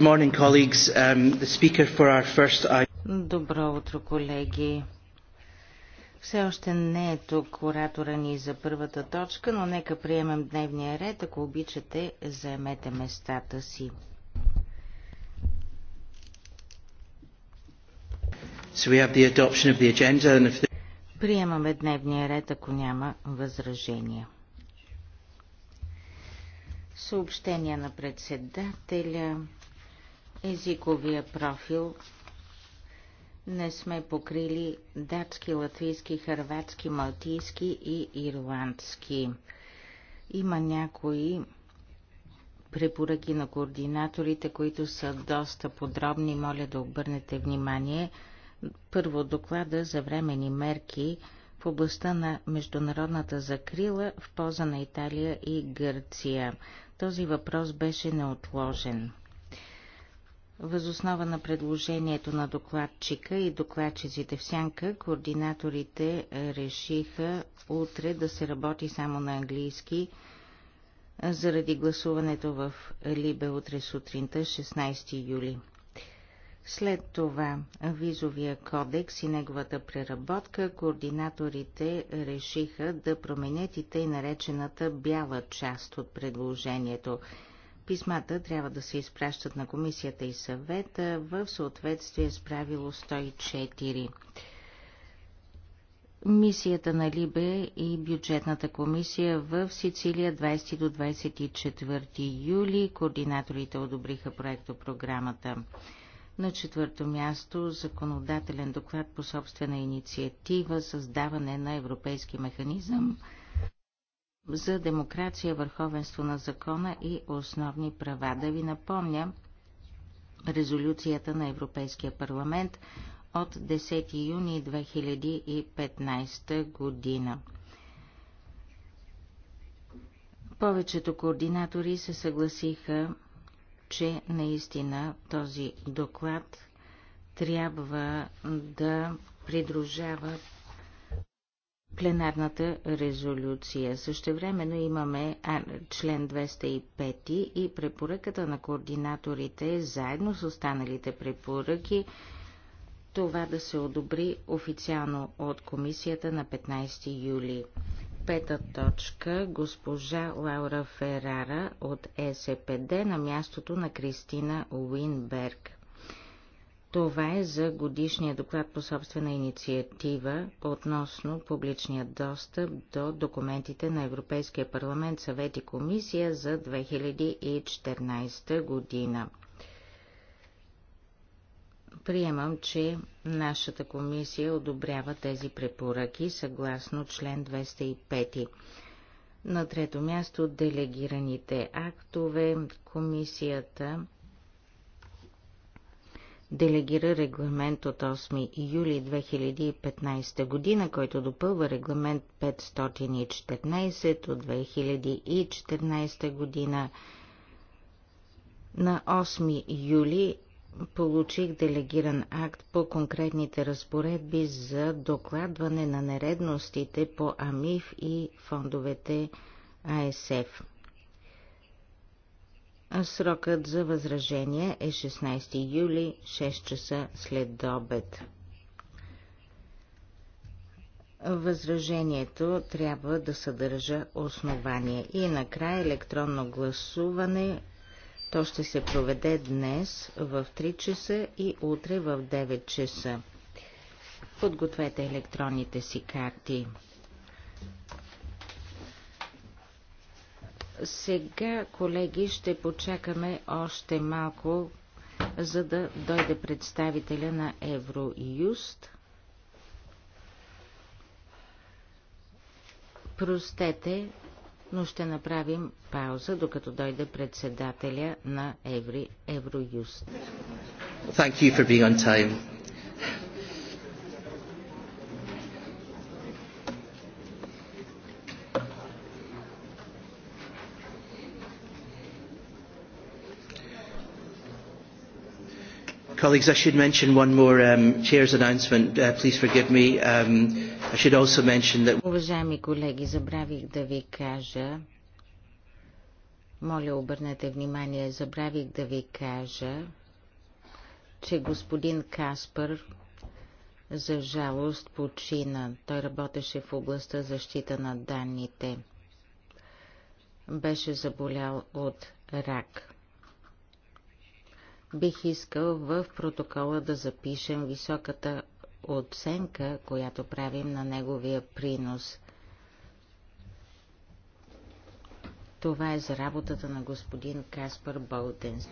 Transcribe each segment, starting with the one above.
Morning, um, first... Добро утро, колеги. Все още не е тук оратора ни за първата точка, но нека приемем дневния ред. Ако обичате, заемете местата си. So we have the adoption of the agenda and if the... Приемаме дневния ред, ако няма възражения. Съобщения на председателя езиковия профил не сме покрили датски, латвийски, хърватски, малтийски и ирландски. Има някои препоръки на координаторите, които са доста подробни. Моля да обърнете внимание. Първо доклада за времени мерки в областта на международната закрила в полза на Италия и Гърция. Този въпрос беше неотложен. Възоснова на предложението на докладчика и докладчиците в сянка, координаторите решиха утре да се работи само на английски заради гласуването в Либе утре сутринта 16 юли. След това визовия кодекс и неговата преработка координаторите решиха да променят и тъй наречената бяла част от предложението – Писмата трябва да се изпращат на комисията и съвета в съответствие с правило 104. Мисията на Либе и бюджетната комисия в Сицилия 20 до 24 юли. Координаторите одобриха проектопрограмата. На четвърто място законодателен доклад по собствена инициатива създаване на европейски механизъм – за демокрация, върховенство на закона и основни права. Да ви напомня резолюцията на Европейския парламент от 10 юни 2015 година. Повечето координатори се съгласиха, че наистина този доклад трябва да придружава пленарната резолюция. Същевременно имаме член 205 и препоръката на координаторите заедно с останалите препоръки това да се одобри официално от комисията на 15 юли. Пета точка госпожа Лаура Ферара от СПД е на мястото на Кристина Уинберг. Това е за годишния доклад по собствена инициатива относно публичния достъп до документите на Европейския парламент, съвет и комисия за 2014 година. Приемам, че нашата комисия одобрява тези препоръки съгласно член 205. На трето място делегираните актове комисията делегира регламент от 8 юли 2015 година, който допълва регламент 514 от 2014 година. На 8 юли получих делегиран акт по конкретните разпоредби за докладване на нередностите по АМИФ и фондовете АСФ. Срокът за възражение е 16 юли, 6 часа след обед. Възражението трябва да съдържа основание. И накрая електронно гласуване. То ще се проведе днес в 3 часа и утре в 9 часа. Подгответе електронните си карти. Сега, колеги, ще почакаме още малко, за да дойде представителя на Евроюст. Простете, но ще направим пауза, докато дойде председателя на Евроюст. Thank you for being on time. Colleagues, I should mention one more um, chair's announcement. Uh, please forgive me. Um, I should also mention that... Уважаеми колеги, забравих да ви кажа, моля обърнете внимание, забравих да ви кажа, че господин Каспер, за жалост почина. Той работеше в областта защита на данните. Беше заболял от рак. Бих искал в протокола да запишем високата оценка, която правим на неговия принос. Това е за работата на господин Каспар Болденс.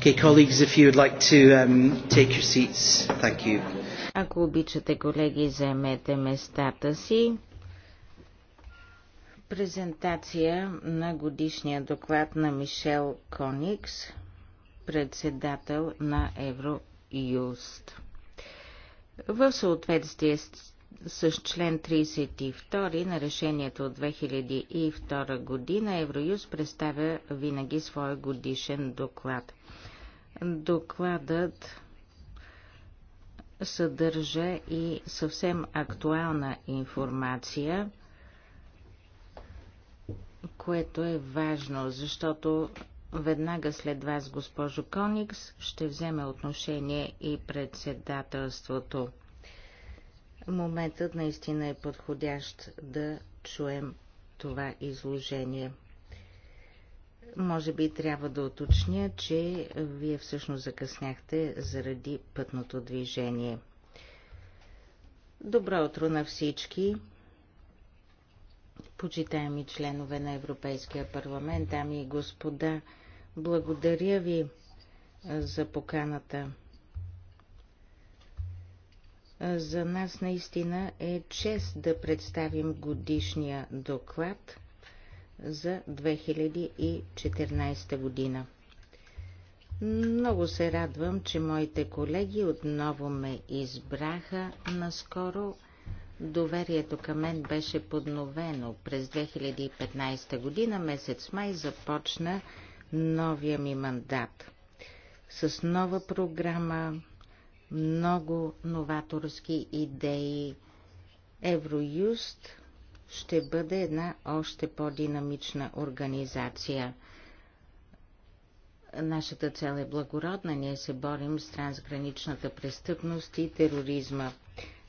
Okay, colleagues, if you would like to um, take your seats, thank you. Ако обичате, колеги, заемете местата си. Презентация на годишния доклад на Мишел Коникс, председател на Евроюст. В съответствие с с член 32 на решението от 2002 година Евроюст представя винаги своя годишен доклад. Докладът съдържа и съвсем актуална информация, което е важно, защото веднага след вас, госпожо Коникс, ще вземе отношение и председателството. Моментът наистина е подходящ да чуем това изложение. Може би трябва да уточня, че вие всъщност закъсняхте заради пътното движение. Добро утро на всички! Почитаеми членове на Европейския парламент, дами и господа, благодаря ви за поканата. За нас наистина е чест да представим годишния доклад – за 2014 година. Много се радвам, че моите колеги отново ме избраха наскоро. Доверието към мен беше подновено. През 2015 година, месец май, започна новия ми мандат. С нова програма, много новаторски идеи. Евроюст ще бъде една още по-динамична организация. Нашата цел е благородна, ние се борим с трансграничната престъпност и тероризма.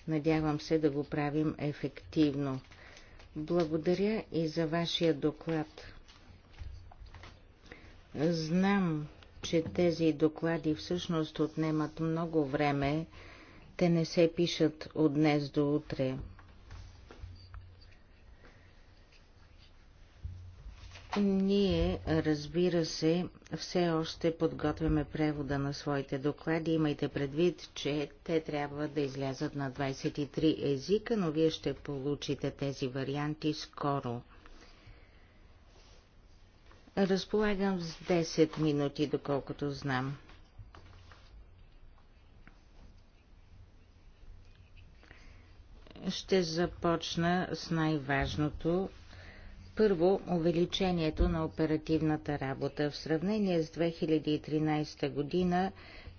Надявам се да го правим ефективно. Благодаря и за вашия доклад. Знам, че тези доклади всъщност отнемат много време, те не се пишат от днес до утре. Ние, разбира се, все още подготвяме превода на своите доклади. Имайте предвид, че те трябва да излязат на 23 езика, но вие ще получите тези варианти скоро. Разполагам с 10 минути, доколкото знам. Ще започна с най-важното първо, увеличението на оперативната работа. В сравнение с 2013 година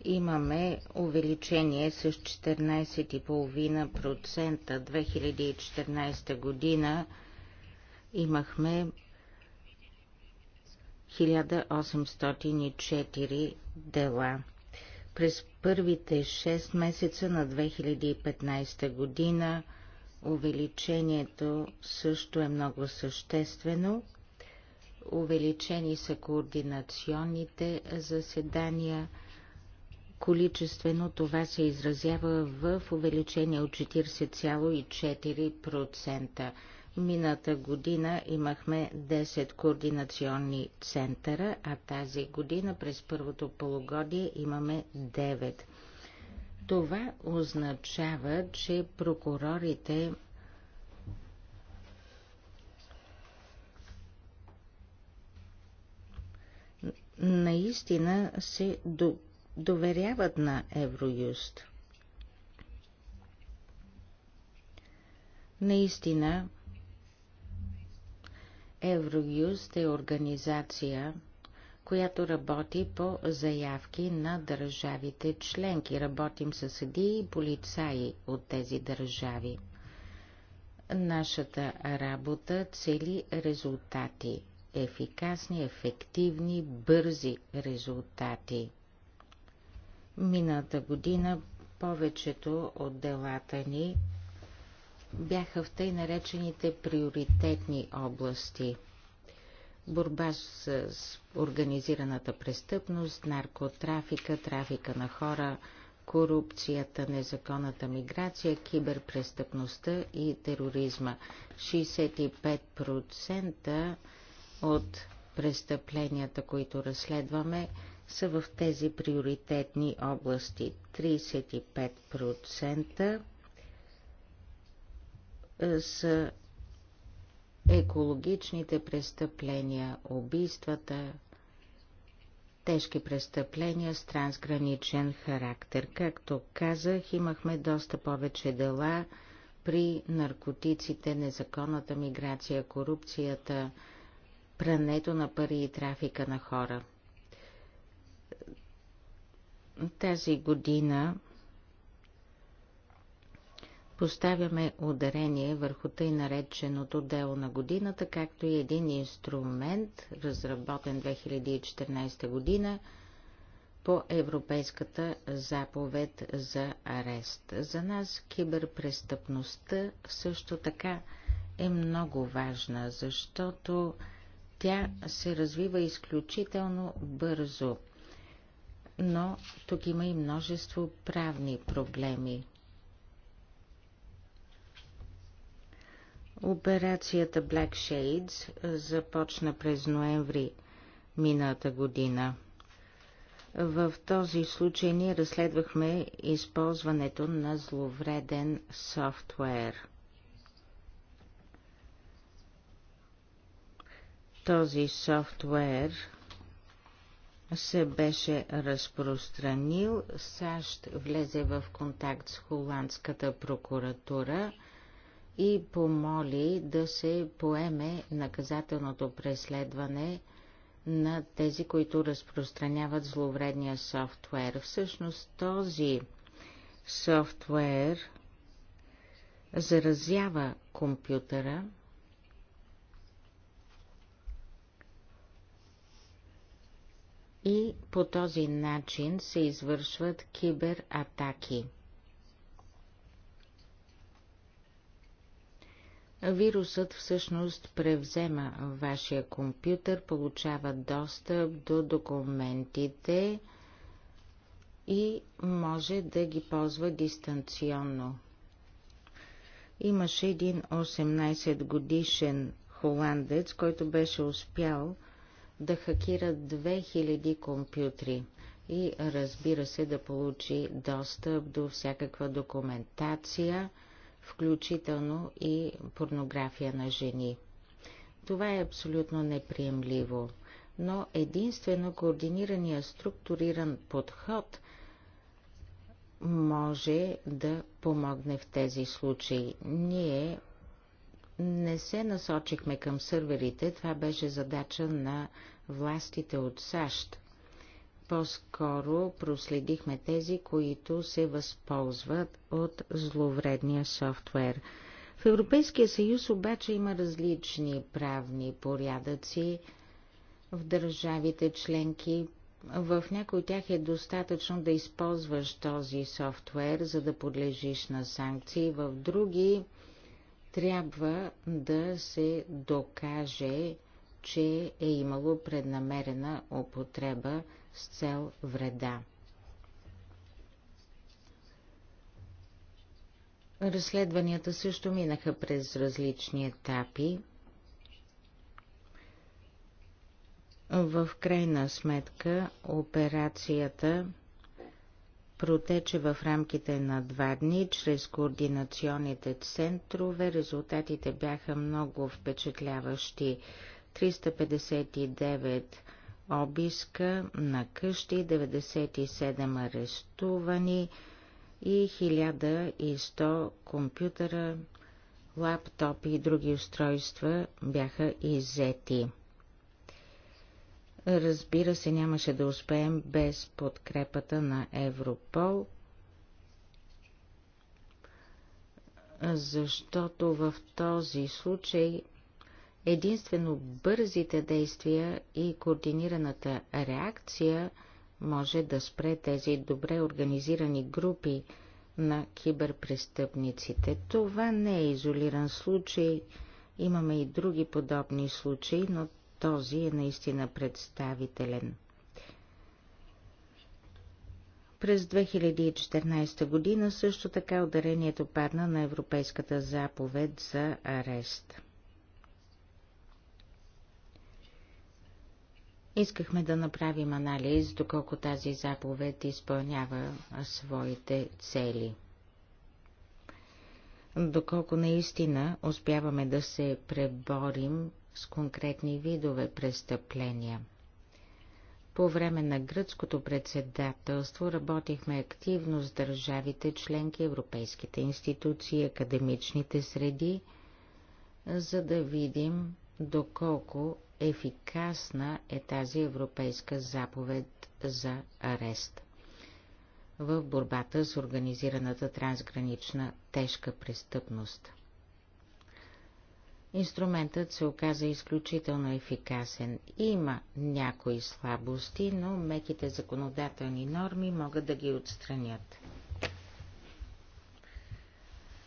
имаме увеличение с 14,5%. 2014 година имахме 1804 дела. През първите 6 месеца на 2015 година Увеличението също е много съществено. Увеличени са координационните заседания. Количествено това се изразява в увеличение от 40,4%. Мината година имахме 10 координационни центъра, а тази година през първото полугодие имаме 9. Това означава, че прокурорите наистина се доверяват на Евроюст. Наистина, Евроюст е организация, която работи по заявки на държавите членки. Работим с съдии и полицаи от тези държави. Нашата работа цели резултати. Ефикасни, ефективни, бързи резултати. Мината година повечето от делата ни бяха в тъй наречените приоритетни области – борба с организираната престъпност, наркотрафика, трафика на хора, корупцията, незаконната миграция, киберпрестъпността и тероризма. 65% от престъпленията, които разследваме, са в тези приоритетни области. 35% е, са екологичните престъпления, убийствата, тежки престъпления с трансграничен характер. Както казах, имахме доста повече дела при наркотиците, незаконната миграция, корупцията, прането на пари и трафика на хора. Тази година поставяме ударение върху тъй нареченото дело на годината, както и един инструмент, разработен 2014 година по Европейската заповед за арест. За нас киберпрестъпността също така е много важна, защото тя се развива изключително бързо. Но тук има и множество правни проблеми. Операцията Black Shades започна през ноември миналата година. В този случай ние разследвахме използването на зловреден софтуер. Този софтуер се беше разпространил, САЩ влезе в контакт с холандската прокуратура – и помоли да се поеме наказателното преследване на тези, които разпространяват зловредния софтуер. Всъщност този софтуер заразява компютъра и по този начин се извършват кибератаки. Вирусът всъщност превзема вашия компютър, получава достъп до документите и може да ги ползва дистанционно. Имаше един 18 годишен холандец, който беше успял да хакира 2000 компютри и разбира се да получи достъп до всякаква документация – включително и порнография на жени. Това е абсолютно неприемливо, но единствено координирания структуриран подход може да помогне в тези случаи. Ние не се насочихме към серверите, това беше задача на властите от САЩ по-скоро проследихме тези, които се възползват от зловредния софтуер. В Европейския съюз обаче има различни правни порядъци в държавите членки. В някои от тях е достатъчно да използваш този софтуер, за да подлежиш на санкции. В други трябва да се докаже че е имало преднамерена употреба с цел вреда. Разследванията също минаха през различни етапи. В крайна сметка операцията протече в рамките на два дни чрез координационните центрове. Резултатите бяха много впечатляващи. 359 обиска на къщи, 97 арестувани и 1100 компютъра, лаптопи и други устройства бяха иззети. Разбира се, нямаше да успеем без подкрепата на Европол, защото в този случай Единствено бързите действия и координираната реакция може да спре тези добре организирани групи на киберпрестъпниците. Това не е изолиран случай. Имаме и други подобни случаи, но този е наистина представителен. През 2014 година също така ударението падна на Европейската заповед за арест. Искахме да направим анализ, доколко тази заповед изпълнява своите цели. Доколко наистина успяваме да се преборим с конкретни видове престъпления. По време на гръцкото председателство работихме активно с държавите, членки, европейските институции, академичните среди, за да видим доколко ефикасна е тази европейска заповед за арест в борбата с организираната трансгранична тежка престъпност. Инструментът се оказа изключително ефикасен. Има някои слабости, но меките законодателни норми могат да ги отстранят.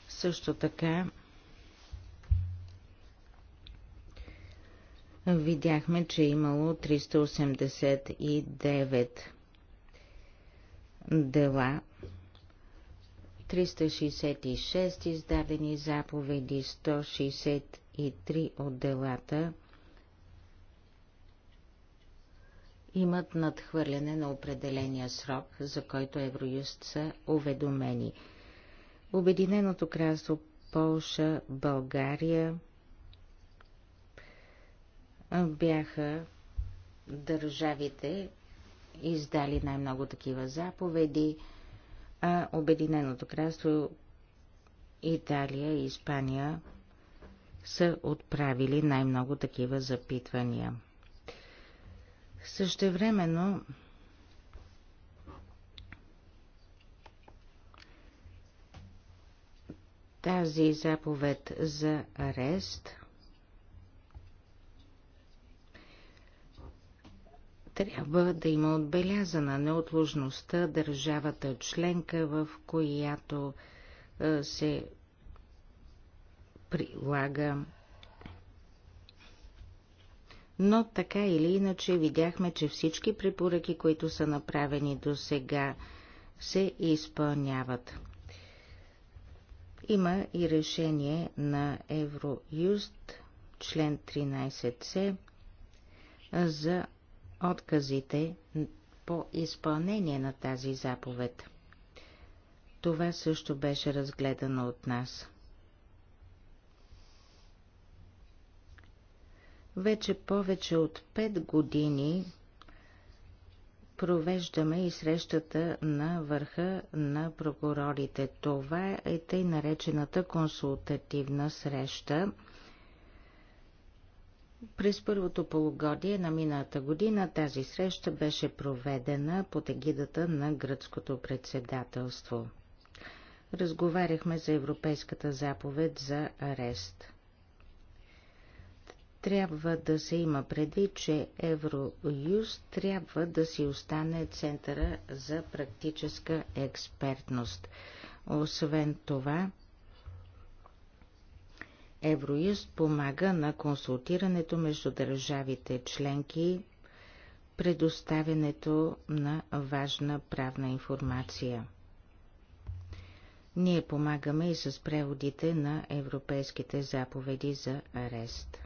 Също така видяхме, че е имало 389 дела, 366 издадени заповеди, 163 от делата имат надхвърляне на определения срок, за който Евроюст са уведомени. Обединеното кралство Полша, България, бяха държавите, издали най-много такива заповеди, а Обединеното кралство, Италия и Испания са отправили най-много такива запитвания. Същевременно тази заповед за арест трябва да има отбелязана неотложността държавата членка, в която се прилага. Но така или иначе видяхме, че всички препоръки, които са направени до сега, се изпълняват. Има и решение на Евроюст, член 13c, за отказите по изпълнение на тази заповед. Това също беше разгледано от нас. Вече повече от 5 години провеждаме и срещата на върха на прокурорите. Това е тъй наречената консултативна среща – през първото полугодие на миналата година тази среща беше проведена под егидата на гръцкото председателство. Разговаряхме за Европейската заповед за арест. Трябва да се има преди, че Евроюз трябва да си остане центъра за практическа експертност. Освен това, Евроюст помага на консултирането между държавите членки, предоставянето на важна правна информация. Ние помагаме и с преводите на европейските заповеди за арест.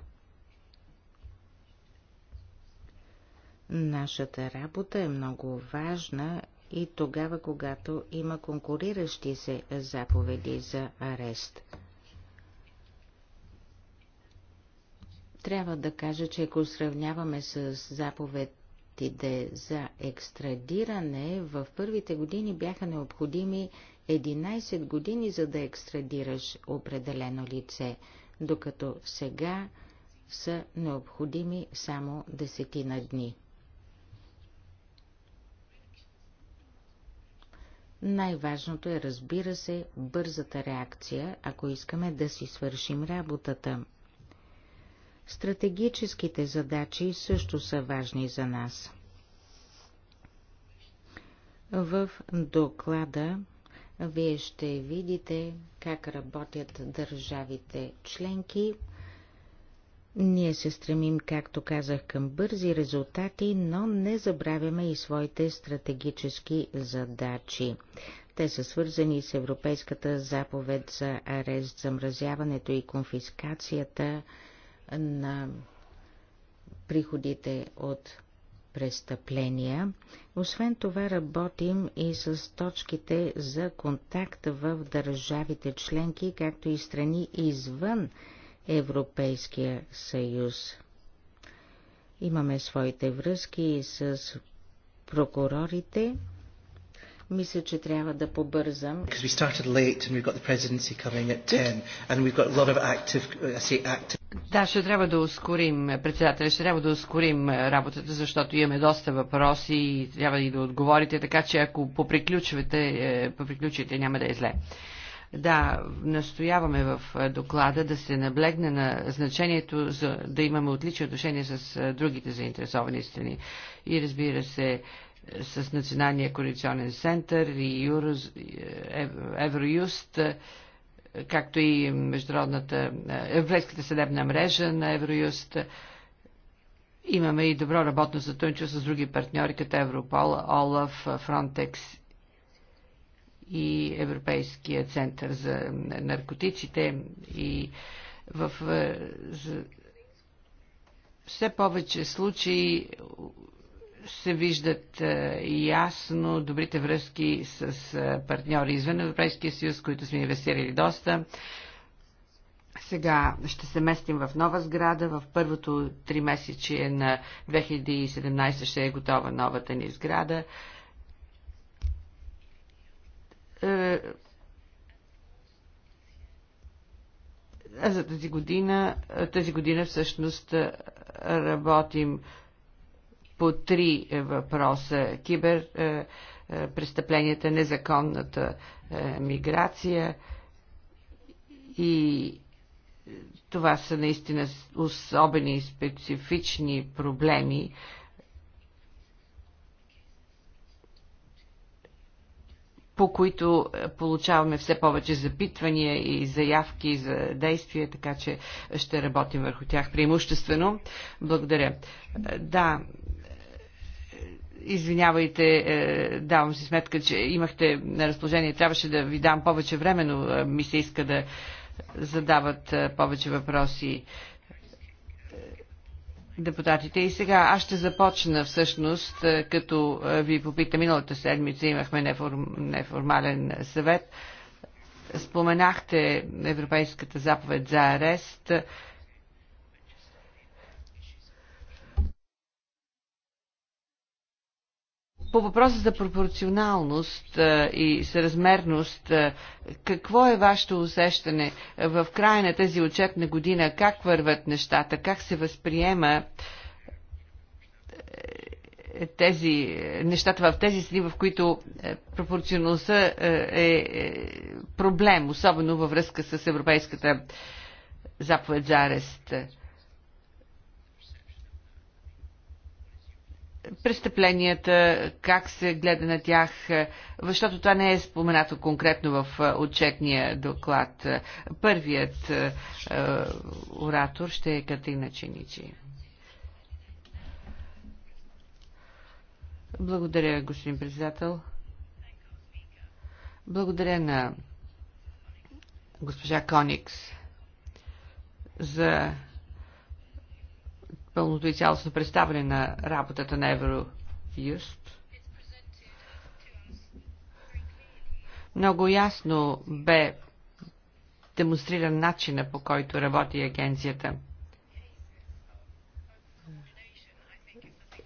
Нашата работа е много важна и тогава, когато има конкуриращи се заповеди за арест – Трябва да кажа, че ако сравняваме с заповедите за екстрадиране, в първите години бяха необходими 11 години, за да екстрадираш определено лице, докато сега са необходими само десетина дни. Най-важното е, разбира се, бързата реакция, ако искаме да си свършим работата – Стратегическите задачи също са важни за нас. В доклада вие ще видите как работят държавите членки. Ние се стремим, както казах, към бързи резултати, но не забравяме и своите стратегически задачи. Те са свързани с Европейската заповед за арест, замразяването и конфискацията, на приходите от престъпления. Освен това работим и с точките за контакт в държавите членки, както и страни извън Европейския съюз. Имаме своите връзки с прокурорите мисля, че трябва да побързам. Uh, да, ще трябва да ускорим, е, председателя, ще трябва да ускорим е, работата, защото имаме доста въпроси и трябва и да отговорите, така че ако поприключвате, е, поприключите, няма да е зле. Да, настояваме в доклада да се наблегне на значението за да имаме отлични отношения с другите заинтересовани страни. И разбира се, с Националния коалиционен център и е, Евроюст, е, както и международната е, Европейската съдебна мрежа на Евроюст. Имаме и добро работно сътрудничество с други партньори, като Европол, ОЛАФ, Фронтекс и Европейския център за наркотиците и в все повече случаи се виждат е, ясно добрите връзки с е, партньори извън Европейския съюз, които сме инвестирали доста. Сега ще се местим в нова сграда. В първото три месече на 2017 ще е готова новата ни сграда. Е, за тази година, тази година всъщност работим по три е, въпроса. Кибер, е, е, престъпленията, незаконната миграция и това са наистина особени и специфични проблеми, по които получаваме все повече запитвания и заявки за действия, така че ще работим върху тях преимуществено. Благодаря. Да, Извинявайте, е, давам си сметка, че имахте на разположение. Трябваше да ви дам повече време, но е, ми се иска да задават е, повече въпроси депутатите. И сега аз ще започна всъщност, като ви попита миналата седмица, имахме неформ, неформален съвет. Споменахте Европейската заповед за арест. По въпроса за пропорционалност и съразмерност, какво е вашето усещане в края на тази отчетна година? Как върват нещата? Как се възприема тези нещата в тези сни, в които пропорционалността е, е проблем, особено във връзка с Европейската заповед за арест? престъпленията, как се гледа на тях, защото това не е споменато конкретно в отчетния доклад. Първият оратор ще е Катрина Ченичи. Благодаря, господин председател. Благодаря на госпожа Коникс за пълното и цялостно представяне на работата на Евроюст. Много ясно бе демонстриран начина по който работи агенцията.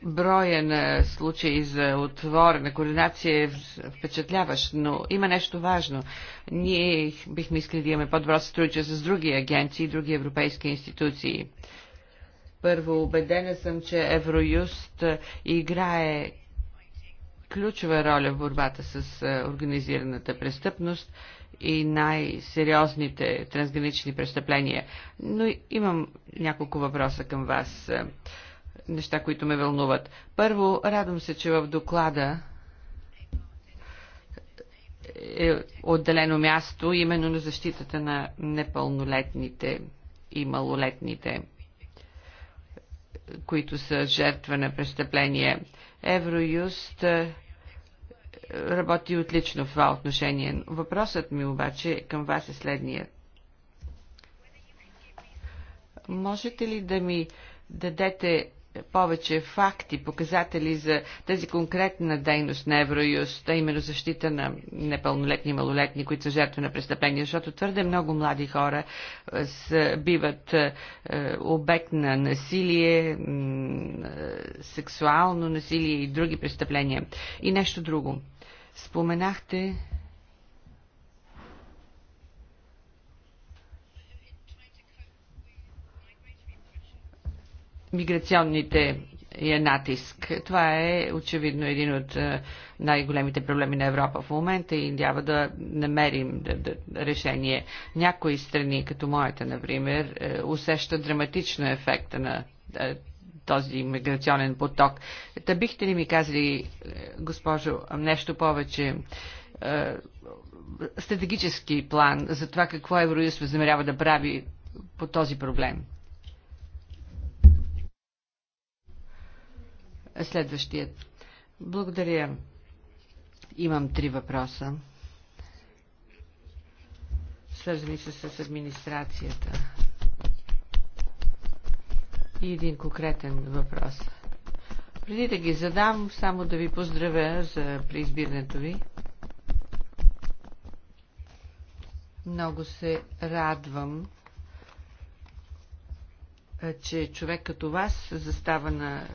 Броя на случаи за отворена координация е впечатляващ, но има нещо важно. Ние бихме искали да имаме по-добро сътрудничество с други агенции и други европейски институции. Първо, убедена съм, че Евроюст е, играе ключова роля в борбата с е, организираната престъпност и най-сериозните трансгранични престъпления. Но имам няколко въпроса към вас, е, неща, които ме вълнуват. Първо, радвам се, че в доклада е отделено място именно на защитата на непълнолетните и малолетните които са жертва на престъпление. Евроюст е, работи отлично в това отношение. Въпросът ми обаче към вас е следният. Можете ли да ми дадете повече факти, показатели за тази конкретна дейност на Евроюст, а именно защита на непълнолетни и малолетни, които са жертви на престъпления, защото твърде много млади хора е, с, биват е, е, обект на насилие, е, сексуално насилие и други престъпления. И нещо друго. Споменахте миграционните е натиск. Това е очевидно един от е, най-големите проблеми на Европа в момента и трябва да намерим да, да, решение. Някои страни, като моята, например, е, усещат драматично ефекта на е, този миграционен поток. Та бихте ли ми казали, госпожо, нещо повече? стратегически план за това какво Евроюз възнамерява да прави по този проблем. следващият. Благодаря. Имам три въпроса, свързани са с администрацията. И един конкретен въпрос. Преди да ги задам, само да ви поздравя за преизбирането ви. Много се радвам, че човек като вас застава на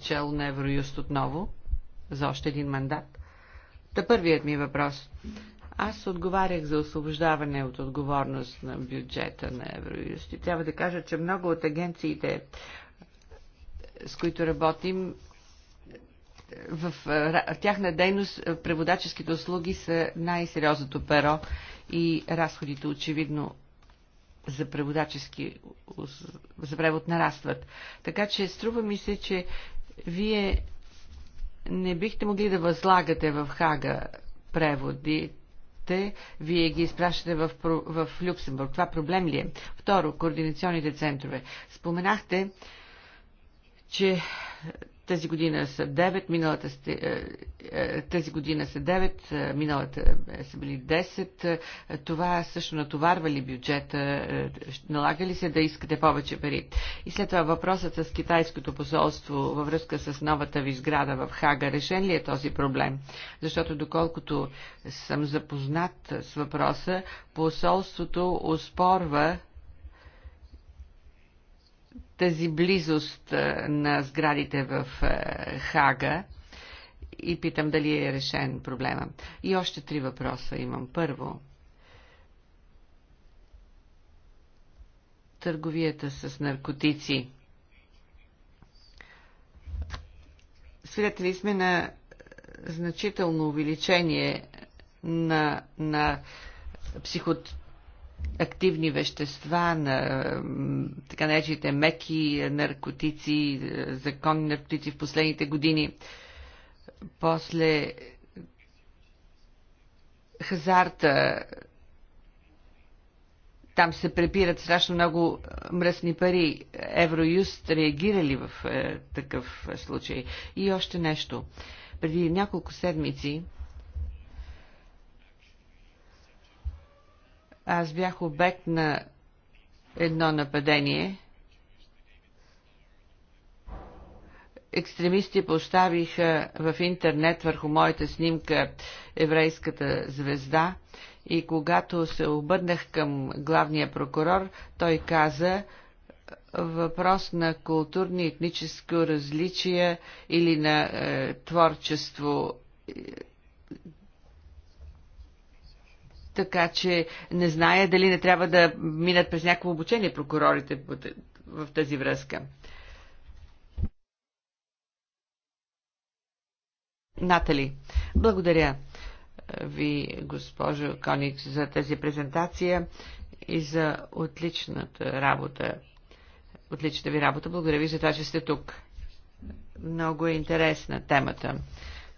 чел на Евроюст отново за още един мандат. Та първият ми въпрос. Аз отговарях за освобождаване от отговорност на бюджета на Евроюст и трябва да кажа, че много от агенциите, с които работим, в тяхна дейност преводаческите услуги са най-сериозното перо и разходите очевидно за преводачески, за превод нарастват. Така че струва ми се, че вие не бихте могли да възлагате в Хага преводите, вие ги изпращате в, в Люксембург. Това проблем ли е? Второ, координационните центрове. Споменахте, че тази година са 9, миналата, е, е, тази година са 9, е, миналата са били 10. Това също натоварва ли бюджета? Налага ли се да искате повече пари? И след това въпросът с китайското посолство във връзка с новата ви сграда в Хага. Решен ли е този проблем? Защото доколкото съм запознат с въпроса, посолството оспорва тази близост на сградите в Хага и питам дали е решен проблема. И още три въпроса имам. Първо, търговията с наркотици. Свидетели сме на значително увеличение на, на психот активни вещества, на така наречените меки наркотици, законни наркотици в последните години. После хазарта, там се препират страшно много мръсни пари. Евроюст реагирали в е, такъв случай? И още нещо. Преди няколко седмици Аз бях обект на едно нападение. Екстремисти поставиха в интернет върху моята снимка еврейската звезда и когато се обърнах към главния прокурор, той каза, въпрос на културни и етническо различия или на е, творчество така че не зная дали не трябва да минат през някакво обучение прокурорите в тази връзка. Натали, благодаря ви, госпожо Коник, за тази презентация и за отличната работа. Отличната ви работа. Благодаря ви за това, че сте тук. Много е интересна темата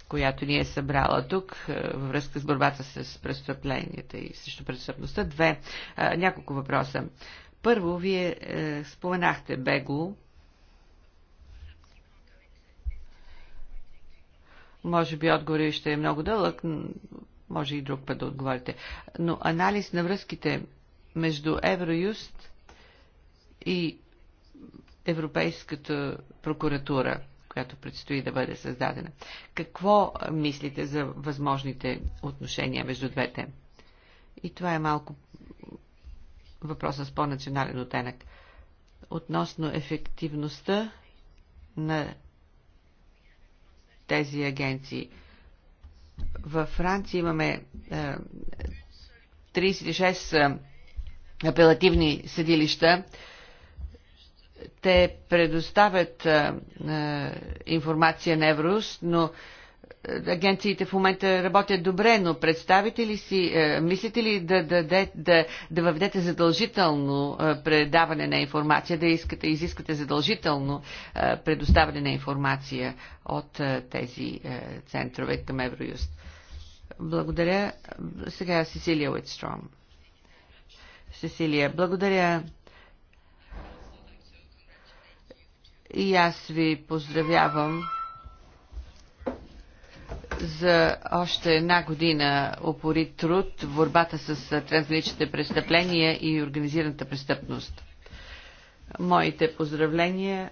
която ни е събрала тук е, във връзка с борбата с престъпленията и срещу престъпността. Две, е, няколко въпроса. Първо, вие е, споменахте бегло. Може би отговорът ще е много дълъг, може и друг път да отговорите. Но анализ на връзките между Евроюст и Европейската прокуратура – която предстои да бъде създадена. Какво мислите за възможните отношения между двете? И това е малко въпроса с по-национален оттенък. Относно ефективността на тези агенции. Във Франция имаме е, 36 апелативни съдилища, те предоставят а, а, информация на Евроюст, но агенциите в момента работят добре, но представите ли си, а, мислите ли да, да, да, да, да въведете задължително а, предаване на информация, да искате, изискате задължително а, предоставяне на информация от а, тези а, центрове към Евроюст? Благодаря. Сега Сесилия Уитстром. Сесилия, благодаря И аз ви поздравявам за още една година опорит труд в борбата с трансграничните престъпления и организираната престъпност. Моите поздравления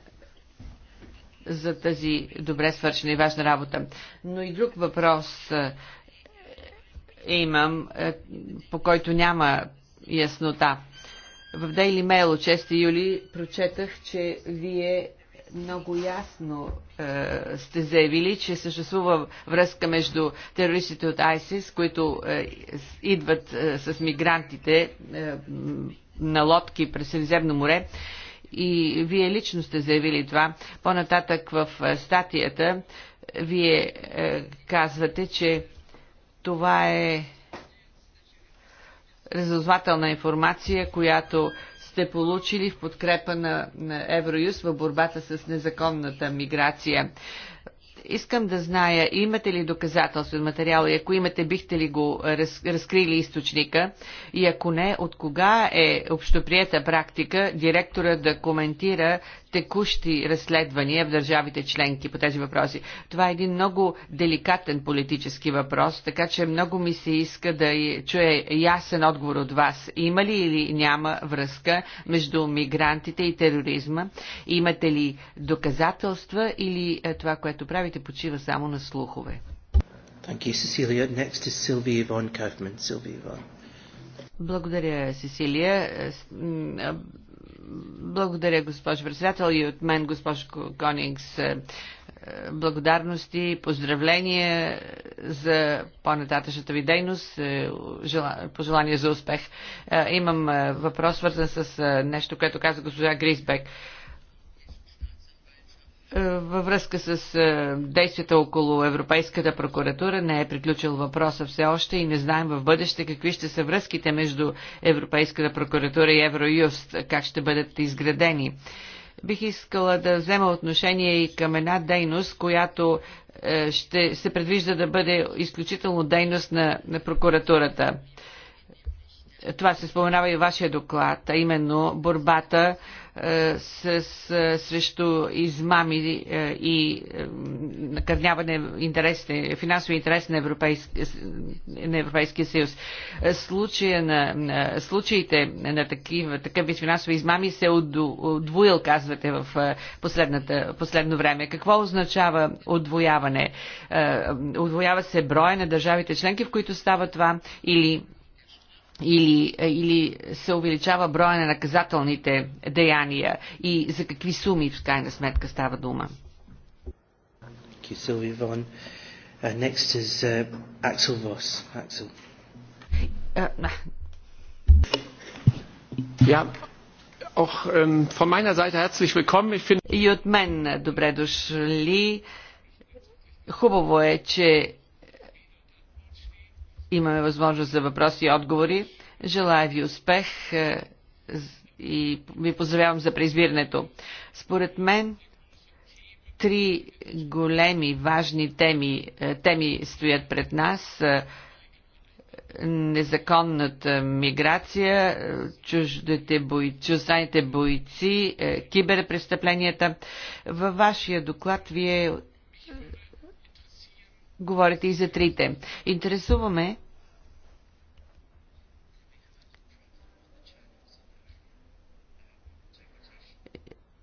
за тази добре свършена и важна работа. Но и друг въпрос е, имам, е, по който няма яснота. В Daily Mail от 6 юли прочетах, че вие много ясно е, сте заявили, че съществува връзка между терористите от ISIS, които е, идват е, с мигрантите е, на лодки през Средиземно море. И вие лично сте заявили това. По-нататък в е, статията вие е, казвате, че това е разузнавателна информация, която сте получили в подкрепа на, на Евроюз в борбата с незаконната миграция. Искам да зная, имате ли от материала, и ако имате, бихте ли го раз, разкрили източника? И ако не, от кога е общоприета практика директора да коментира текущи разследвания в държавите членки по тези въпроси. Това е един много деликатен политически въпрос, така че много ми се иска да чуя ясен отговор от вас. Има ли или няма връзка между мигрантите и тероризма? Имате ли доказателства или е, това, което правите, почива само на слухове? Thank you, Cecilia. Next is Sylvie Yvonne Kaufman. Sylvie Yvonne. Благодаря, Сесилия. Е, благодаря, госпожо председател, и от мен, госпожо Конингс, е, е, благодарности, и поздравления за по-нататъчната ви дейност, е, пожелания за успех. Имам въпрос, свързан с нещо, което каза госпожа Грисбек във връзка с е, действията около Европейската прокуратура не е приключил въпроса все още и не знаем в бъдеще какви ще са връзките между Европейската прокуратура и Евроюст, как ще бъдат изградени. Бих искала да взема отношение и към една дейност, която е, ще се предвижда да бъде изключително дейност на, на прокуратурата. Това се споменава и в вашия доклад, а именно борбата е, с, е, срещу измами е, и накърняване интересите, финансови интереси на, Европейски, на Европейския съюз. Случая на, случаите на такива, такъв вид финансови измами се отдвоил, казвате, в последната, последно време. Какво означава отвояване? Отвоява се броя на държавите членки, в които става това или или, или се увеличава броя на наказателните деяния и за какви суми в крайна сметка става дума. И от мен добре дошли. Хубаво е, че имаме възможност за въпроси и отговори. Желая ви успех е, и ви поздравявам за преизбирането. Според мен, три големи, важни теми, е, теми стоят пред нас. Е, незаконната миграция, чуждите бой, чужданите бойци, киберпрестъпленията. Във вашия доклад вие Говорите и за трите. Интересуваме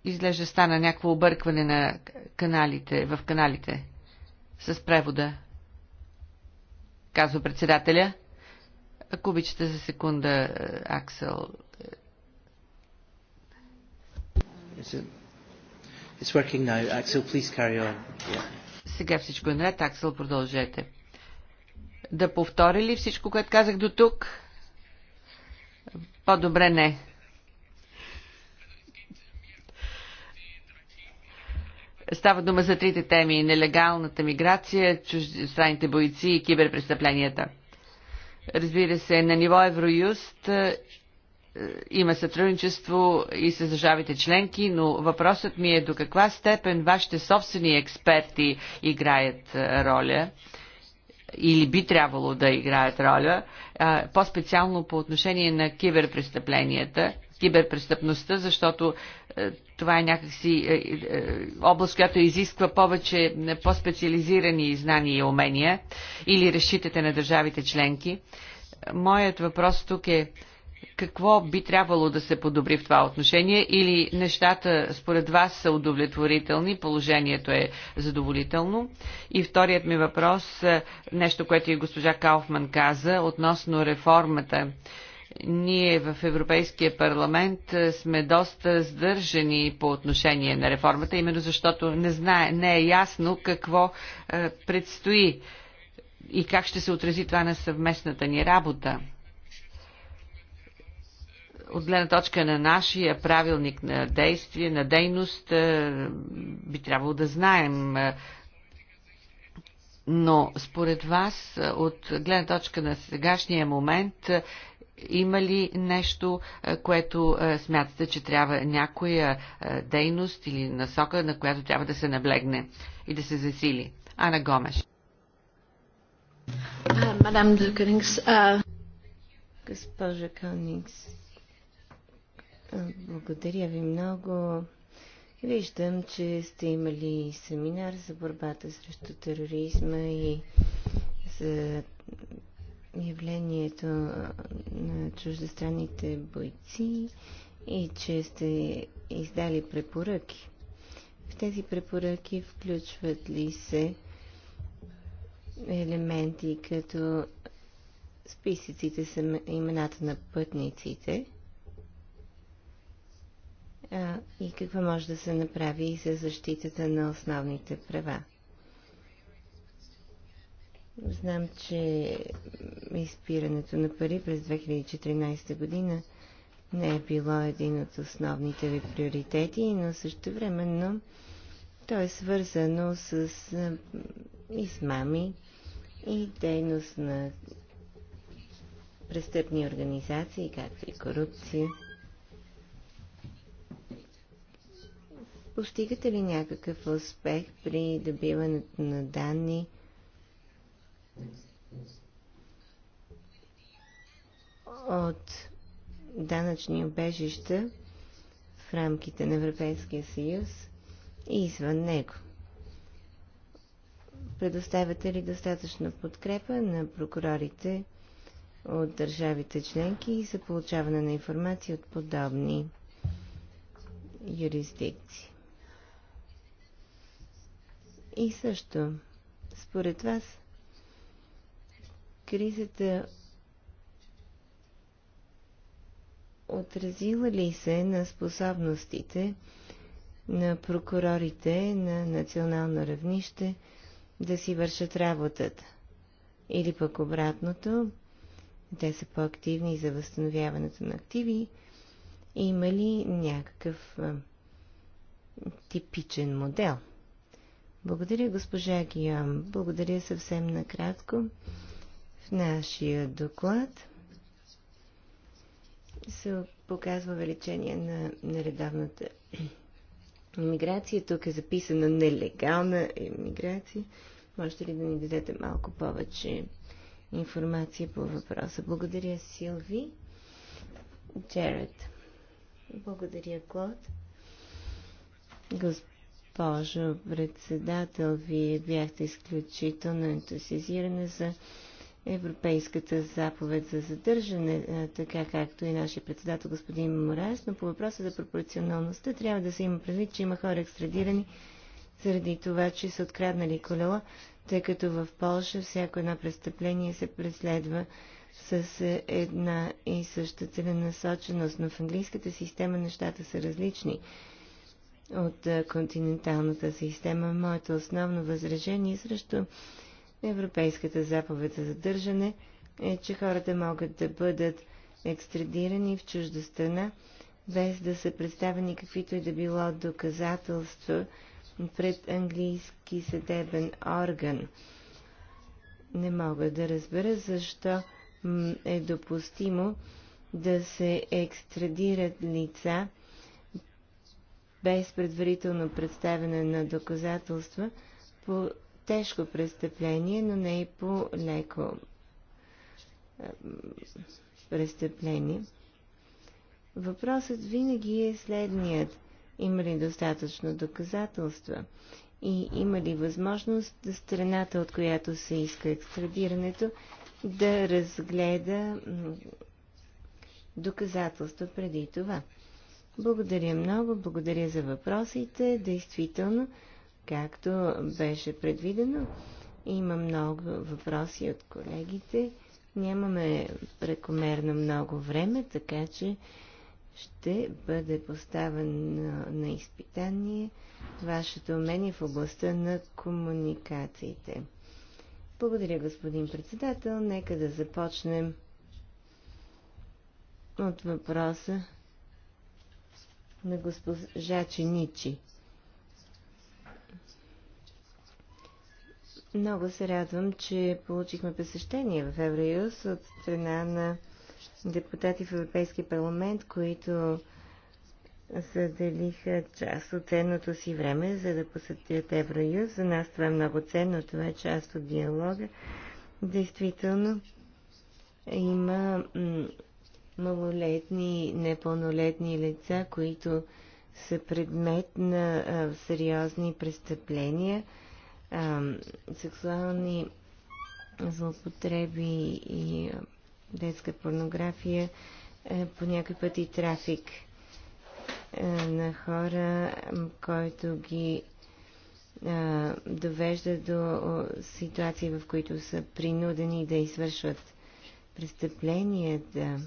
изглежда стана някакво объркване на каналите, в каналите с превода, казва председателя. Ако обичате за секунда, е, Аксел. Е. It's working now. Axel, please carry on. Yeah. Сега всичко е наред. Аксел, продължете. Да повтори ли всичко, което казах до тук? По-добре не. Става дума за трите теми – нелегалната миграция, чуждестранните бойци и киберпрестъпленията. Разбира се, на ниво Евроюст има сътрудничество и с държавите членки, но въпросът ми е до каква степен вашите собствени експерти играят роля или би трябвало да играят роля, по-специално по отношение на киберпрестъпленията, киберпрестъпността, защото това е някакси област, която изисква повече по-специализирани знания и умения или разчитате на държавите членки. Моят въпрос тук е какво би трябвало да се подобри в това отношение или нещата според вас са удовлетворителни, положението е задоволително? И вторият ми въпрос, е, нещо, което и госпожа Кауфман каза, относно реформата ние в Европейския парламент е, сме доста сдържани по отношение на реформата, именно защото не, знае, не е ясно какво е, предстои и как ще се отрази това на съвместната ни работа от гледна точка на нашия правилник на действие, на дейност, е, би трябвало да знаем. Е, но според вас, е, от гледна точка на сегашния момент, има ли нещо, което смятате, че трябва някоя дейност или насока, на която трябва да се наблегне и да се засили? Ана Гомеш. Мадам Дюкенингс. Госпожа Кълникс, благодаря ви много. Виждам, че сте имали семинар за борбата срещу тероризма и за явлението на чуждестранните бойци и че сте издали препоръки. В тези препоръки включват ли се елементи като списъците с имената на пътниците – а, и какво може да се направи за защитата на основните права. Знам, че изпирането на пари през 2014 година не е било един от основните ви приоритети, но също времено то е свързано с измами и дейност на престъпни организации, както и корупция. Постигате ли някакъв успех при добиването на данни? от данъчни обежища в рамките на Европейския съюз и извън него. Предоставяте ли достатъчно подкрепа на прокурорите от държавите членки за получаване на информация от подобни юрисдикции? И също, според вас, кризата отразила ли се на способностите на прокурорите на национално равнище да си вършат работата? Или пък обратното, те са по-активни за възстановяването на активи, има ли някакъв а, типичен модел – благодаря, госпожа Гиам. Благодаря съвсем накратко. В нашия доклад се показва увеличение на нередавната миграция. Тук е записана нелегална миграция. Можете ли да ни дадете малко повече информация по въпроса? Благодаря, Силви. Джеред. Благодаря, Клод. Господин госпожо председател. Вие бяхте изключително ентусизирана за Европейската заповед за задържане, така както и нашия председател господин Морас, но по въпроса за пропорционалността трябва да се има предвид, че има хора екстрадирани заради това, че са откраднали колела, тъй като в Польша всяко едно престъпление се преследва с една и съща целенасоченост, но в английската система нещата са различни от е, континенталната система. Моето основно възражение срещу Европейската заповед за задържане е, че хората могат да бъдат екстрадирани в чужда страна, без да са представени каквито и да било доказателства пред английски съдебен орган. Не мога да разбера защо е допустимо да се екстрадират лица, без предварително представяне на доказателства по тежко престъпление, но не и по леко престъпление. Въпросът винаги е следният. Има ли достатъчно доказателства? И има ли възможност страната, от която се иска екстрадирането, да разгледа доказателства преди това? Благодаря много, благодаря за въпросите. Действително, както беше предвидено, има много въпроси от колегите. Нямаме прекомерно много време, така че ще бъде поставен на, на изпитание вашето умение в областта на комуникациите. Благодаря, господин председател. Нека да започнем от въпроса на госпожа Чиничи. Много се радвам, че получихме посещение в Евроюз от страна на депутати в Европейския парламент, които заделиха част от ценното си време, за да посетят Евроюз. За нас това е много ценно, това е част от диалога. Действително има малолетни, непълнолетни лица, които са предмет на а, сериозни престъпления, а, сексуални злоупотреби и а, детска порнография, а, е, по някой път и трафик а, е, на хора, който ги а, довежда до ситуации, в които са принудени да извършват престъпления, да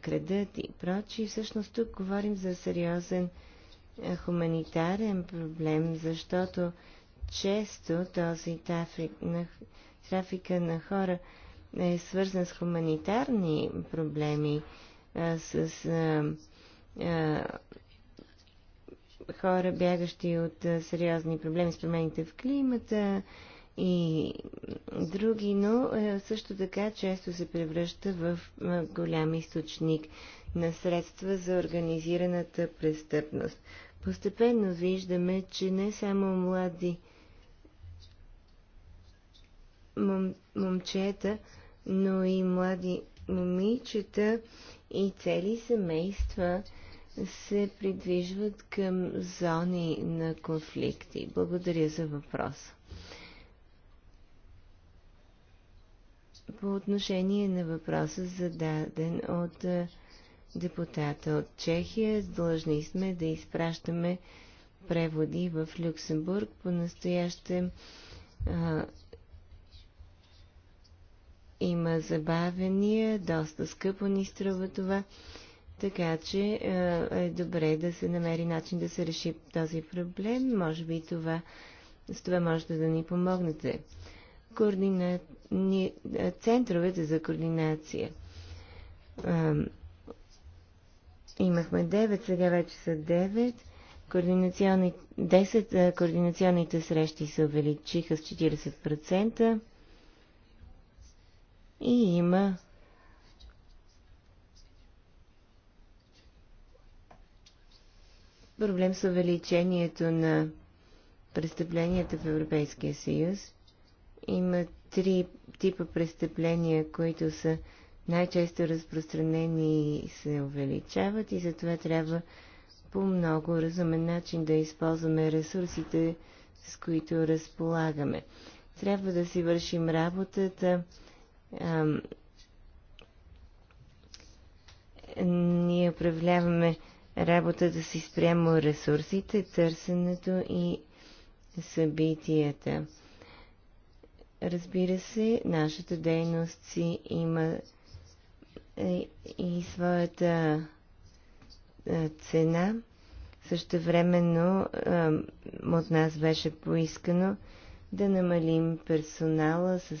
крадат и прочи. Всъщност тук говорим за сериозен хуманитарен проблем, защото често този трафик на, трафика на хора е свързан с хуманитарни проблеми, с а, а, хора бягащи от а, сериозни проблеми с промените в климата, и други, но е, също така често се превръща в е, голям източник на средства за организираната престъпност. Постепенно виждаме, че не само млади мом, момчета, но и млади момичета и цели семейства се придвижват към зони на конфликти. Благодаря за въпроса. по отношение на въпроса зададен от депутата от Чехия. Длъжни сме да изпращаме преводи в Люксембург. По настояще има забавения, доста скъпо ни струва това, така че е добре да се намери начин да се реши този проблем. Може би това, с това можете да ни помогнете координа... Е, центровете за координация. Имахме 9, сега вече са 9. Координационни... 10 координационните срещи се увеличиха с 40%. И има проблем с увеличението на престъпленията в Европейския съюз има три типа престъпления, които са най-често разпространени и се увеличават и затова трябва по много разумен начин да използваме ресурсите, с които разполагаме. Трябва да си вършим работата. Ам, ние управляваме работата си спрямо ресурсите, търсенето и събитията. Разбира се, нашата дейност си има е, и своята е, цена. Също времено е, от нас беше поискано да намалим персонала с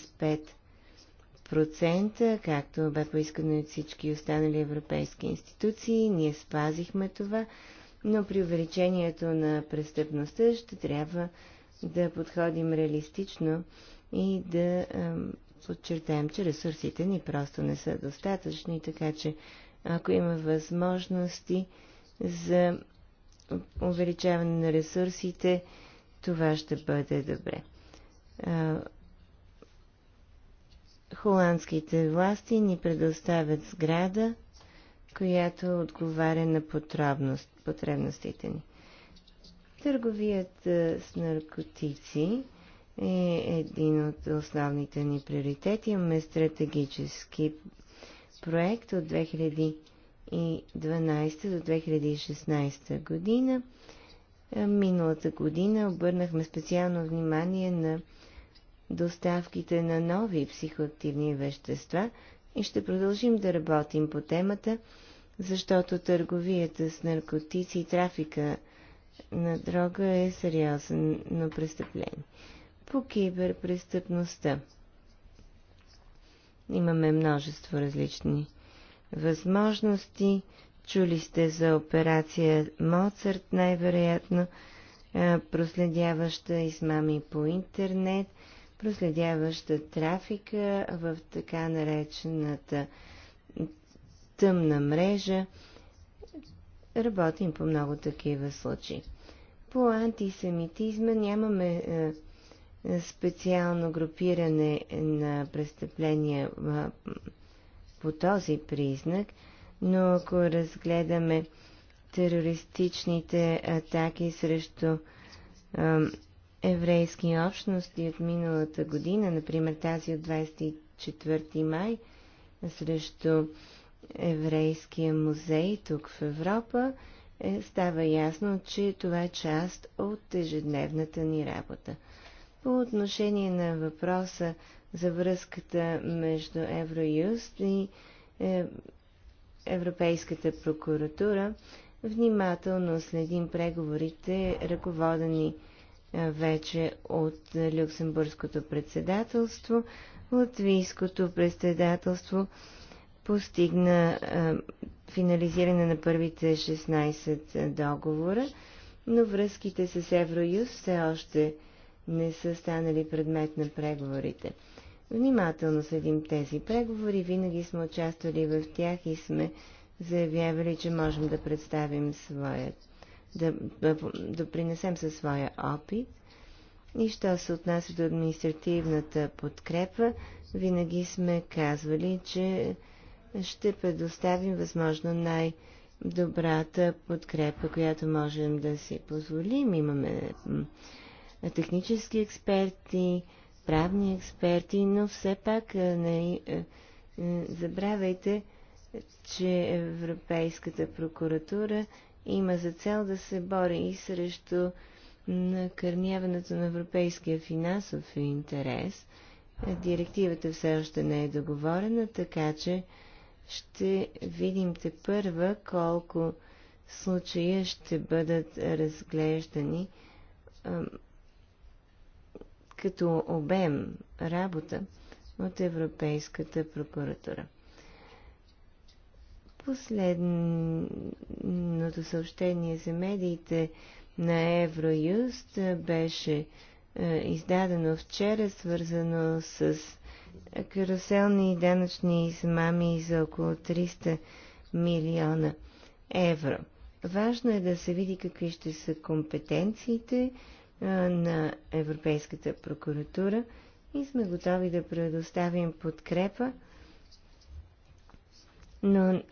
5%, както бе поискано и от всички останали европейски институции. Ние спазихме това, но при увеличението на престъпността ще трябва да подходим реалистично и да подчертаем, че ресурсите ни просто не са достатъчни, така че ако има възможности за увеличаване на ресурсите, това ще бъде добре. Холандските власти ни предоставят сграда, която отговаря на потребностите ни. Търговията с наркотици е един от основните ни приоритети. Имаме стратегически проект от 2012 до 2016 година. Е, миналата година обърнахме специално внимание на доставките на нови психоактивни вещества и ще продължим да работим по темата, защото търговията с наркотици и трафика на дрога е сериозно престъпление по киберпрестъпността. Имаме множество различни възможности. Чули сте за операция Моцарт, най-вероятно проследяваща измами по интернет, проследяваща трафика в така наречената тъмна мрежа. Работим по много такива случаи. По антисемитизма нямаме е, специално групиране на престъпления по този признак, но ако разгледаме терористичните атаки срещу еврейски общности от миналата година, например тази от 24 май срещу еврейския музей тук в Европа, е, става ясно, че това е част от ежедневната ни работа. По отношение на въпроса за връзката между Евроюст и е, Европейската прокуратура, внимателно следим преговорите, ръководени е, вече от Люксембургското председателство. Латвийското председателство постигна е, финализиране на първите 16 е, договора, но връзките с Евроюз все още не са станали предмет на преговорите. Внимателно следим тези преговори, винаги сме участвали в тях и сме заявявали, че можем да представим своя, да, да, да принесем със своя опит. И що се отнася до административната подкрепа, винаги сме казвали, че ще предоставим възможно най-добрата подкрепа, която можем да си позволим. Имаме технически експерти, правни експерти, но все пак не забравяйте, че Европейската прокуратура има за цел да се бори и срещу накърняването на европейския финансов интерес. Директивата все още не е договорена, така че ще видим те първа колко случая ще бъдат разглеждани като обем работа от Европейската прокуратура. Последното съобщение за медиите на Евроюст беше е, издадено вчера, свързано с каруселни и данъчни измами за около 300 милиона евро. Важно е да се види какви ще са компетенциите, на Европейската прокуратура и сме готови да предоставим подкрепа, но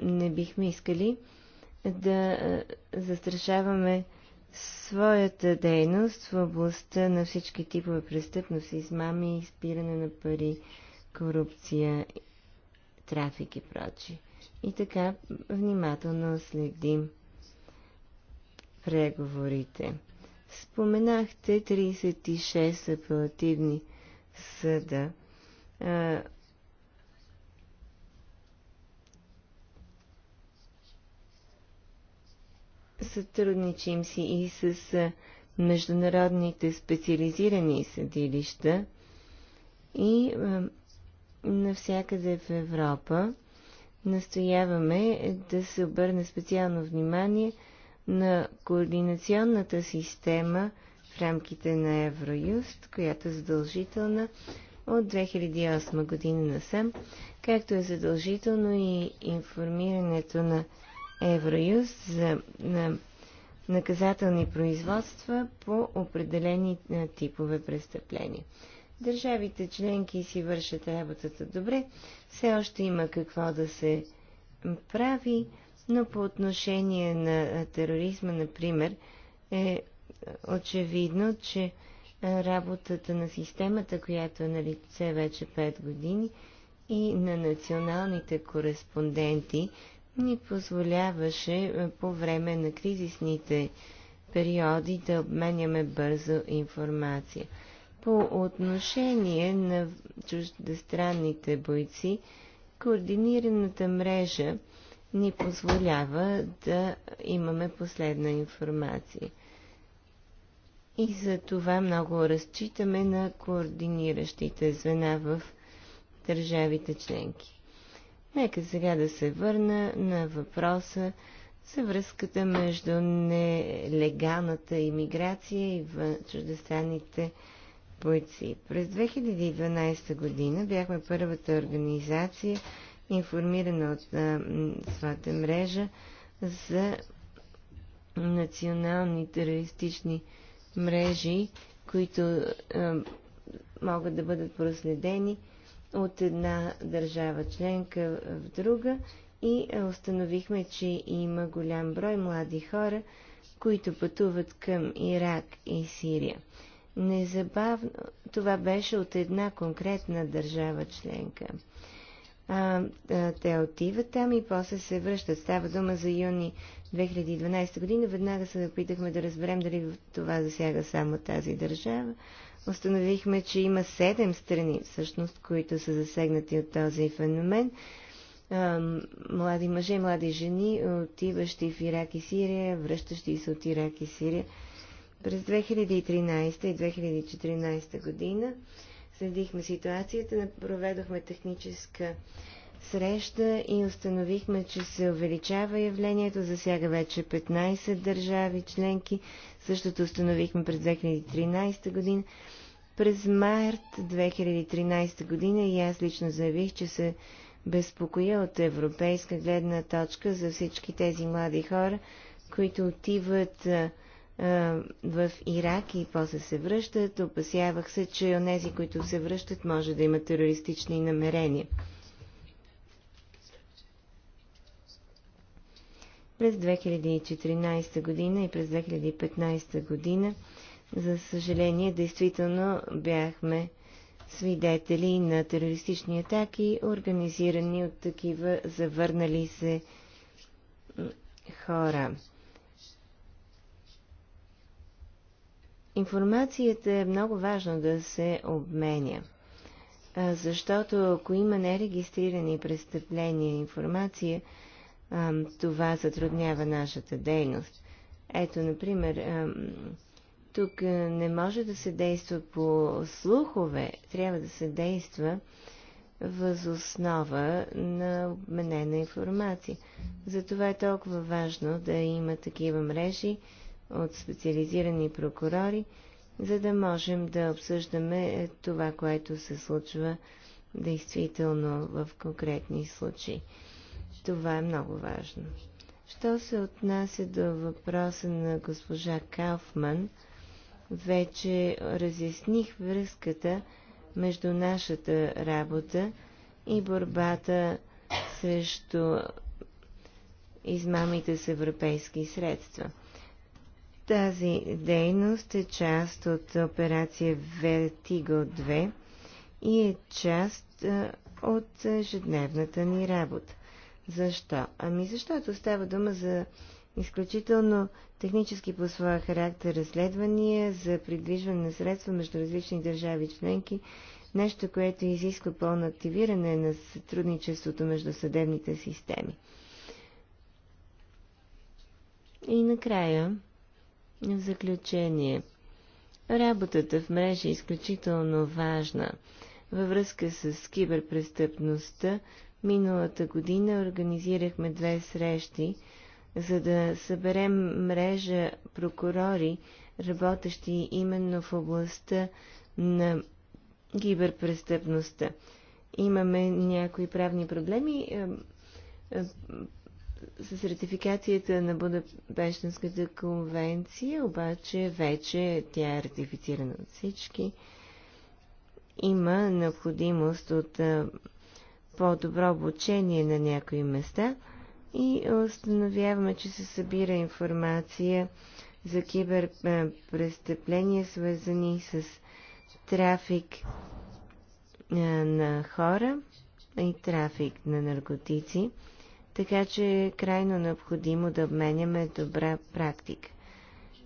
не бихме искали да застрашаваме своята дейност в областта на всички типове престъпност, измами, изпиране на пари, корупция, трафик и прочи. И така внимателно следим преговорите. Споменахте 36 апелативни съда. А, сътрудничим си и с международните специализирани съдилища и а, навсякъде в Европа настояваме да се обърне специално внимание – на координационната система в рамките на Евроюст, която е задължителна от 2008 година насам, както е задължително и информирането на Евроюст за на наказателни производства по определени типове престъпления. Държавите членки си вършат работата добре, все още има какво да се прави, но по отношение на тероризма, например, е, е очевидно, че е, работата на системата, която е на лице вече 5 години, и на националните кореспонденти ни позволяваше е, по време на кризисните периоди да обменяме бързо информация. По отношение на чуждестранните бойци, координираната мрежа ни позволява да имаме последна информация. И за това много разчитаме на координиращите звена в държавите членки. Нека сега да се върна на въпроса за връзката между нелегалната иммиграция и чуждестранните бойци. През 2012 година бяхме първата организация, информирана от а, своята мрежа за национални терористични мрежи, които а, могат да бъдат проследени от една държава членка в друга и установихме, че има голям брой млади хора, които пътуват към Ирак и Сирия. Незабавно това беше от една конкретна държава членка а, а, те отиват там и после се връщат. Става дума за юни 2012 година. Веднага се опитахме да разберем дали това засяга само тази държава. Установихме, че има седем страни, всъщност, които са засегнати от този феномен. А, млади мъже, млади жени, отиващи в Ирак и Сирия, връщащи се от Ирак и Сирия. През 2013 и 2014 година следихме ситуацията, проведохме техническа среща и установихме, че се увеличава явлението, засяга вече 15 държави членки. Същото установихме през 2013 година. През март 2013 година и аз лично заявих, че се безпокоя от европейска гледна точка за всички тези млади хора, които отиват в Ирак и после се връщат. Опасявах се, че онези, които се връщат, може да имат терористични намерения. През 2014 година и през 2015 година, за съжаление, действително бяхме свидетели на терористични атаки, организирани от такива завърнали се хора. Информацията е много важно да се обменя, защото ако има нерегистрирани престъпления и информация, това затруднява нашата дейност. Ето, например, тук не може да се действа по слухове, трябва да се действа възоснова на обменена информация. Затова е толкова важно да има такива мрежи, от специализирани прокурори, за да можем да обсъждаме е, това, което се случва действително в конкретни случаи. Това е много важно. Що се отнася до въпроса на госпожа Кауфман, вече разясних връзката между нашата работа и борбата срещу измамите с европейски средства. Тази дейност е част от операция Vertigo 2 и е част от ежедневната ни работа. Защо? Ами защото става дума за изключително технически по своя характер разследвания за придвижване на средства между различни държави членки, нещо, което изисква пълно активиране на сътрудничеството между съдебните системи. И накрая, в заключение, работата в мрежа е изключително важна. Във връзка с киберпрестъпността, миналата година организирахме две срещи, за да съберем мрежа прокурори, работещи именно в областта на киберпрестъпността. Имаме някои правни проблеми, с ратификацията на Будапештинската конвенция, обаче вече тя е ратифицирана от всички. Има необходимост от по-добро обучение на някои места и установяваме, че се събира информация за киберпрестъпления, свързани с трафик на хора и трафик на наркотици така че е крайно необходимо да обменяме добра практика.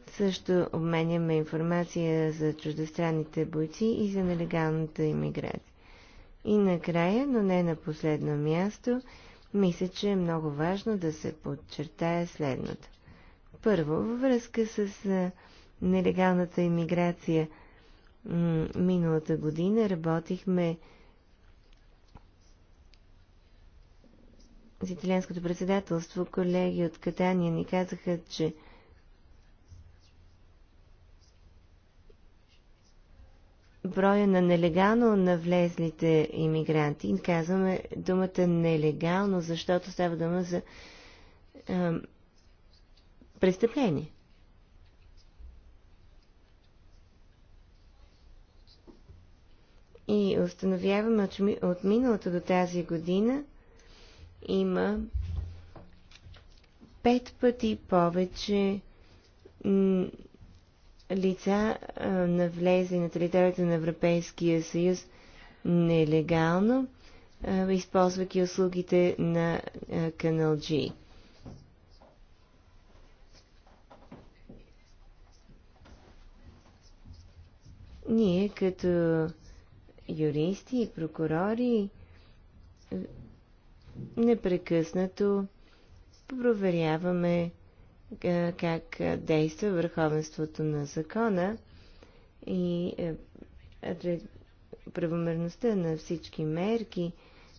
Също обменяме информация за чуждестранните бойци и за нелегалната иммиграция. И накрая, но не на последно място, мисля, че е много важно да се подчертая следното. Първо, във връзка с нелегалната иммиграция, миналата година работихме за италианското председателство, колеги от Катания ни казаха, че броя на нелегално навлезлите иммигранти, казваме думата нелегално, защото става дума за е, престъпление. И установяваме от миналото до тази година – има пет пъти повече лица навлезе на територията на Европейския съюз нелегално, използвайки услугите на канал G. Ние като юристи и прокурори непрекъснато проверяваме как действа върховенството на закона и е, правомерността на всички мерки.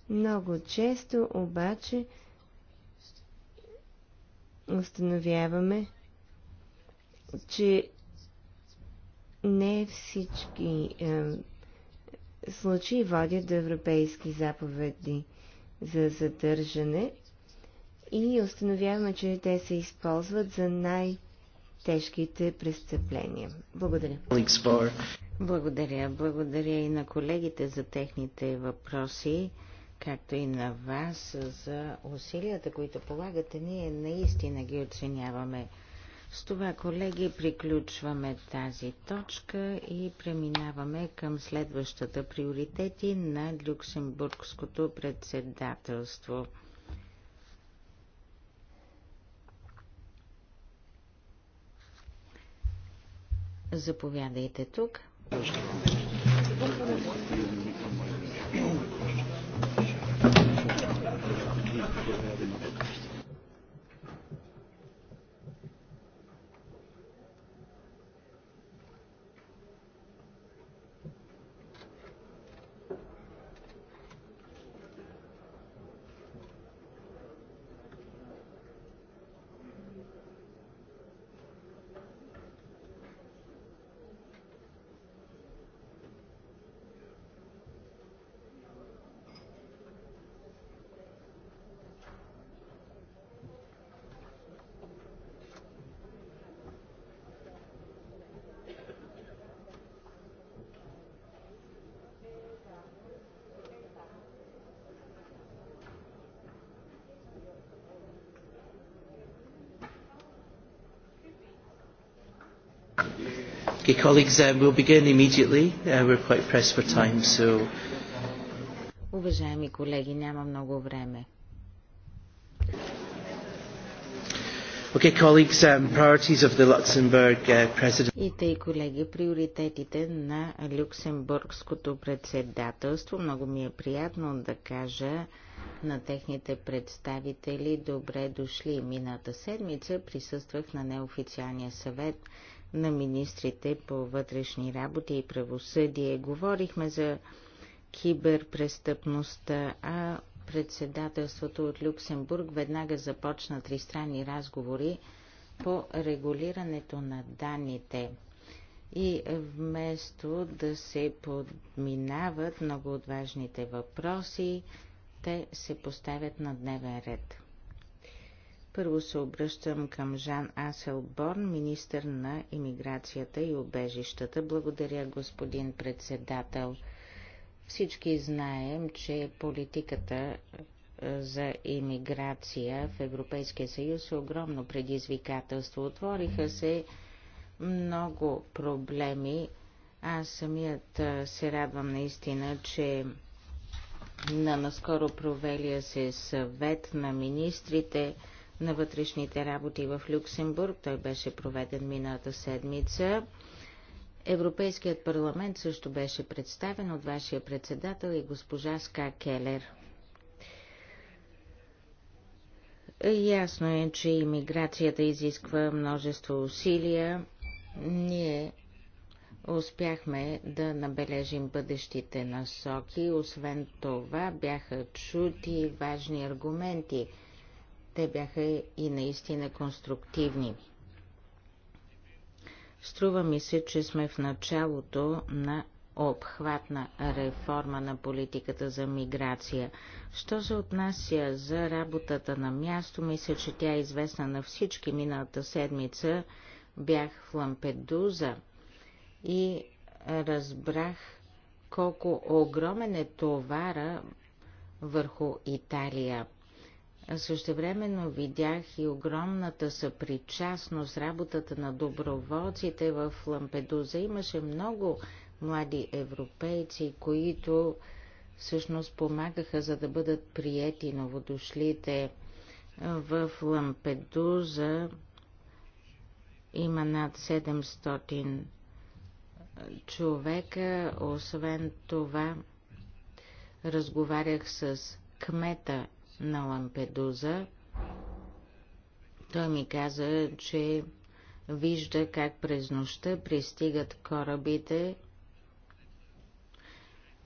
Много често обаче установяваме, че не всички е, случаи водят до европейски заповеди за задържане и установяваме, че те се използват за най-тежките престъпления. Благодаря. Благодаря. Благодаря и на колегите за техните въпроси, както и на вас за усилията, които полагате. Ние наистина ги оценяваме. С това, колеги, приключваме тази точка и преминаваме към следващата приоритети на Люксембургското председателство. Заповядайте тук. Thank you. Colleagues, um, we'll begin immediately. Uh, we're quite pressed for time, so... Уважаеми колеги, няма много време. Okay, colleagues, um, priorities of the Luxembourg uh, president. И тъй, колеги, приоритетите на Люксембургското председателство. Много ми е приятно да кажа на техните представители добре дошли. Мината седмица присъствах на неофициалния съвет на министрите по вътрешни работи и правосъдие. Говорихме за киберпрестъпността, а председателството от Люксембург веднага започна тристранни разговори по регулирането на данните. И вместо да се подминават много от важните въпроси, те се поставят на дневен ред. Първо се обръщам към Жан Асел Борн, министър на иммиграцията и обежищата. Благодаря, господин председател. Всички знаем, че политиката е, за иммиграция в Европейския съюз е огромно предизвикателство. Отвориха се много проблеми. Аз самият е, се радвам наистина, че на наскоро провелия се съвет на министрите – на вътрешните работи в Люксембург. Той беше проведен миналата седмица. Европейският парламент също беше представен от вашия председател и госпожа Ска Келер. Ясно е, че иммиграцията изисква множество усилия. Ние успяхме да набележим бъдещите насоки. Освен това бяха чути важни аргументи – те бяха и наистина конструктивни. Струва ми се, че сме в началото на обхватна реформа на политиката за миграция. Що се отнася за работата на място, мисля, че тя е известна на всички. Миналата седмица бях в Лампедуза и разбрах колко огромен е товара върху Италия. Същевременно видях и огромната съпричастност, работата на доброволците в Лампедуза. Имаше много млади европейци, които всъщност помагаха, за да бъдат приети новодошлите. В Лампедуза има над 700 човека. Освен това, разговарях с кмета на Лампедуза. Той ми каза, че вижда как през нощта пристигат корабите.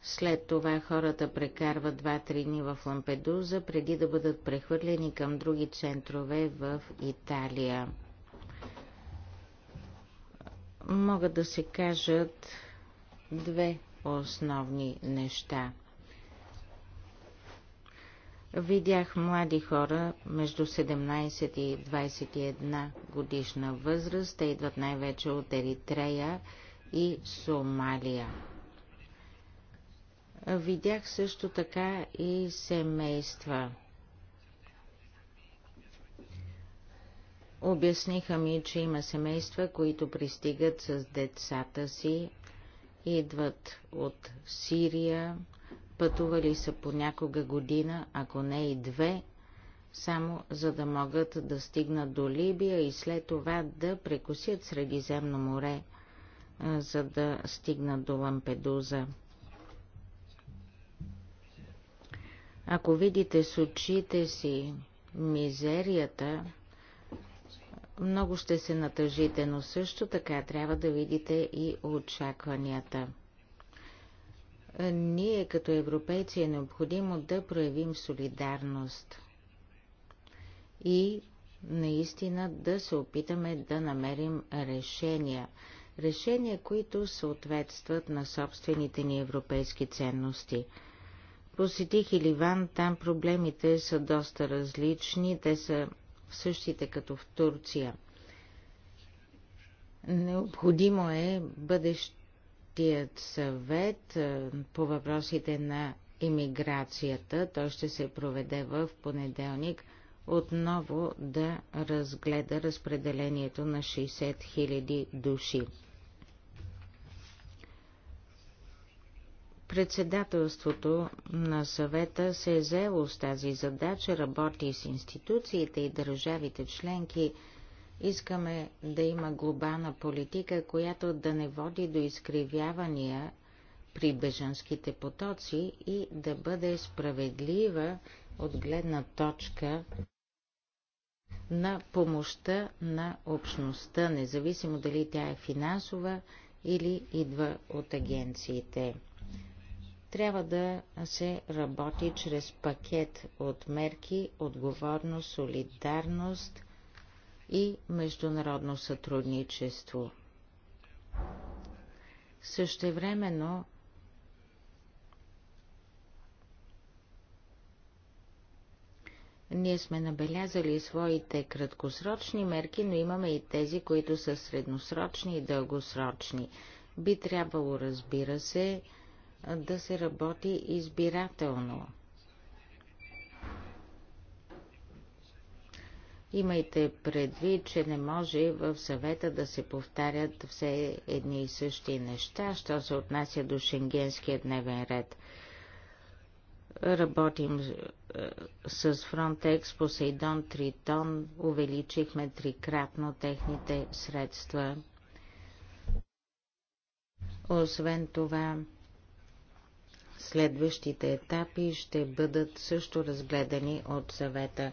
След това хората прекарват 2-3 дни в Лампедуза, преди да бъдат прехвърлени към други центрове в Италия. Могат да се кажат две основни неща. Видях млади хора между 17 и 21 годишна възраст. Те идват най-вече от Еритрея и Сомалия. Видях също така и семейства. Обясниха ми, че има семейства, които пристигат с децата си, идват от Сирия, Пътували са понякога година, ако не и две, само за да могат да стигнат до Либия и след това да прекусят Средиземно море, за да стигнат до Лампедуза. Ако видите с очите си мизерията, много ще се натъжите, но също така трябва да видите и очакванията – е, ние като европейци е необходимо да проявим солидарност и наистина да се опитаме да намерим решения. Решения, които съответстват на собствените ни европейски ценности. Посетих и Ливан, там проблемите са доста различни, те са същите като в Турция. Необходимо е бъдещ Общият съвет по въпросите на имиграцията, той ще се проведе в понеделник, отново да разгледа разпределението на 60 000 души. Председателството на съвета се е заело с тази задача, работи с институциите и държавите членки – Искаме да има глобална политика, която да не води до изкривявания при бежанските потоци и да бъде справедлива от гледна точка на помощта на общността, независимо дали тя е финансова или идва от агенциите. Трябва да се работи чрез пакет от мерки, отговорност, солидарност – и международно сътрудничество. Същевременно Ние сме набелязали своите краткосрочни мерки, но имаме и тези, които са средносрочни и дългосрочни. Би трябвало, разбира се, да се работи избирателно. Имайте предвид, че не може в съвета да се повтарят все едни и същи неща, що се отнася до шенгенския дневен ред. Работим е, с Frontex, Посейдон, Тритон, увеличихме трикратно техните средства. Освен това, следващите етапи ще бъдат също разгледани от съвета.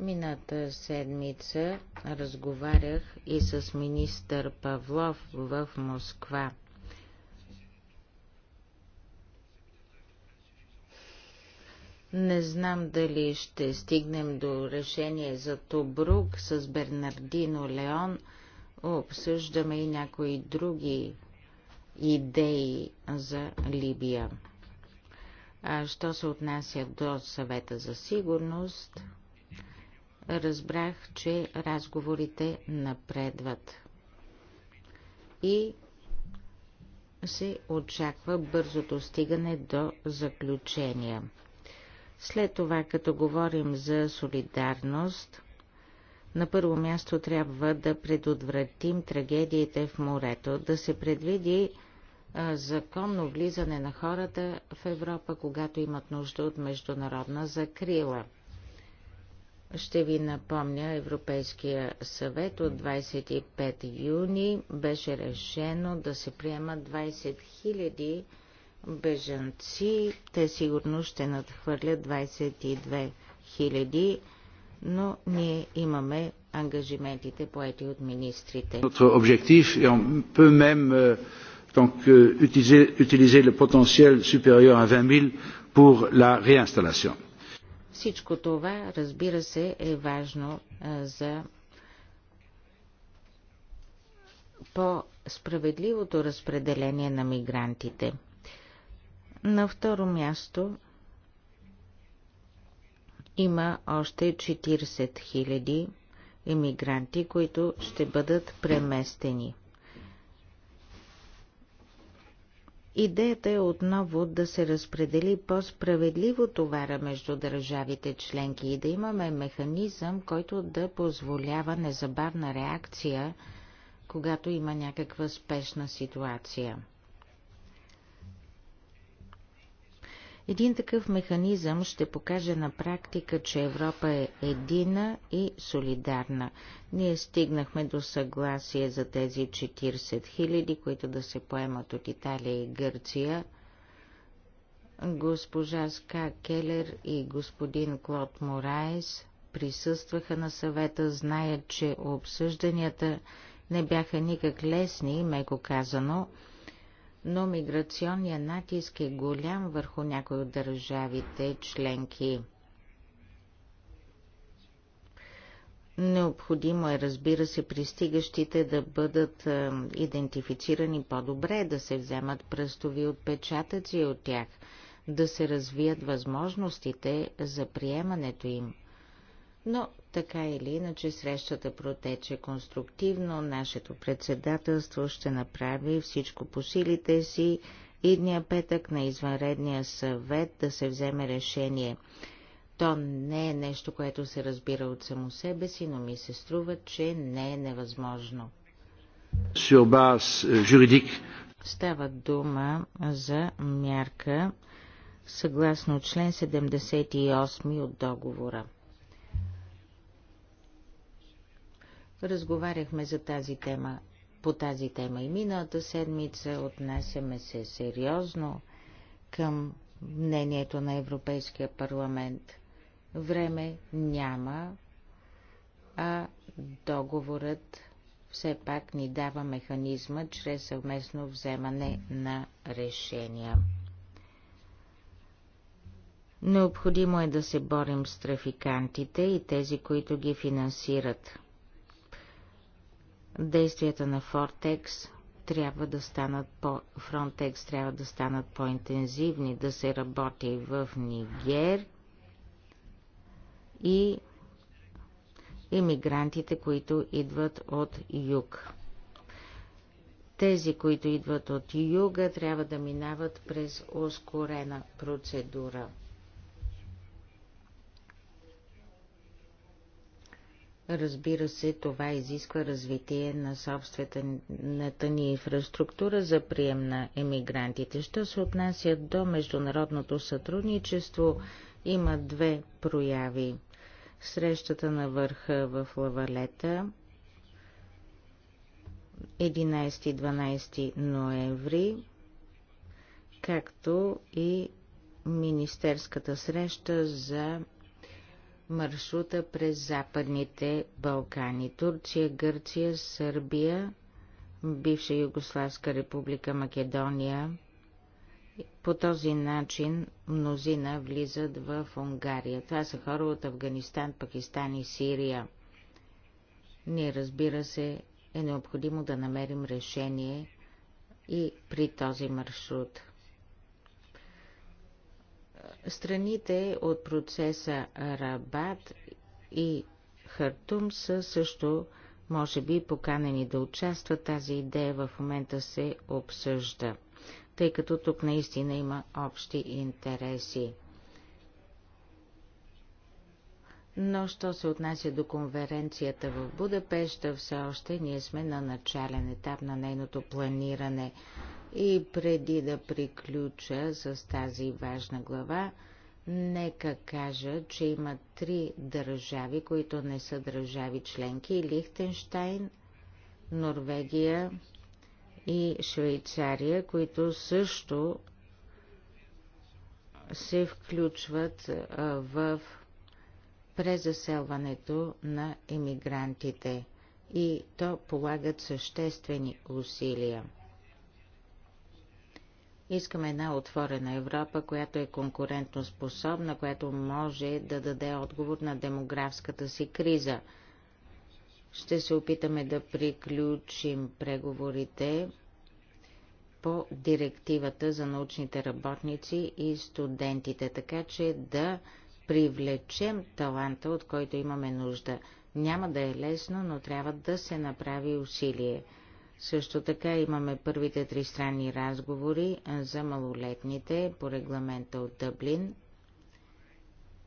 Мината седмица разговарях и с министър Павлов в Москва. Не знам дали ще стигнем до решение за Тобрук с Бернардино Леон. Обсъждаме и някои други идеи за Либия. А що се отнася до съвета за сигурност, разбрах, че разговорите напредват и се очаква бързото стигане до заключения. След това, като говорим за солидарност, на първо място трябва да предотвратим трагедиите в морето, да се предвиди законно влизане на хората в Европа, когато имат нужда от международна закрила – ще ви напомня, Европейския съвет от 25 юни беше решено да се приемат 20 000 бежанци. Те сигурно ще надхвърлят 22 000, но ние имаме ангажиментите поети от министрите. Notre objectif et on peut même euh, donc euh, utiliser, utiliser le potentiel supérieur à 20 000 pour la réinstallation. Всичко това, разбира се, е важно за по-справедливото разпределение на мигрантите. На второ място има още 40 000 емигранти, които ще бъдат преместени – Идеята е отново да се разпредели по-справедливо товара между държавите членки и да имаме механизъм, който да позволява незабавна реакция, когато има някаква спешна ситуация. Един такъв механизъм ще покаже на практика, че Европа е едина и солидарна. Ние стигнахме до съгласие за тези 40 000, които да се поемат от Италия и Гърция. Госпожа Ска Келер и господин Клод Морайс присъстваха на съвета, знаят, че обсъжданията не бяха никак лесни, меко казано, но миграционният натиск е голям върху някои от държавите членки. Необходимо е, разбира се, пристигащите да бъдат е, идентифицирани по-добре, да се вземат пръстови отпечатъци от тях, да се развият възможностите за приемането им – но така или иначе срещата протече конструктивно, нашето председателство ще направи всичко по силите си идния петък на извънредния съвет да се вземе решение. То не е нещо, което се разбира от само себе си, но ми се струва, че не е невъзможно. Euh, Става дума за мярка съгласно член 78 от договора. Разговаряхме за тази тема, по тази тема и миналата седмица отнасяме се сериозно към мнението на Европейския парламент. Време няма, а договорът все пак ни дава механизма чрез съвместно вземане на решения. Необходимо е да се борим с трафикантите и тези, които ги финансират. Действията на Фортекс трябва да станат по... Фронтекс трябва да станат по-интензивни, да се работи в Нигер и иммигрантите, които идват от юг. Тези, които идват от юга, трябва да минават през ускорена процедура. Разбира се, това изисква развитие на собствената ни инфраструктура за прием на емигрантите. Що се отнася до международното сътрудничество, има две прояви. Срещата на върха в Лавалета 11-12 ноември, както и министерската среща за маршрута през Западните Балкани – Турция, Гърция, Сърбия, бивша Югославска република Македония. По този начин мнозина влизат в Унгария. Това са хора от Афганистан, Пакистан и Сирия. Ние, разбира се, е необходимо да намерим решение и при този маршрут – Страните от процеса Рабат и Хартум са също, може би, поканени да участват. Тази идея в момента се обсъжда, тъй като тук наистина има общи интереси. Но що се отнася до конференцията в Будапешта, все още ние сме на начален етап на нейното планиране. И преди да приключа с тази важна глава, нека кажа, че има три държави, които не са държави членки – Лихтенштайн, Норвегия и Швейцария, които също се включват в презаселването на емигрантите и то полагат съществени усилия. Искаме една отворена Европа, която е конкурентно способна, която може да даде отговор на демографската си криза. Ще се опитаме да приключим преговорите по директивата за научните работници и студентите, така че да привлечем таланта, от който имаме нужда. Няма да е лесно, но трябва да се направи усилие. Също така имаме първите три странни разговори за малолетните по регламента от Дъблин.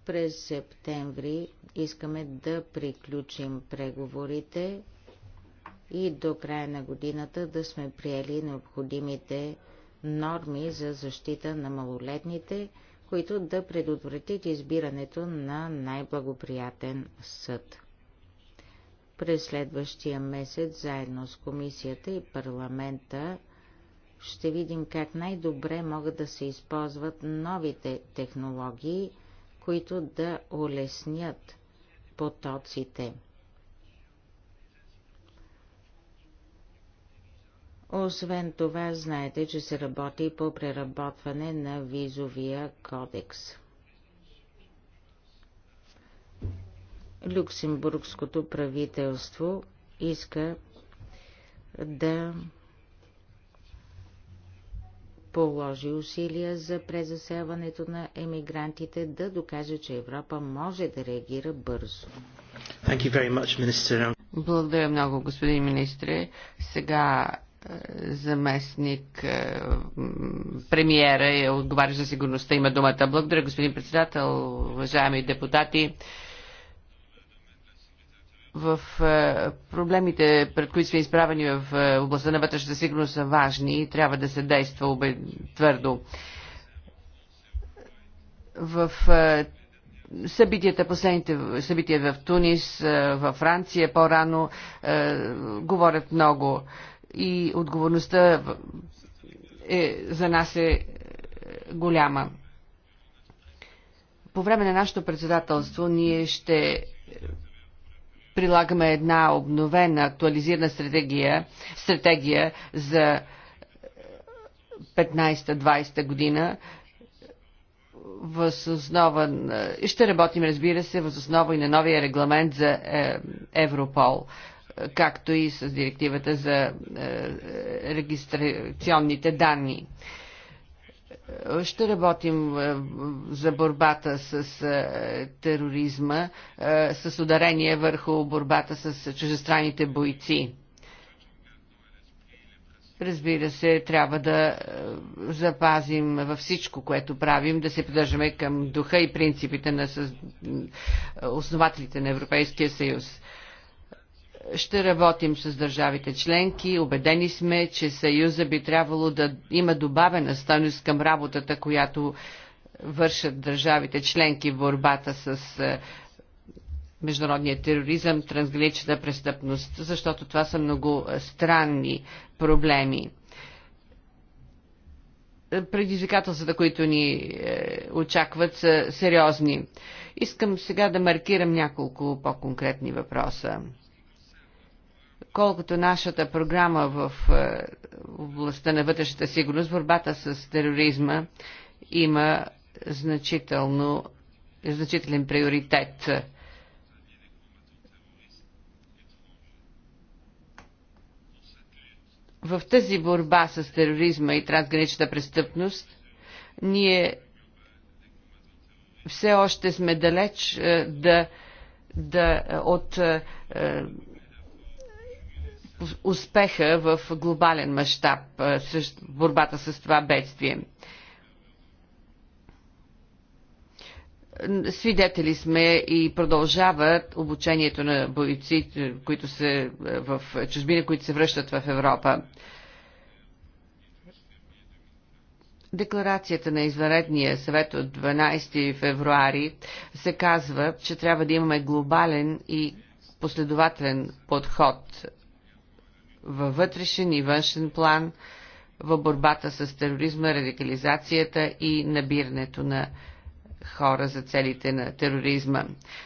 През септември искаме да приключим преговорите и до края на годината да сме приели необходимите норми за защита на малолетните, които да предотвратят избирането на най-благоприятен съд. През следващия месец, заедно с комисията и парламента, ще видим как най-добре могат да се използват новите технологии, които да улеснят потоците. Освен това, знаете, че се работи по преработване на визовия кодекс. люксембургското правителство иска да положи усилия за презасяването на емигрантите, да докаже, че Европа може да реагира бързо. Thank you very much, Благодаря много, господин министре. Сега е, заместник е, премиера е отговаря за сигурността. Има думата. Благодаря, господин председател, уважаеми депутати в е, проблемите, пред които сме изправени в е, областта на вътрешната сигурност са важни и трябва да се действа твърдо. В е, събитията, последните събития в Тунис, във Франция по-рано говорят много и отговорността е, за нас е голяма. По време на нашето председателство ние ще прилагаме една обновена, актуализирана стратегия, стратегия за 15-20 година, възоснова, ще работим, разбира се, възоснова и на новия регламент за е, Европол, както и с директивата за е, регистрационните данни ще работим е, за борбата с е, тероризма, е, с ударение върху борбата с чужестранните бойци. Разбира се, трябва да запазим във всичко, което правим, да се придържаме към духа и принципите на основателите на Европейския съюз. Ще работим с държавите членки. Обедени сме, че Съюза би трябвало да има добавена стойност към работата, която вършат държавите членки в борбата с е, международния тероризъм, трансгранична престъпност, защото това са много странни проблеми. Предизвикателствата, които ни е, очакват, са сериозни. Искам сега да маркирам няколко по-конкретни въпроса колкото нашата програма е, в областта на вътрешната сигурност, борбата с тероризма има значително, значителен приоритет. В тази борба с тероризма и трансграничната престъпност ние все още сме далеч е, да, да, от е, успеха в глобален мащаб борбата с това бедствие. Свидетели сме и продължават обучението на бойци, които се в чужбина, които се връщат в Европа. Декларацията на извънредния съвет от 12 февруари се казва, че трябва да имаме глобален и последователен подход във вътрешен и външен план в борбата с тероризма, радикализацията и набирането на хора за целите на тероризма.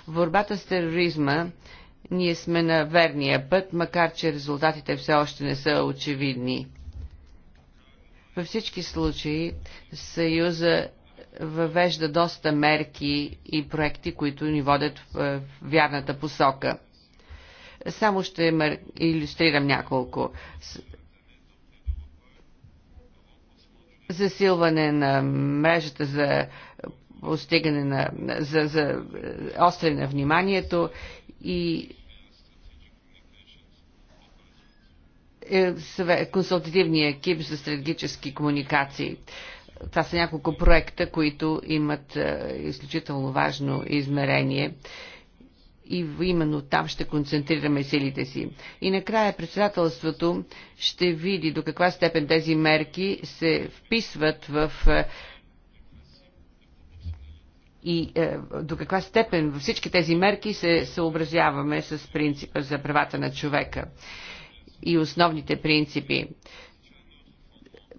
В борбата с тероризма ние сме на верния път, макар че резултатите все още не са очевидни. Във всички случаи Съюза въвежда доста мерки и проекти, които ни водят в вярната посока – само ще иллюстрирам няколко. Засилване на мрежата за постигане на, за, за е, остре на вниманието и е, консултативния екип за стратегически комуникации. Това са няколко проекта, които имат е, изключително важно измерение и именно там ще концентрираме силите си. И накрая председателството ще види до каква степен тези мерки се вписват в е, и е, до каква степен във всички тези мерки се съобразяваме с принципа за правата на човека и основните принципи.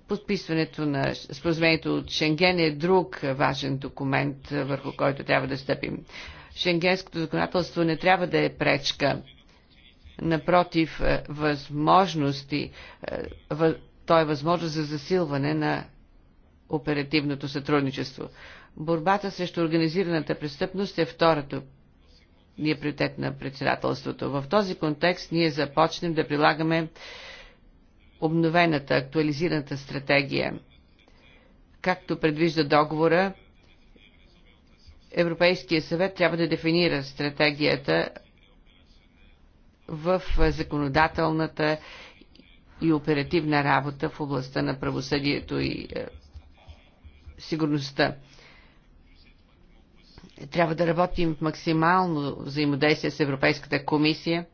Подписването на споразумението от Шенген е друг важен документ, върху който трябва да стъпим шенгенското законодателство не трябва да е пречка. Напротив, е, възможности, е, то е възможност за засилване на оперативното сътрудничество. Борбата срещу организираната престъпност е второто ни е приоритет на председателството. В този контекст ние започнем да прилагаме обновената, актуализираната стратегия. Както предвижда договора, Европейския съвет трябва да дефинира стратегията в законодателната и оперативна работа в областта на правосъдието и е, сигурността. Трябва да работим в максимално взаимодействие с Европейската комисия,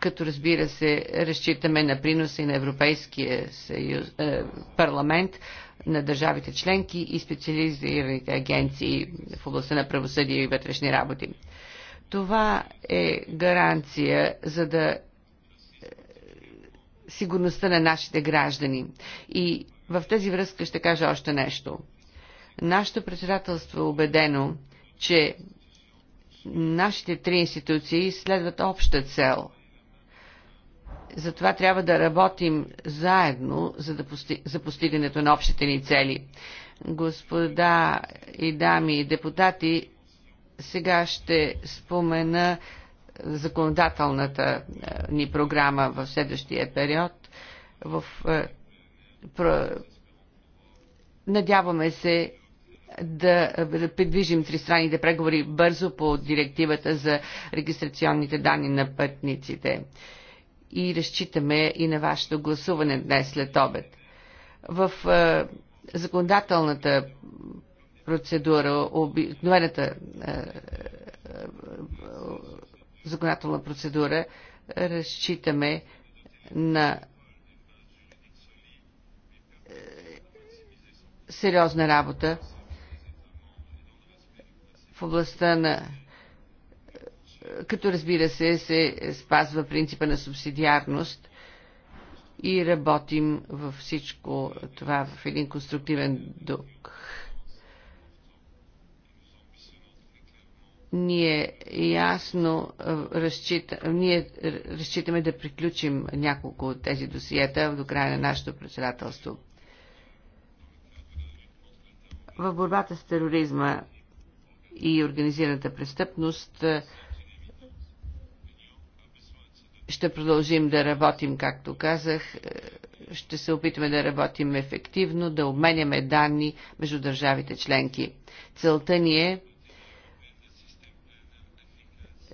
като разбира се разчитаме на приноса и на Европейския съюз, е, парламент на държавите членки и специализираните агенции в областта на правосъдие и вътрешни работи. Това е гаранция за да е, сигурността на нашите граждани. И в тази връзка ще кажа още нещо. Нашето председателство е убедено, че нашите три институции следват обща цел затова трябва да работим заедно за, да пости... за постигането на общите ни цели. Господа и дами и депутати, сега ще спомена законодателната е, ни програма в следващия период. В, е, надяваме се да предвижим тристранните преговори бързо по директивата за регистрационните данни на пътниците и разчитаме и на вашето гласуване днес след обед. В е, законодателната процедура, обикновената е, е, законодателна процедура, разчитаме на сериозна работа в областта на като разбира се се спазва принципа на субсидиарност и работим във всичко това в един конструктивен дух. Ние ясно разчита, ние разчитаме да приключим няколко от тези досиета до края на нашето председателство. В борбата с тероризма и организираната престъпност ще продължим да работим, както казах. Ще се опитаме да работим ефективно, да обменяме данни между държавите членки. Целта ни е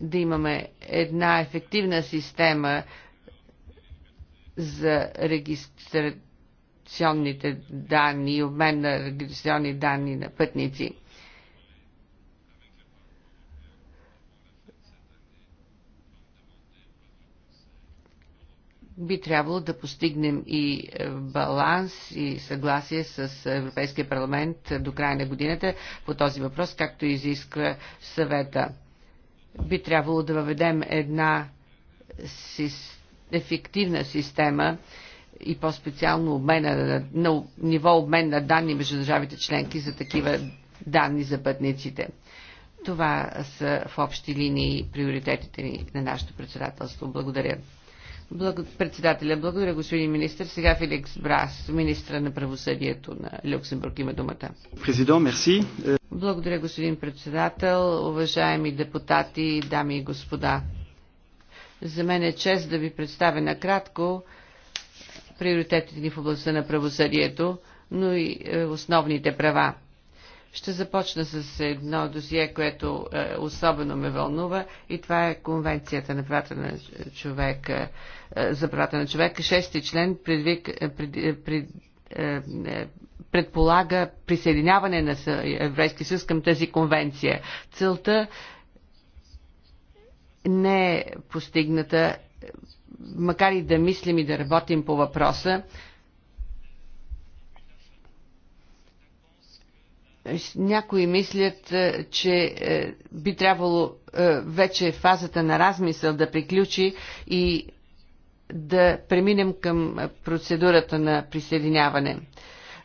да имаме една ефективна система за регистрационните данни и обмен на регистрационни данни на пътници. би трябвало да постигнем и е, баланс и съгласие с Европейския парламент до края на годината по този въпрос, както изисква съвета. Би трябвало да въведем една ефективна система и по-специално обмена на, на ниво обмен на данни между държавите членки за такива данни за пътниците. Това са в общи линии приоритетите ни на нашето председателство. Благодаря. Председателя, благодаря господин министр. Сега Феликс Брас, министра на правосъдието на Люксембург, има думата. мерси. Благодаря господин председател, уважаеми депутати, дами и господа. За мен е чест да ви представя накратко приоритетите ни в областта на правосъдието, но и е, основните права. Ще започна с едно досие, което е, особено ме вълнува и това е Конвенцията на правата на човека, е, за правата на човека. Шести член предвик, е, пред, е, пред, е, е, предполага присъединяване на Еврейски съюз към тази конвенция. Целта не е постигната, макар и да мислим и да работим по въпроса, Някои мислят, е, че е, би трябвало е, вече фазата на размисъл да приключи и да преминем към процедурата на присъединяване.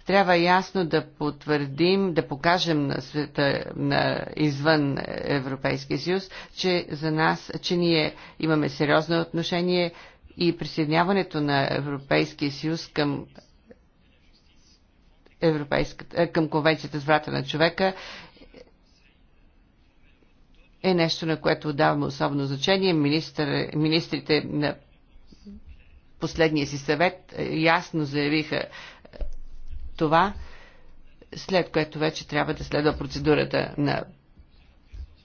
Трябва ясно да потвърдим, да покажем на света на извън Европейския съюз, че за нас, че ние имаме сериозно отношение и присъединяването на Европейския съюз към е, към Конвенцията с врата на човека е нещо, на което даваме особено значение. Министър, министрите на последния си съвет е, ясно заявиха е, това, след което вече трябва да следва процедурата на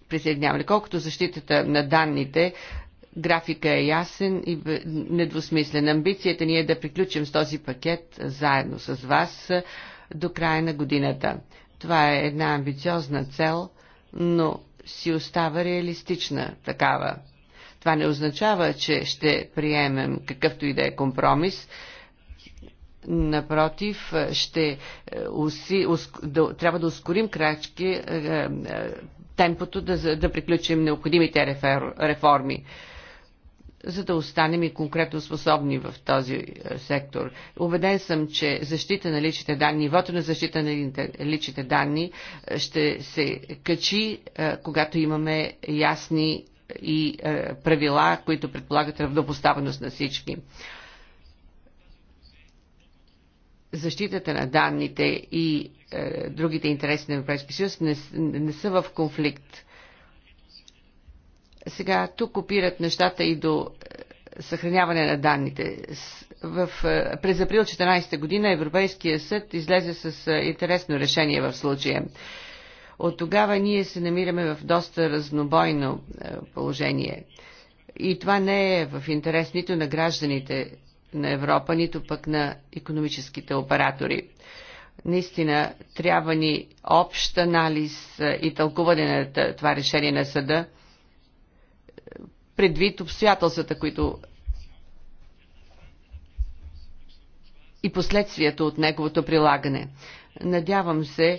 присъединяване. Колкото защитата на данните, графика е ясен и недвусмислен. Амбицията ни е да приключим с този пакет заедно с вас до края на годината. Това е една амбициозна цел, но си остава реалистична такава. Това не означава, че ще приемем какъвто и да е компромис. Напротив, ще е, уси, уск, да, трябва да ускорим крачки, е, е, темпото да, да приключим необходимите рефер, реформи за да останем и конкретно способни в този е, сектор. Убеден съм, че защита на личните данни, нивото на защита на личните данни е, ще се качи, е, когато имаме ясни и правила, които предполагат равнопоставеност на всички. Защитата на данните и другите интереси на Европейския съюз не, не са в конфликт сега тук опират нещата и до е, съхраняване на данните. В, е, през април 2014 година Европейския съд излезе с е, интересно решение в случая. От тогава ние се намираме в доста разнобойно положение. И това не е в интерес нито на гражданите на Европа, нито пък на економическите оператори. Наистина трябва ни общ анализ и тълкуване на това решение на съда – предвид обстоятелствата, които и последствията от неговото прилагане. Надявам се, е,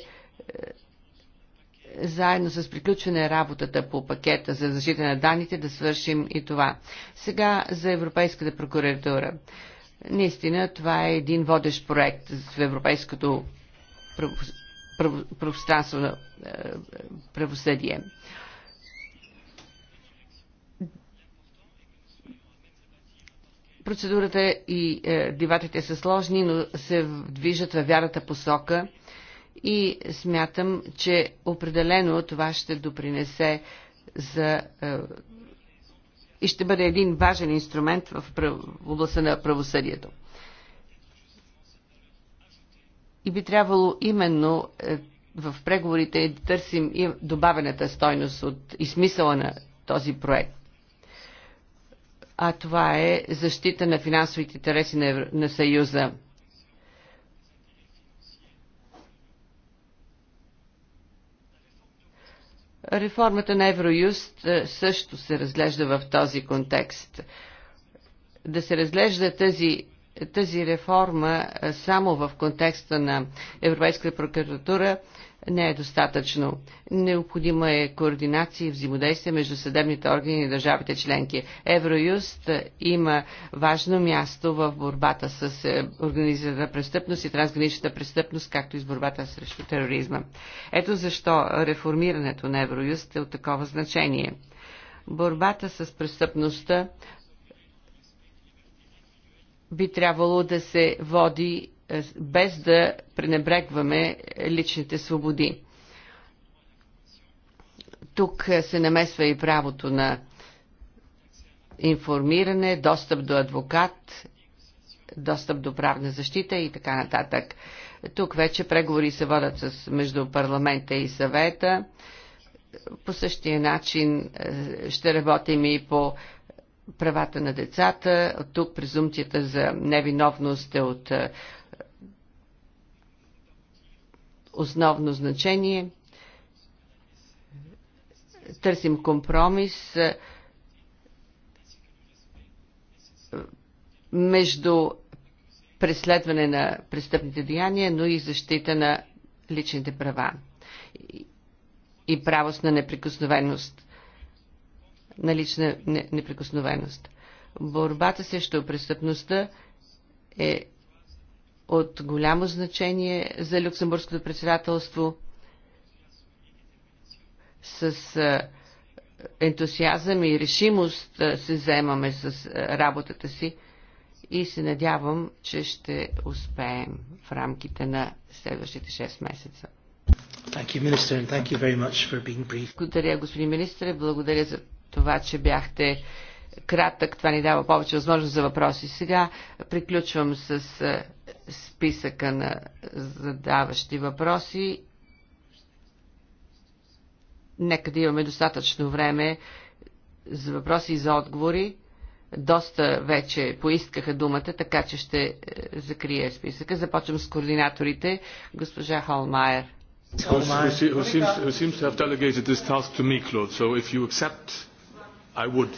заедно с приключване работата по пакета за защита на данните да свършим и това. Сега за Европейската прокуратура. Наистина това е един водещ проект в европейското правостранство е, е, правосъдие. Право, право, право, Процедурата и е, дебатите са сложни, но се движат във вярата посока и смятам, че определено това ще допринесе за е, и ще бъде един важен инструмент в, прав... в областта на правосъдието. И би трябвало именно е, в преговорите да търсим и добавената стойност от, и смисъла на този проект а това е защита на финансовите интереси на, на Съюза. Реформата на Евроюст е, също се разглежда в този контекст. Да се разглежда тази тази реформа само в контекста на Европейската прокуратура не е достатъчно. Необходима е координация и взаимодействие между съдебните органи и държавите членки. Евроюст има важно място в борбата с организирана престъпност и трансграничната престъпност, както и с борбата срещу тероризма. Ето защо реформирането на Евроюст е от такова значение борбата с престъпността би трябвало да се води е, без да пренебрегваме личните свободи. Тук е, се намесва и правото на информиране, достъп до адвокат, достъп до правна защита и така нататък. Тук вече преговори се водят с, между парламента и съвета. По същия начин е, ще работим и по правата на децата. От тук презумцията за невиновност е от е, основно значение. Търсим компромис е, между преследване на престъпните деяния, но и защита на личните права и правост на неприкосновеност на лична неприкосновеност. Борбата срещу престъпността е от голямо значение за Люксембургското председателство. С ентусиазъм и решимост се заемаме с работата си и се надявам, че ще успеем в рамките на следващите 6 месеца. Благодаря, господин министр. Благодаря за това, че бяхте кратък. Това ни дава повече възможност за въпроси. Сега приключвам с е, списъка на задаващи въпроси. Нека да имаме достатъчно време за въпроси и за отговори. Доста вече поискаха думата, така че ще е, закрия списъка. Започвам с координаторите. Госпожа Холмайер. Холмайер. I would.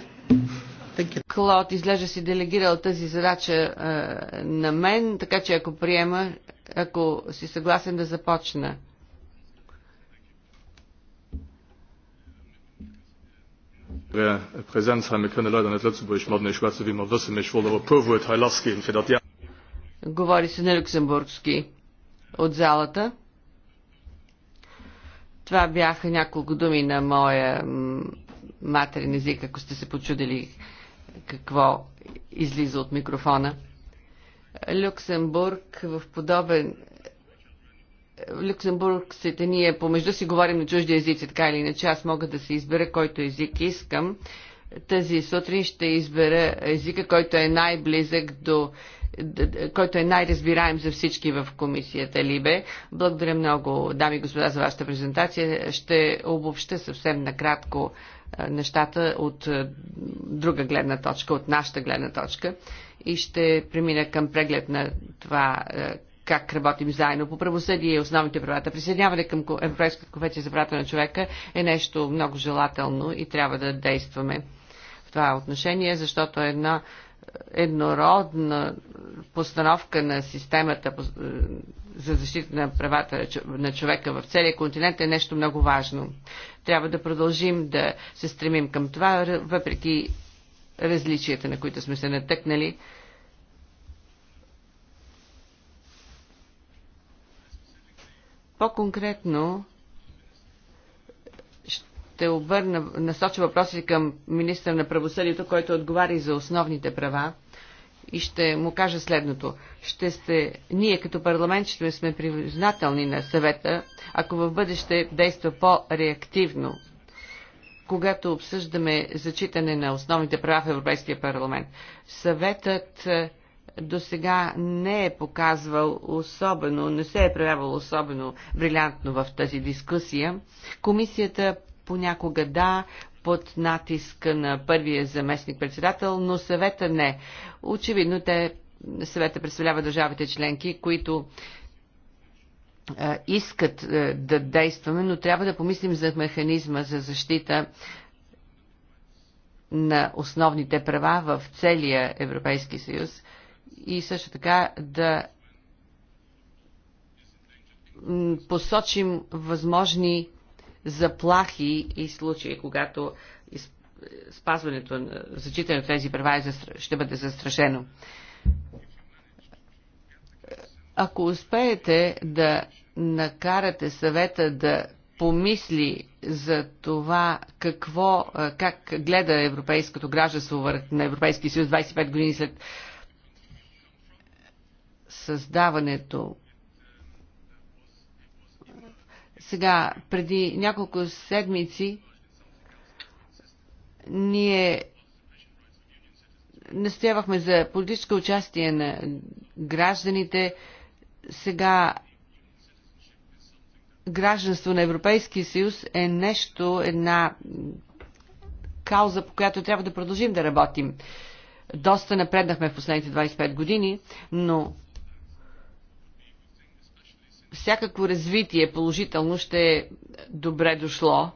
Клод изглежда си делегирал тази задача а, е, на мен, така че ако приема, ако си съгласен да започна. Говори се на люксембургски от залата. Това бяха няколко думи на моя матерен език, ако сте се почудили какво излиза от микрофона. Люксембург в подобен люксембургците ние помежду си говорим на чужди езици, така или иначе аз мога да се избера който език искам. Тази сутрин ще избера езика, който е най-близък до който е най-разбираем за всички в комисията Либе. Благодаря много, дами и господа, за вашата презентация. Ще обобща съвсем накратко нещата от е, друга гледна точка, от нашата гледна точка и ще премина към преглед на това е, как работим заедно по правосъдие и основните правата. Присъединяване към Европейската конвенция за правата на човека е нещо много желателно и трябва да действаме в това отношение, защото е една еднородна постановка на системата за защита на правата на човека в целия континент е нещо много важно. Трябва да продължим да се стремим към това, въпреки различията, на които сме се натъкнали. По-конкретно, ще обърна, насоча въпроси към министър на правосъдието, който отговаря за основните права и ще му кажа следното. Ще сте, ние като парламент ще сме признателни на съвета, ако в бъдеще действа по-реактивно, когато обсъждаме зачитане на основните права в Европейския парламент. Съветът е, до сега не е показвал особено, не се е проявявал особено брилянтно в тази дискусия. Комисията понякога да, под натиска на първия заместник председател, но съвета не. Очевидно те съвета представлява държавите членки, които искат да действаме, но трябва да помислим за механизма за защита на основните права в целия Европейски съюз и също така да посочим възможни заплахи и случаи, когато спазването на зачитането на тези права е ще бъде застрашено. Ако успеете да накарате съвета да помисли за това какво, как гледа европейското гражданство на Европейския съюз 25 години след създаването сега, преди няколко седмици, ние настоявахме за политическо участие на гражданите. Сега гражданство на Европейския съюз е нещо, една кауза, по която трябва да продължим да работим. Доста напреднахме в последните 25 години, но всякакво развитие положително ще е добре дошло,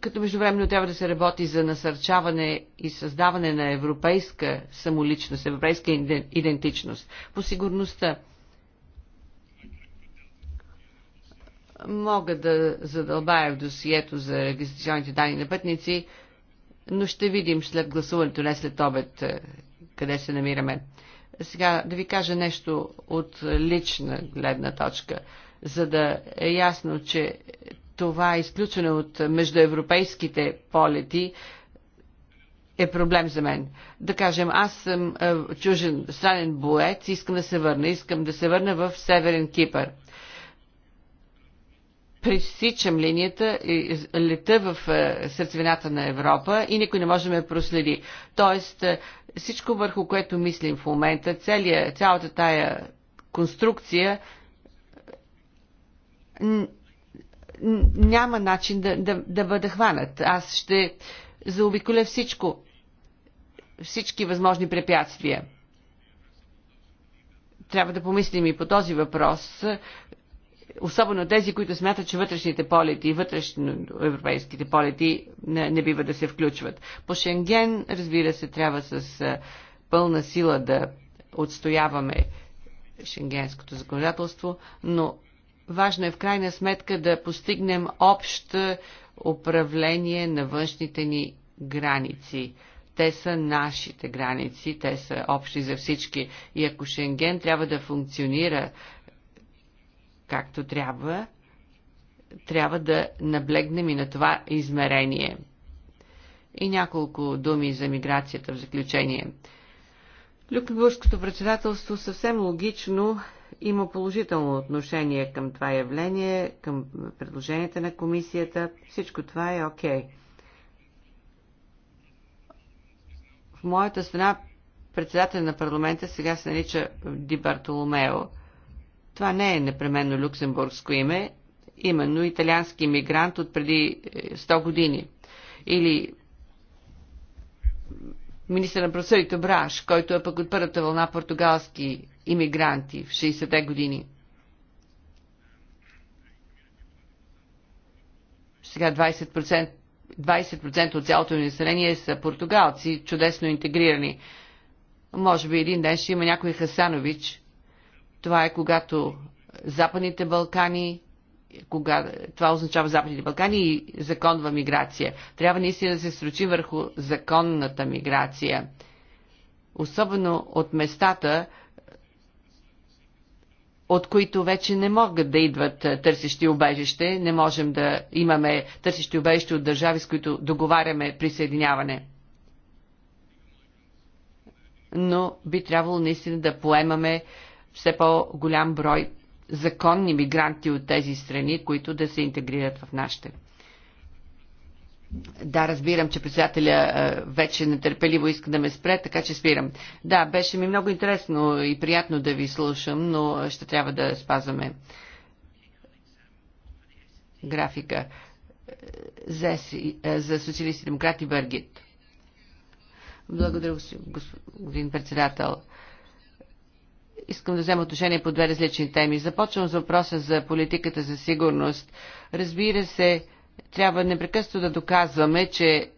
като междувременно трябва да се работи за насърчаване и създаване на европейска самоличност, европейска идентичност. По сигурността мога да задълбая в досието за регистрационните данни на пътници, но ще видим след гласуването, не след обед, къде се намираме. Сега да ви кажа нещо от лична гледна точка, за да е ясно, че това изключване от междуевропейските полети е проблем за мен. Да кажем, аз съм е, чужен странен боец, искам да се върна, искам да се върна в Северен Кипър пресичам линията, лета в е, сърцевината на Европа и никой не може да ме проследи. Тоест, е, всичко върху което мислим в момента, целия, цялата тая конструкция няма начин да, да, да бъда хванат. Аз ще заобиколя всичко, всички възможни препятствия. Трябва да помислим и по този въпрос, особено тези, които смятат, че вътрешните полети, вътрешно европейските полети не, не бива да се включват. По Шенген, разбира се, трябва с пълна сила да отстояваме шенгенското законодателство, но важно е в крайна сметка да постигнем общо управление на външните ни граници. Те са нашите граници, те са общи за всички. И ако Шенген трябва да функционира както трябва, трябва да наблегнем и на това измерение. И няколко думи за миграцията в заключение. Люкенбургското председателство съвсем логично има положително отношение към това явление, към предложенията на комисията. Всичко това е окей. Okay. В моята страна председател на парламента сега се нарича Ди Бартоломео – това не е непременно люксембургско име, именно италиански мигрант от преди 100 е, години. Или министър на правосъдието Браш, който е пък от първата вълна португалски иммигранти в 60-те години. Сега 20%, 20% от цялото население са португалци, чудесно интегрирани. Може би един ден ще има някой Хасанович, това е когато Западните Балкани, кога, това означава Западните Балкани и законва миграция. Трябва наистина да се срочи върху законната миграция. Особено от местата, от които вече не могат да идват е, търсещи обежище. Не можем да имаме търсещи обежище от държави, с които договаряме присъединяване. Но би трябвало наистина да поемаме все по-голям брой законни мигранти от тези страни, които да се интегрират в нашите. Да, разбирам, че председателя вече нетърпеливо иска да ме спре, така че спирам. Да, беше ми много интересно и приятно да ви слушам, но ще трябва да спазваме графика за, за социалисти демократи Бъргит. Благодаря, господин председател. Искам да взема отношение по две различни теми. Започвам с въпроса за политиката за сигурност. Разбира се, трябва непрекъснато да доказваме, че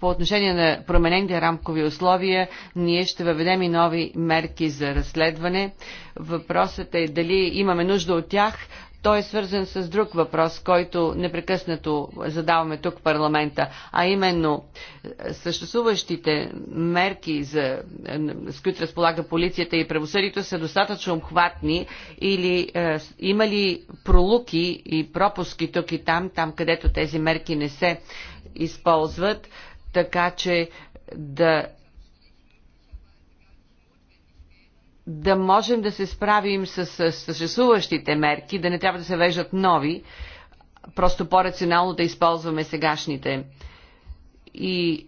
по отношение на променените рамкови условия, ние ще въведем и нови мерки за разследване. Въпросът е дали имаме нужда от тях, той е свързан с друг въпрос, който непрекъснато задаваме тук в парламента, а именно е, съществуващите мерки, за, е, с които разполага полицията и правосъдието, са достатъчно обхватни или е, има ли пролуки и пропуски тук и там, там където тези мерки не се използват, така че да да можем да се справим с съществуващите мерки, да не трябва да се веждат нови, просто по-рационално да използваме сегашните. И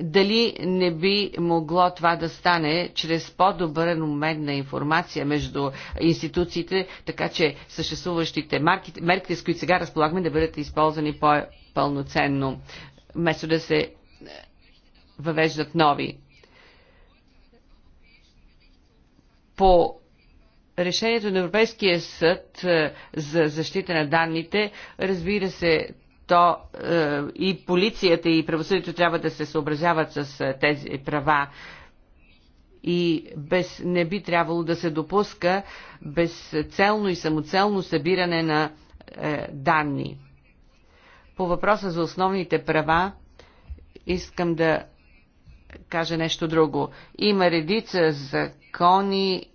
дали не би могло това да стане чрез по-добър обмен на информация между институциите, така че съществуващите мерките, с които сега разполагаме, да бъдат използвани по-пълноценно, вместо да се е, въвеждат нови. по решението на Европейския съд е, за защита на данните, разбира се, то е, и полицията и правосъдието трябва да се съобразяват с е, тези права и без, не би трябвало да се допуска безцелно и самоцелно събиране на е, данни. По въпроса за основните права искам да кажа нещо друго. Има редица за икони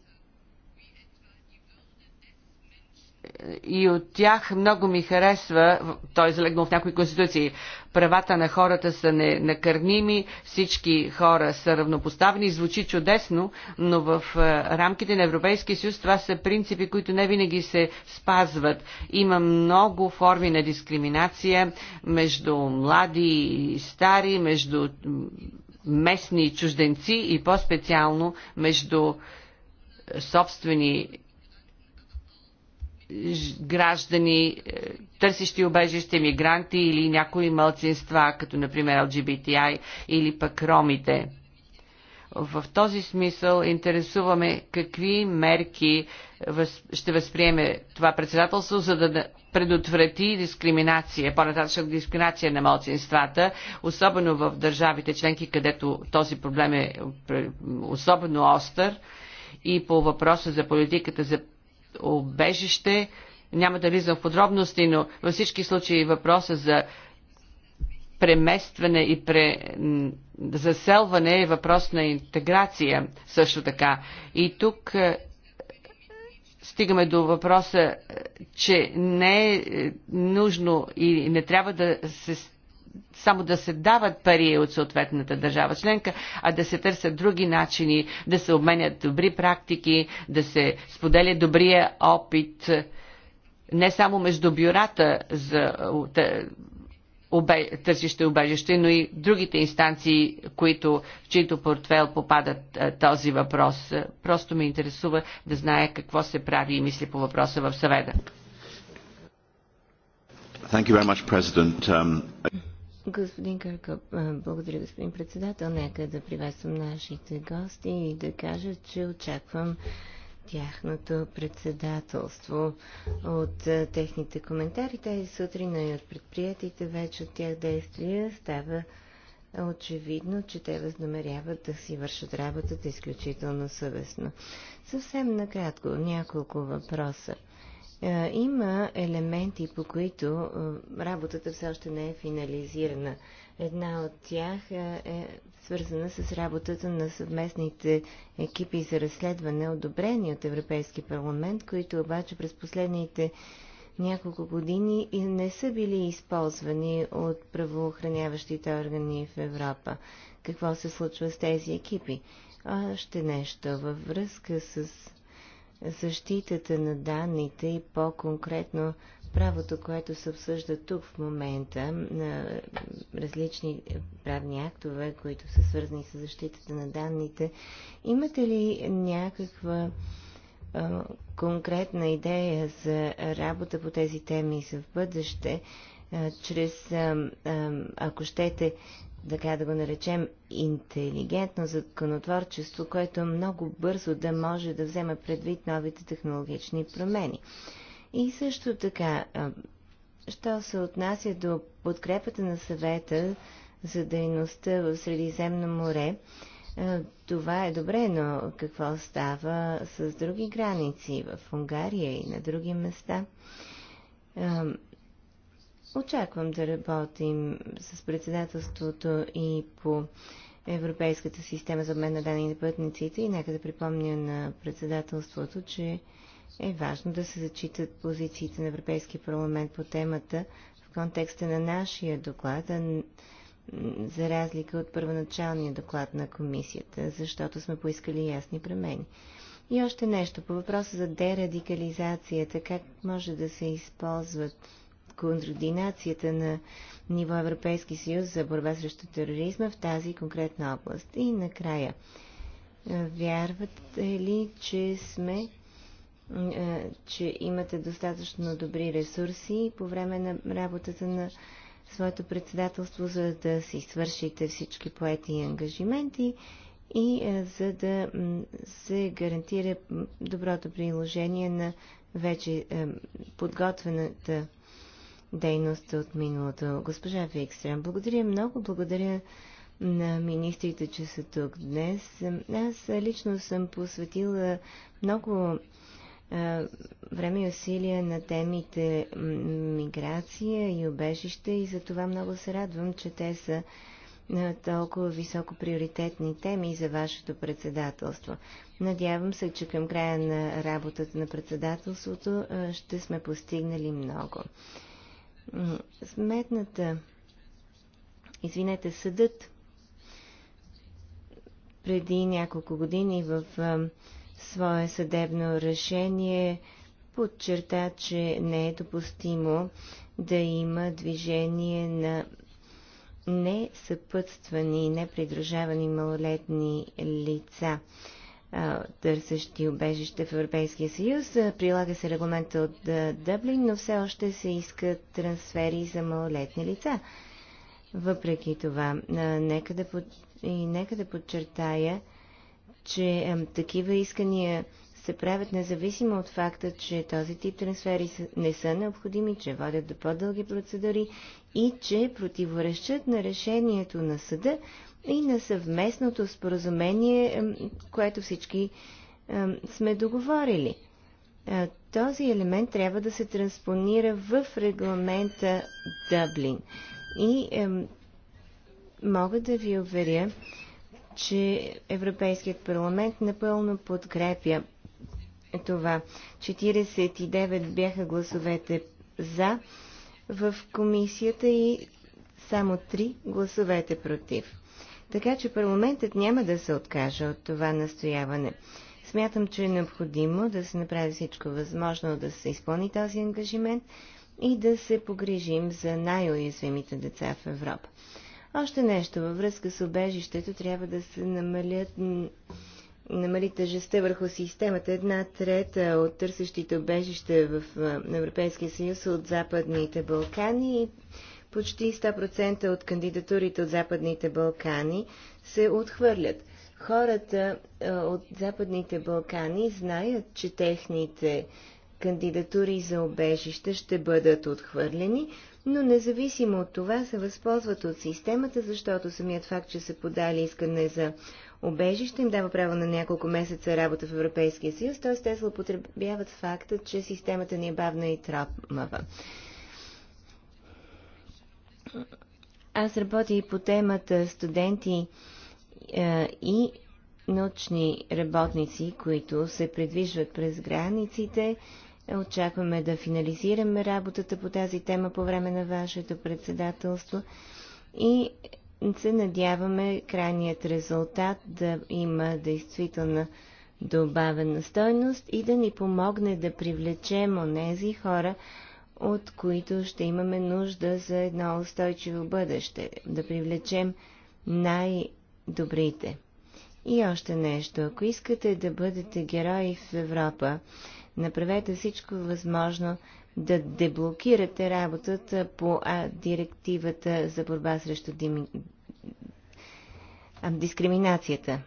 и от тях много ми харесва, той е залегнал в някои конституции, правата на хората са накърними, всички хора са равнопоставени, звучи чудесно, но в е, рамките на Европейския съюз това са принципи, които не винаги се спазват. Има много форми на дискриминация между млади и стари, между местни чужденци и по-специално между е, собствени е, граждани, е, търсещи обежище, мигранти или някои мълцинства, като например LGBTI или пък ромите – в този смисъл интересуваме какви мерки ще възприеме това председателство, за да предотврати дискриминация, по-нататъчна дискриминация на младсинствата, особено в държавите членки, където този проблем е особено остър. И по въпроса за политиката за обежище, няма да влизам в подробности, но във всички случаи въпроса за преместване и пре, заселване е въпрос на интеграция също така. И тук е, стигаме до въпроса, е, че не е, е нужно и не трябва да се само да се дават пари от съответната държава членка, а да се търсят други начини, да се обменят добри практики, да се споделя добрия опит, не само между бюрата за обе... търсище обежище, но и другите инстанции, които, в чието портфел попадат този въпрос. Просто ме интересува да знае какво се прави и мисли по въпроса в съвета. Much, um, господин Къркъп, благодаря, господин председател. Нека да приветствам нашите гости и да кажа, че очаквам тяхното председателство, от е, техните коментари тези сутрин и от предприятите вече от тях действия става очевидно, че те възнамеряват да си вършат работата изключително съвестно. Съвсем накратко, няколко въпроса. Е, има елементи, по които е, работата все още не е финализирана. Една от тях е, е свързана с работата на съвместните екипи за разследване, одобрени от Европейски парламент, които обаче през последните няколко години не са били използвани от правоохраняващите органи в Европа. Какво се случва с тези екипи? Още нещо във връзка с защитата на данните и по-конкретно правото, което се обсъжда тук в момента, на различни правни актове, които са свързани с защитата на данните, имате ли някаква а, конкретна идея за работа по тези теми за в бъдеще, а, чрез, а, ако щете, така да го наречем, интелигентно законотворчество, което много бързо да може да вземе предвид новите технологични промени. И също така, що се отнася до подкрепата на съвета за дейността в Средиземно море, това е добре, но какво става с други граници в Унгария и на други места? Очаквам да работим с председателството и по Европейската система за обмен на данни на пътниците и нека да припомня на председателството, че е важно да се зачитат позициите на Европейския парламент по темата в контекста на нашия доклад, за разлика от първоначалния доклад на комисията, защото сме поискали ясни промени. И още нещо по въпроса за дерадикализацията, как може да се използват координацията на ниво Европейски съюз за борба срещу тероризма в тази конкретна област. И накрая, вярвате ли, че сме е, че имате достатъчно добри ресурси по време на работата на своето председателство, за да си свършите всички поети и ангажименти и е, за да се гарантира доброто приложение на вече е, подготвената дейност от миналото. Госпожа Викстрем, благодаря много, благодаря на министрите, че са тук днес. Аз лично съм посветила много време и усилия на темите миграция и обежище и за това много се радвам, че те са толкова високо приоритетни теми за вашето председателство. Надявам се, че към края на работата на председателството ще сме постигнали много. Сметната, извинете, съдът преди няколко години в свое съдебно решение подчерта, че не е допустимо да има движение на несъпътствани и непридружавани малолетни лица, търсещи убежище в Европейския съюз. Прилага се регламента от Дъблин, но все още се искат трансфери за малолетни лица. Въпреки това, нека да, под... и нека да подчертая, че такива искания се правят независимо от факта, че този тип трансфери не са необходими, че водят до по-дълги процедури и че противоречат на решението на съда и на съвместното споразумение, което всички сме договорили. Е, този елемент трябва да се транспонира в регламента Дъблин. И е, мога да ви уверя, че Европейският парламент напълно подкрепя това. 49 бяха гласовете за в комисията и само 3 гласовете против. Така че парламентът няма да се откаже от това настояване. Смятам, че е необходимо да се направи всичко възможно да се изпълни този ангажимент и да се погрижим за най-уязвимите деца в Европа. Още нещо във връзка с обежището трябва да се намалят намали тъжеста върху системата. Една трета от търсещите обежище в Европейския съюз от Западните Балкани и почти 100% от кандидатурите от Западните Балкани се отхвърлят. Хората от Западните Балкани знаят, че техните кандидатури за обежище ще бъдат отхвърлени, но независимо от това се възползват от системата, защото самият факт, че са подали искане за обежище, им дава право на няколко месеца работа в Европейския съюз, т.е. те злоупотребяват факта, че системата ни е бавна и трапмава. Аз работя и по темата студенти е, и научни работници, които се предвижват през границите. Очакваме да финализираме работата по тази тема по време на вашето председателство и се надяваме крайният резултат да има действителна добавена стойност и да ни помогне да привлечем онези хора, от които ще имаме нужда за едно устойчиво бъдеще, да привлечем най-добрите. И още нещо, ако искате да бъдете герои в Европа, Направете всичко възможно да деблокирате работата по а, директивата за борба срещу дими... а, дискриминацията.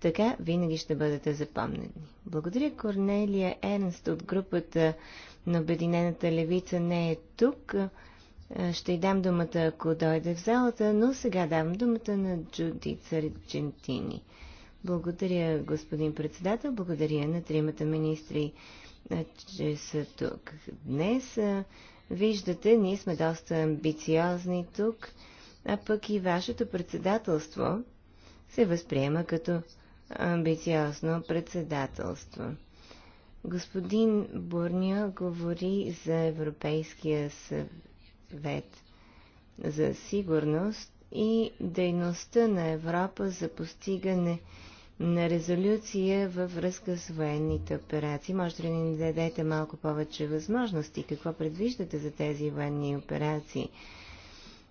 Така винаги ще бъдете запомнени. Благодаря Корнелия Ернст от групата на Обединената левица не е тук. Ще й дам думата, ако дойде в залата, но сега давам думата на Джудица Сарджентини. Благодаря, господин председател. Благодаря на тримата министри, че са тук днес. Виждате, ние сме доста амбициозни тук, а пък и вашето председателство се възприема като амбициозно председателство. Господин Бурния говори за Европейския съвет за сигурност и дейността на Европа за постигане на резолюция във връзка с военните операции. Може ли да ни дадете малко повече възможности? Какво предвиждате за тези военни операции?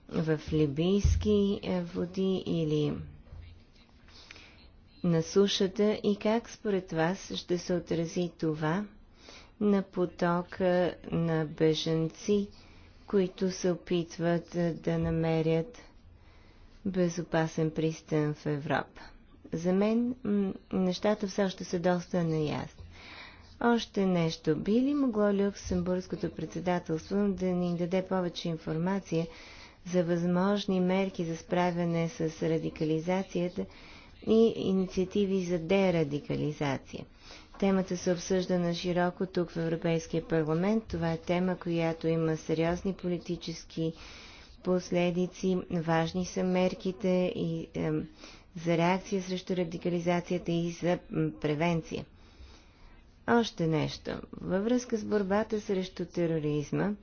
В либийски е, води или на сушата и как според вас ще се отрази това на потока на беженци, които се опитват е, да намерят безопасен пристан в Европа? За мен нещата все още са доста наясни. Още нещо. Би ли могло Люксембургското председателство да ни даде повече информация за възможни мерки за справяне с радикализацията и инициативи за дерадикализация? Темата се обсъжда на широко тук в Европейския парламент. Това е тема, която има сериозни политически последици. Важни са мерките и е, за реакция срещу радикализацията и за превенция. Още нещо. Във връзка с борбата срещу тероризма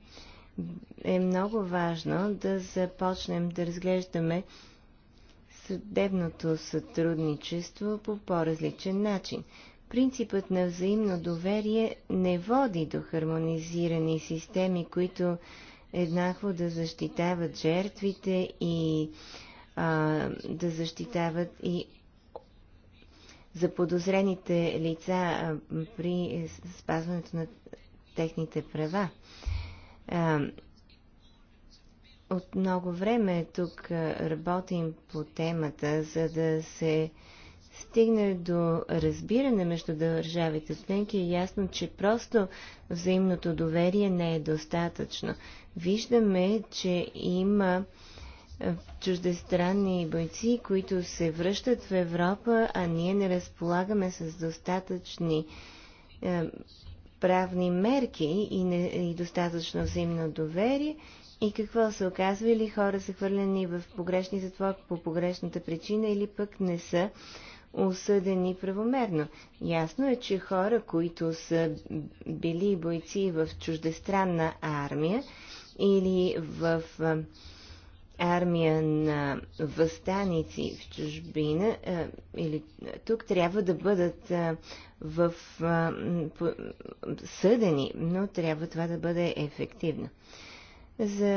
е много важно да започнем да разглеждаме съдебното сътрудничество по по-различен начин. Принципът на взаимно доверие не води до хармонизирани системи, които еднакво да защитават жертвите и а, да защитават и за подозрените лица а, при спазването на техните права. А, от много време тук работим по темата, за да се стигне до разбиране между държавите членки, е ясно, че просто взаимното доверие не е достатъчно. Виждаме, че има е, чуждестранни бойци, които се връщат в Европа, а ние не разполагаме с достатъчни е, правни мерки и, не, и достатъчно взаимно доверие. И какво се оказва? Или хора са хвърлени в погрешни затвор по погрешната причина, или пък не са осъдени правомерно. Ясно е, че хора, които са били бойци в чуждестранна армия или в е, армия на възстаници в чужбина или тук трябва да бъдат в, съдени, но трябва това да бъде ефективно. За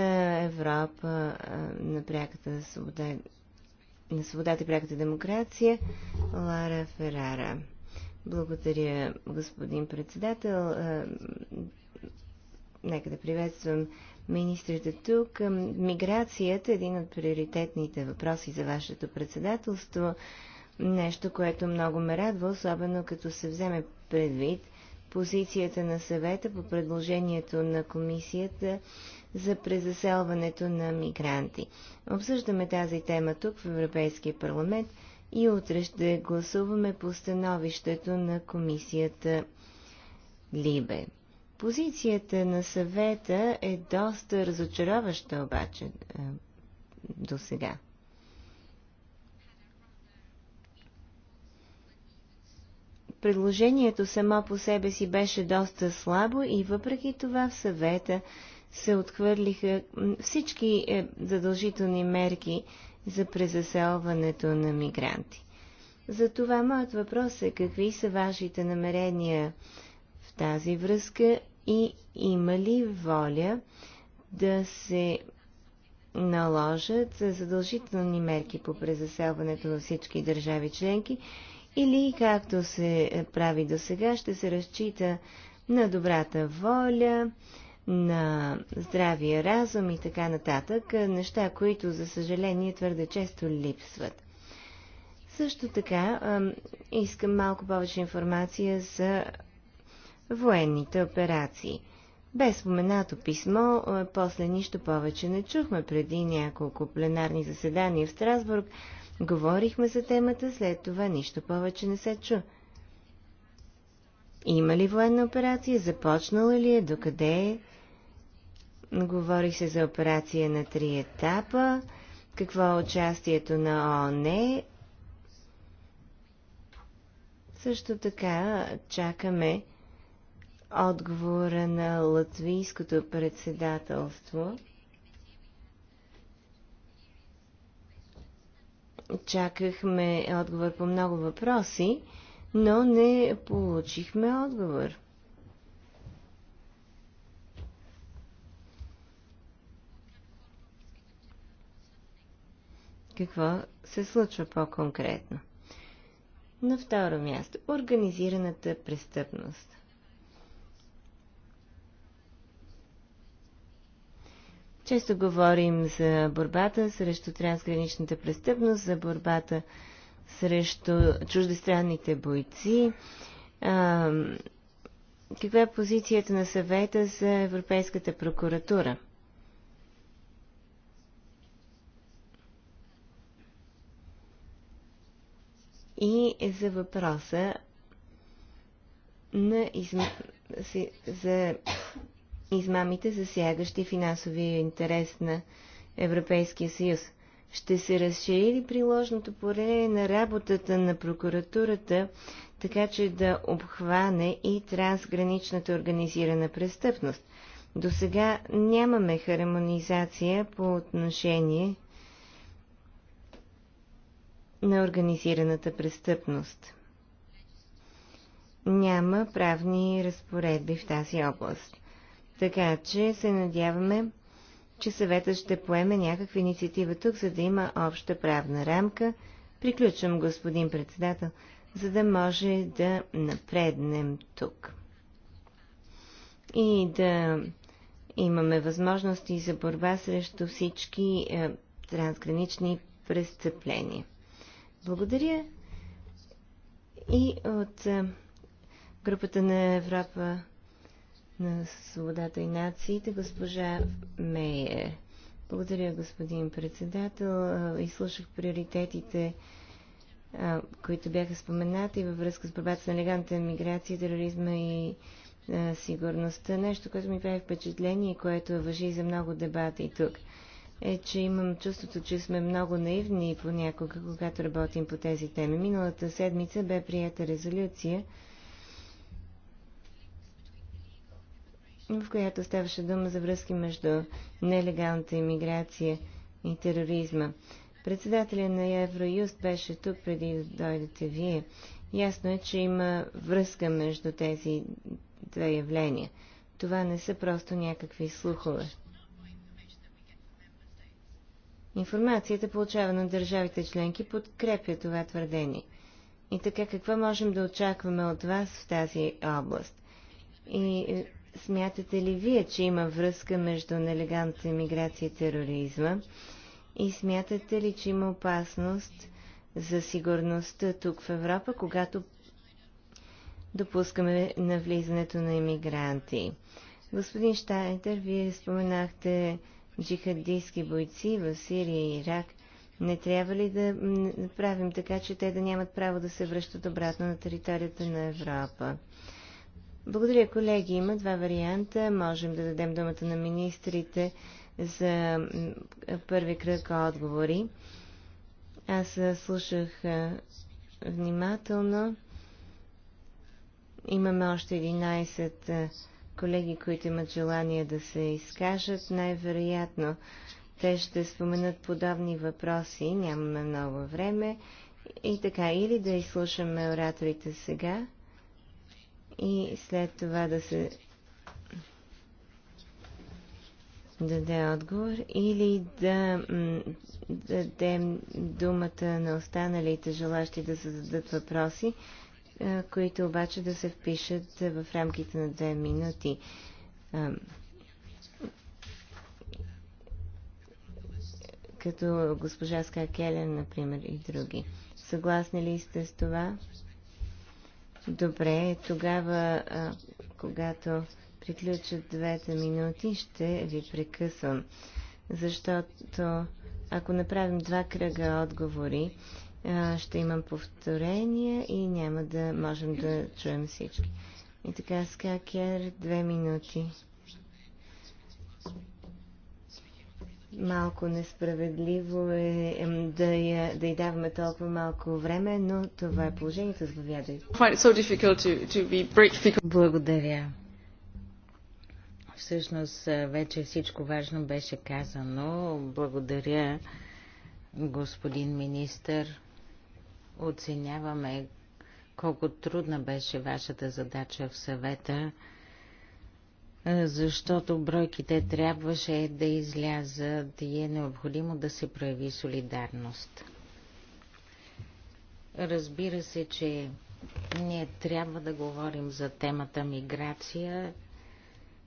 Европа на пряката свобода, на свободата и пряката демокрация Лара Ферара. Благодаря, господин председател. нека да приветствам министрите тук. Миграцията е един от приоритетните въпроси за вашето председателство. Нещо, което много ме радва, особено като се вземе предвид позицията на съвета по предложението на комисията за презаселването на мигранти. Обсъждаме тази тема тук в Европейския парламент и утре ще гласуваме по становището на комисията Либе. Позицията на съвета е доста разочароваща обаче е, до сега. Предложението само по себе си беше доста слабо и въпреки това в съвета се отхвърлиха всички е, задължителни мерки за презаселването на мигранти. Затова моят въпрос е какви са вашите намерения тази връзка и има ли воля да се наложат задължителни мерки по презаселването на всички държави членки или както се прави до сега, ще се разчита на добрата воля, на здравия разум и така нататък, неща, които за съжаление твърде често липсват. Също така искам малко повече информация за военните операции. Без споменато писмо, е, после нищо повече не чухме. Преди няколко пленарни заседания в Страсбург говорихме за темата, след това нищо повече не се чу. Има ли военна операция? Започнала ли е? Докъде е? Говорих се за операция на три етапа. Какво е участието на ООН? Също така чакаме отговора на латвийското председателство. Чакахме отговор по много въпроси, но не получихме отговор. Какво се случва по-конкретно? На второ място – организираната престъпност – Често говорим за борбата срещу трансграничната престъпност, за борбата срещу чуждестранните бойци. А, каква е позицията на съвета за Европейската прокуратура? И за въпроса на изм... за измамите, засягащи финансовия интерес на Европейския съюз. Ще се разшири ли приложното поле на работата на прокуратурата, така че да обхване и трансграничната организирана престъпност? До сега нямаме хармонизация по отношение на организираната престъпност. Няма правни разпоредби в тази област. Така че се надяваме, че съветът ще поеме някаква инициатива тук, за да има обща правна рамка. Приключвам, господин председател, за да може да напреднем тук. И да имаме възможности за борба срещу всички е, трансгранични престъпления. Благодаря и от е, групата на Европа на свободата и нациите, госпожа Мейер. Благодаря, господин председател. Е, изслушах приоритетите, е, които бяха споменати във връзка с борбата с нелегалната миграция, тероризма и е, сигурността. Нещо, което ми прави впечатление и което въжи за много дебати тук, е, че имам чувството, че сме много наивни понякога, когато работим по тези теми. Миналата седмица бе прията резолюция, в която ставаше дума за връзки между нелегалната иммиграция и тероризма. Председателя на Евроюст беше тук преди да дойдете вие. Ясно е, че има връзка между тези две явления. Това не са просто някакви слухове. Информацията, получавана от държавите членки, подкрепя това твърдение. И така, какво можем да очакваме от вас в тази област? И е, Смятате ли вие, че има връзка между нелегалната иммиграция и тероризма? И смятате ли, че има опасност за сигурността тук в Европа, когато допускаме навлизането на иммигранти? Господин Штайнтер, вие споменахте джихадистски бойци в Сирия и Ирак. Не трябва ли да направим така, че те да нямат право да се връщат обратно на територията на Европа? Благодаря, колеги. Има два варианта. Можем да дадем думата на министрите за първи кръг отговори. Аз слушах внимателно. Имаме още 11 колеги, които имат желание да се изкажат. Най-вероятно те ще споменат подобни въпроси. Нямаме много време. И така, или да изслушаме ораторите сега, и след това да се даде отговор или да дадем думата на останалите желащи да зададат въпроси, които обаче да се впишат в рамките на две минути. Като госпожа Скакелен, например, и други. Съгласни ли сте с това? Добре, тогава, а, когато приключат двете минути, ще ви прекъсвам. Защото ако направим два кръга отговори, а, ще имам повторения и няма да можем да чуем всички. И така, Скакер, две минути малко несправедливо е да, я, да й даваме толкова малко време, но това е положението. Заповядайте. Благодаря. Всъщност е, вече всичко важно беше казано. Благодаря, господин министър. Оценяваме колко трудна беше вашата задача в съвета. Е, защото бройките трябваше да излязат и е необходимо да се прояви солидарност. Разбира се, че ние трябва да говорим за темата миграция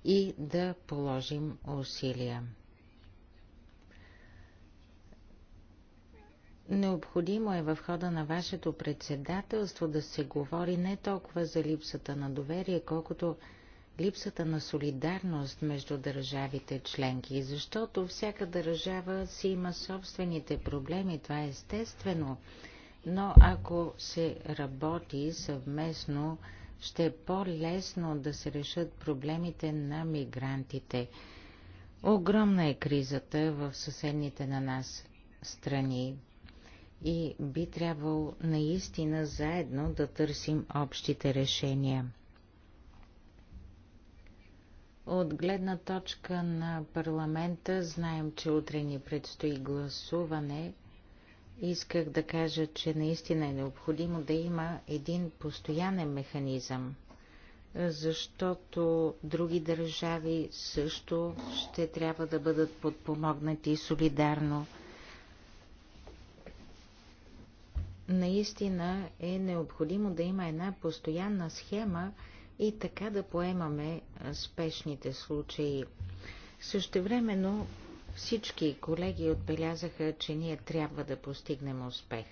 и да положим усилия. Необходимо е в хода на вашето председателство да се говори не толкова за липсата на доверие, колкото липсата на солидарност между държавите членки, защото всяка държава си има собствените проблеми, това е естествено. Но ако се работи съвместно, ще е по-лесно да се решат проблемите на мигрантите. Огромна е кризата в съседните на нас страни и би трябвало наистина заедно да търсим общите решения. От гледна точка на парламента знаем, че утре ни предстои гласуване. Исках да кажа, че наистина е необходимо да има един постоянен механизъм, защото други държави също ще трябва да бъдат подпомогнати солидарно. Наистина е необходимо да има една постоянна схема, и така да поемаме спешните случаи. Същевременно всички колеги отбелязаха, че ние трябва да постигнем успех.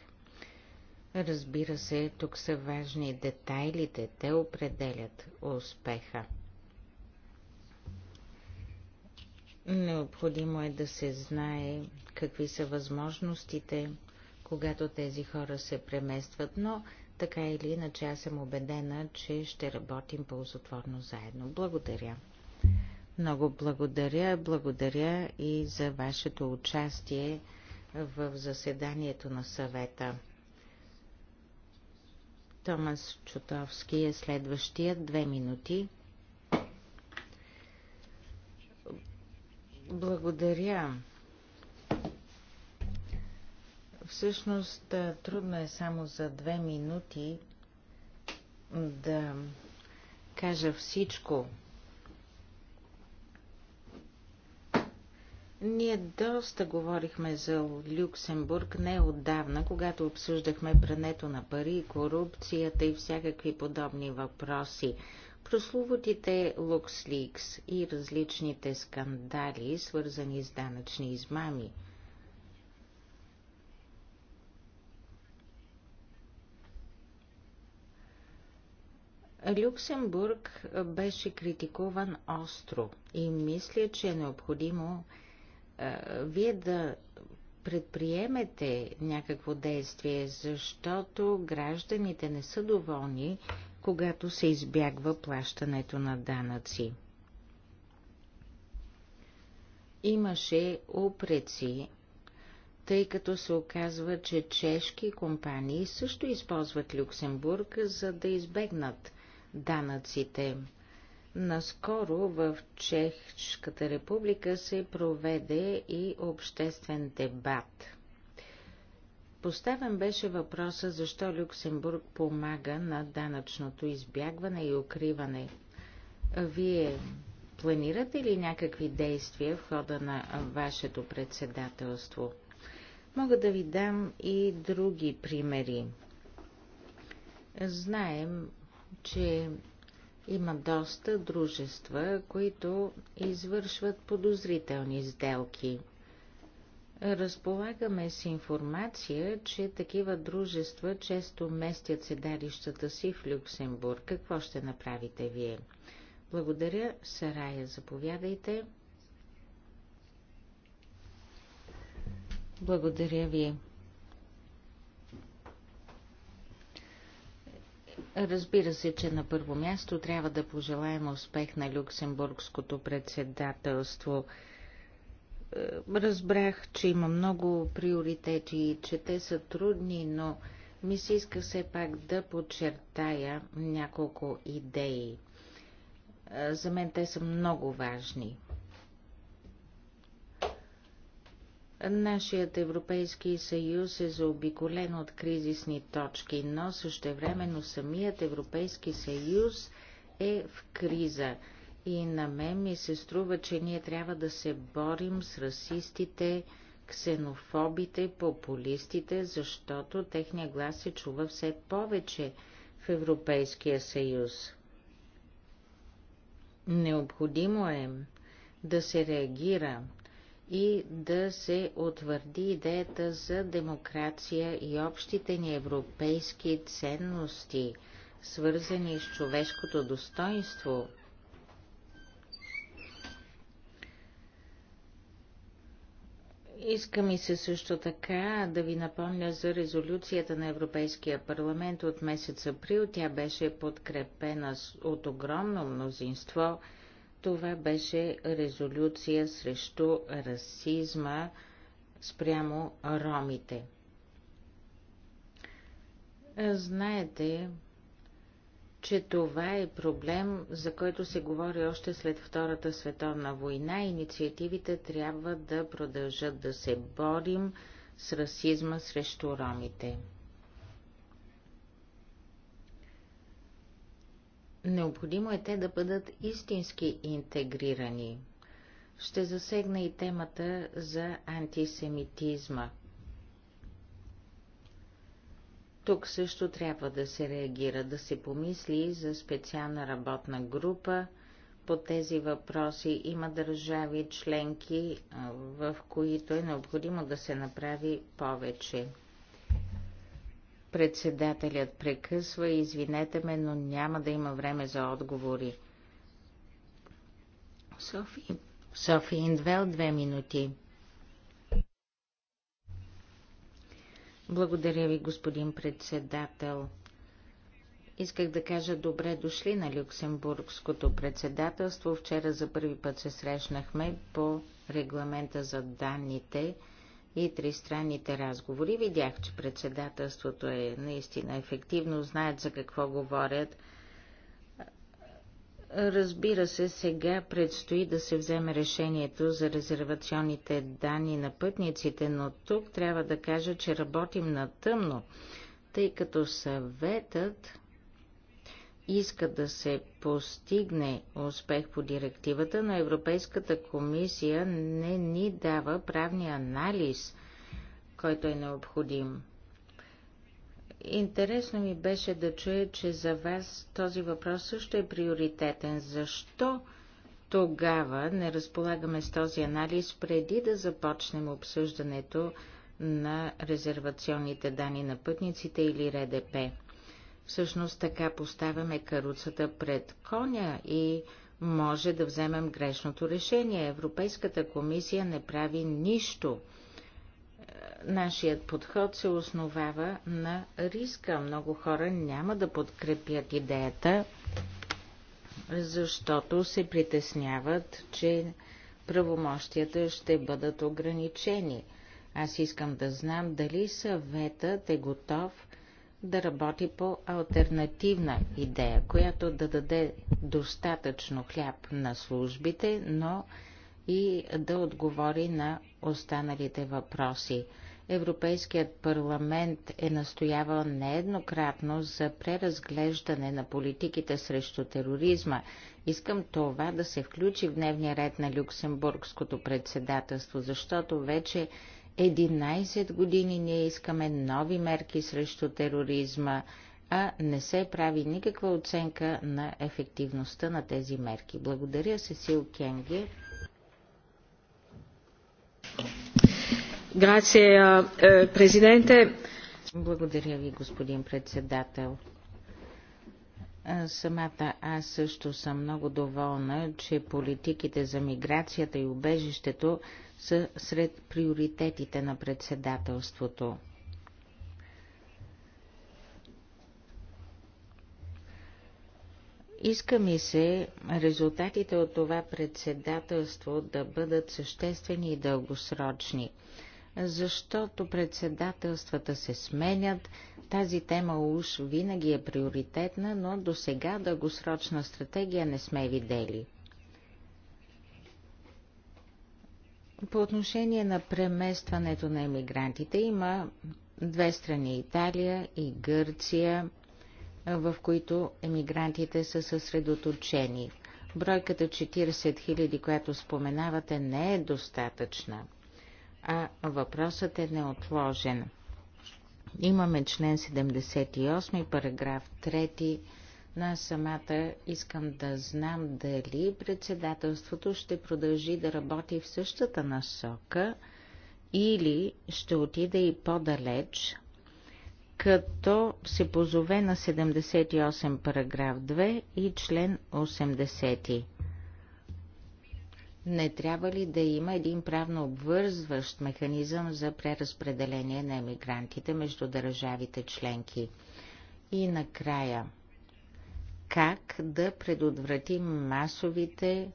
Разбира се, тук са важни детайлите, те определят успеха. Необходимо е да се знае какви са възможностите, когато тези хора се преместват, но така или иначе аз съм убедена, че ще работим ползотворно заедно. Благодаря. Много благодаря. Благодаря и за вашето участие в заседанието на съвета. Томас Чутовски е следващия. Две минути. Благодаря. Всъщност трудно е само за две минути да кажа всичко. Ние доста говорихме за Люксембург не отдавна, когато обсъждахме прането на пари, корупцията и всякакви подобни въпроси. Прословутите LuxLeaks и различните скандали, свързани с данъчни измами – Люксембург беше критикуван остро и мисля, че е необходимо а, вие да предприемете някакво действие, защото гражданите не са доволни, когато се избягва плащането на данъци. Имаше упреци, тъй като се оказва, че чешки компании също използват Люксембург, за да избегнат данъците. Наскоро в Чехската република се проведе и обществен дебат. Поставен беше въпроса, защо Люксембург помага на данъчното избягване и укриване. Вие планирате ли някакви действия в хода на вашето председателство? Мога да ви дам и други примери. Знаем, че има доста дружества, които извършват подозрителни сделки. Разполагаме с информация, че такива дружества често местят седалищата си в Люксембург. Какво ще направите вие? Благодаря, Сарая, заповядайте. Благодаря ви. Разбира се, че на първо място трябва да пожелаем успех на люксембургското председателство. Е, разбрах, че има много приоритети и че те са трудни, но ми се иска все пак да подчертая няколко идеи. Е, за мен те са много важни. Нашият Европейски съюз е заобиколен от кризисни точки, но същевременно самият Европейски съюз е в криза. И на мен ми се струва, че ние трябва да се борим с расистите, ксенофобите, популистите, защото техния глас се чува все повече в Европейския съюз. Необходимо е да се реагира и да се утвърди идеята за демокрация и общите ни европейски ценности, свързани с човешкото достоинство. Иска ми се също така да ви напомня за резолюцията на Европейския парламент от месец април. Тя беше подкрепена от огромно мнозинство – това беше резолюция срещу расизма спрямо ромите. Знаете, че това е проблем, за който се говори още след Втората световна война. Инициативите трябва да продължат да се борим с расизма срещу ромите. Необходимо е те да бъдат истински интегрирани. Ще засегна и темата за антисемитизма. Тук също трябва да се реагира, да се помисли за специална работна група по тези въпроси. Има държави членки, в които е необходимо да се направи повече. Председателят прекъсва, извинете ме, но няма да има време за отговори. Софи, Софи Индвел, две минути. Благодаря ви, господин председател. Исках да кажа добре дошли на Люксембургското председателство. Вчера за първи път се срещнахме по регламента за данните – и тристранните разговори. Видях, че председателството е наистина ефективно, знаят за какво говорят. Разбира се, сега предстои да се вземе решението за резервационните данни на пътниците, но тук трябва да кажа, че работим на тъмно, тъй като съветът иска да се постигне успех по директивата, но Европейската комисия не ни дава правния анализ, който е необходим. Интересно ми беше да чуя, че за вас този въпрос също е приоритетен. Защо тогава не разполагаме с този анализ преди да започнем обсъждането на резервационните данни на пътниците или РДП? Всъщност така поставяме каруцата пред коня и може да вземем грешното решение. Европейската комисия не прави нищо. Нашият подход се основава на риска. Много хора няма да подкрепят идеята, защото се притесняват, че правомощията ще бъдат ограничени. Аз искам да знам дали съветът е готов да работи по альтернативна идея, която да даде достатъчно хляб на службите, но и да отговори на останалите въпроси. Европейският парламент е настоявал нееднократно за преразглеждане на политиките срещу тероризма. Искам това да се включи в дневния ред на Люксембургското председателство, защото вече 11 години ние искаме нови мерки срещу тероризма, а не се прави никаква оценка на ефективността на тези мерки. Благодаря, Сесил Кенге. Грация, е, е, президенте. Благодаря ви, господин председател. Самата аз също съм много доволна, че политиките за миграцията и убежището са сред приоритетите на председателството. Иска ми се резултатите от това председателство да бъдат съществени и дългосрочни, защото председателствата се сменят, тази тема уж винаги е приоритетна, но до сега дългосрочна стратегия не сме видели. По отношение на преместването на емигрантите има две страни Италия и Гърция, в които емигрантите са съсредоточени. Бройката 40 000, която споменавате, не е достатъчна, а въпросът е неотложен. Имаме член 78, параграф 3 но аз самата искам да знам дали председателството ще продължи да работи в същата насока или ще отиде и по-далеч, като се позове на 78 параграф 2 и член 80. Не трябва ли да има един правно обвързващ механизъм за преразпределение на емигрантите между държавите членки? И накрая – как да предотвратим масовите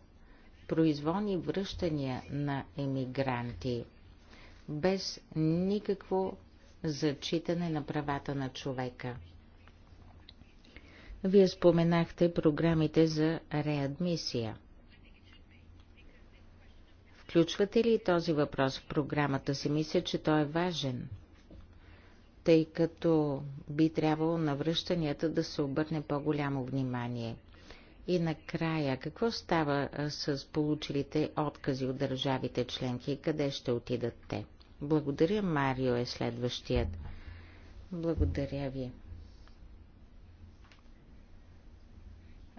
произволни връщания на емигранти без никакво зачитане на правата на човека. Вие споменахте програмите за реадмисия. Включвате ли този въпрос в програмата си? Мисля, че той е важен – тъй като би трябвало на връщанията да се обърне по-голямо внимание. И накрая, какво става с получилите откази от държавите членки и къде ще отидат те? Благодаря, Марио е следващият. Благодаря ви.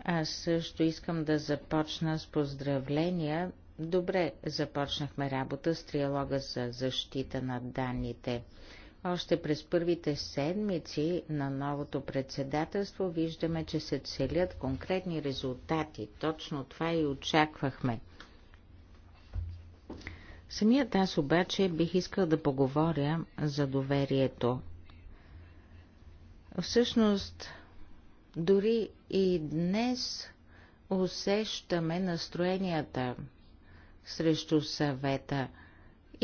Аз също искам да започна с поздравления. Добре започнахме работа с триалога за защита на данните. Още през първите седмици на новото председателство виждаме, че се целят конкретни резултати. Точно това и очаквахме. Самият аз обаче бих искал да поговоря за доверието. Всъщност, дори и днес усещаме настроенията срещу съвета –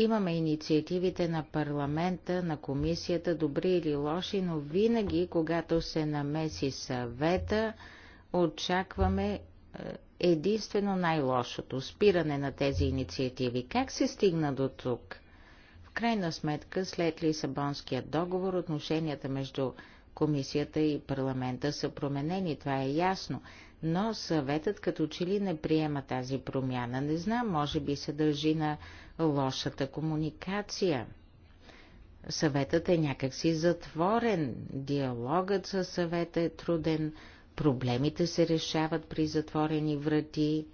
Имаме инициативите на парламента, на комисията, добри или лоши, но винаги, когато се намеси съвета, очакваме е, единствено най-лошото – спиране на тези инициативи. Как се стигна до тук? В крайна сметка, след Лисабонския договор, отношенията между комисията и парламента са променени, това е ясно, но съветът като че ли не приема тази промяна. Не знам, може би се дължи на лошата комуникация. Съветът е някакси затворен, диалогът със съвета е труден, проблемите се решават при затворени врати.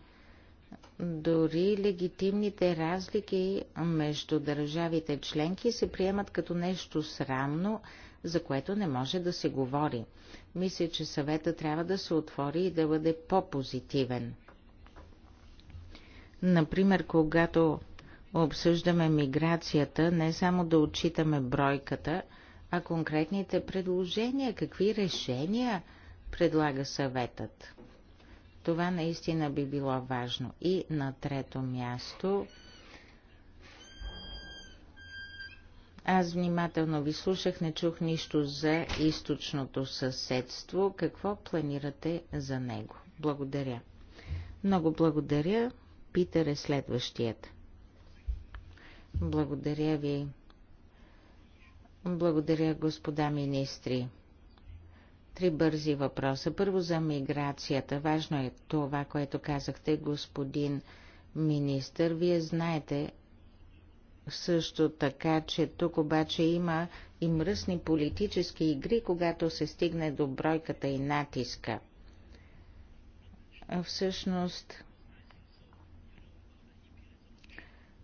Дори легитимните разлики между държавите членки се приемат като нещо срамно, за което не може да се говори. Мисля, че съвета трябва да се отвори и да бъде по-позитивен. Например, когато обсъждаме миграцията, не само да отчитаме бройката, а конкретните предложения, какви решения предлага съветът. Това наистина би било важно. И на трето място Аз внимателно ви слушах, не чух нищо за източното съседство. Какво планирате за него? Благодаря. Много благодаря. Питър е следващият. Благодаря ви. Благодаря, господа министри. Три бързи въпроса. Първо за миграцията. Важно е това, което казахте, господин министър. Вие знаете също така, че тук обаче има и мръсни политически игри, когато се стигне до бройката и натиска. Всъщност,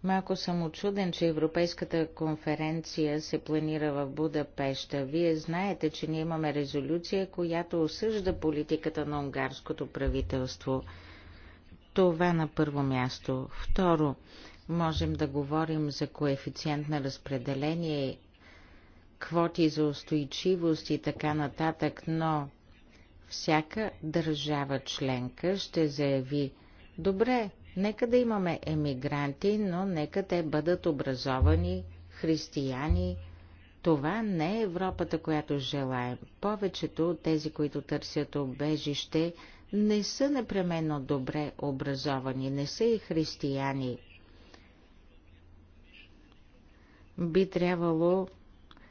Малко съм очуден, че Европейската конференция се планира в Будапешта. Вие знаете, че ние имаме резолюция, която осъжда политиката на унгарското правителство. Това на първо място. Второ, можем да говорим за коефициент на разпределение, квоти за устойчивост и така нататък, но всяка държава членка ще заяви, добре, Нека да имаме емигранти, но нека те бъдат образовани, християни. Това не е Европата, която желаем. Повечето от тези, които търсят обежище, не са непременно добре образовани, не са и християни. Би трябвало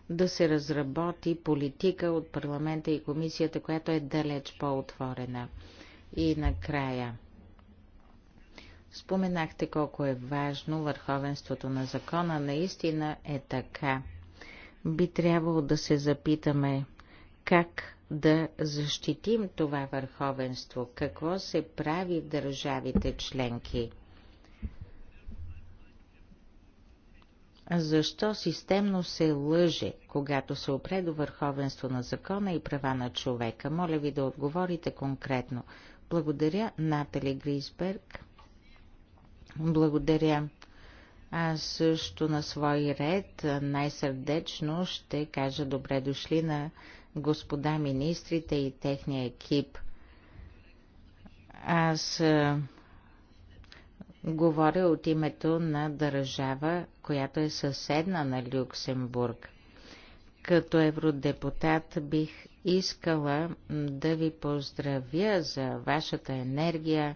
да се разработи политика от парламента и комисията, която е далеч по-отворена. И накрая – Споменахте колко е важно върховенството на закона. Наистина е така. Би трябвало да се запитаме как да защитим това върховенство, какво се прави в държавите членки. Защо системно се лъже, когато се опре до върховенство на закона и права на човека? Моля ви да отговорите конкретно. Благодаря, Натали Грисберг. Благодаря. Аз също на свой ред най-сърдечно ще кажа добре дошли на господа министрите и техния екип. Аз говоря от името на държава, която е съседна на Люксембург. Като евродепутат бих искала да ви поздравя за вашата енергия,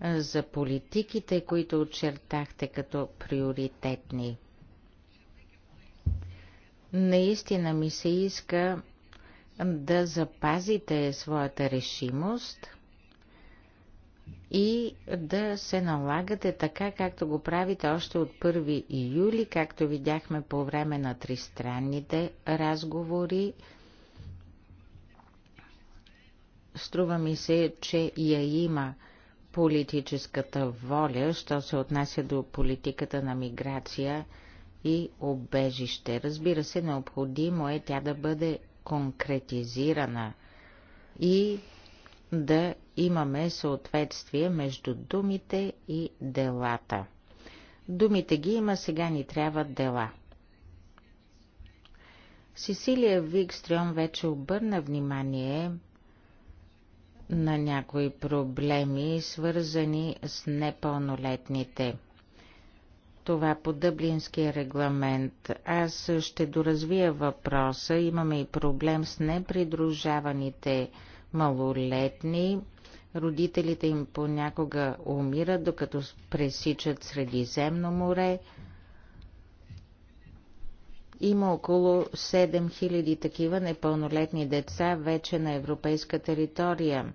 за политиките, които очертахте като приоритетни. Наистина ми се иска да запазите своята решимост и да се налагате така, както го правите още от 1 юли, както видяхме по време на тристранните разговори. Струва ми се, че я има политическата воля, що се отнася до политиката на миграция и обежище. Разбира се, необходимо е тя да бъде конкретизирана и да имаме съответствие между думите и делата. Думите ги има, сега ни трябват дела. Сесилия Викстрион вече обърна внимание на някои проблеми, свързани с непълнолетните. Това по дъблинския регламент. Аз ще доразвия въпроса. Имаме и проблем с непридружаваните малолетни. Родителите им понякога умират, докато пресичат Средиземно море. Има около 7000 такива непълнолетни деца вече на европейска територия.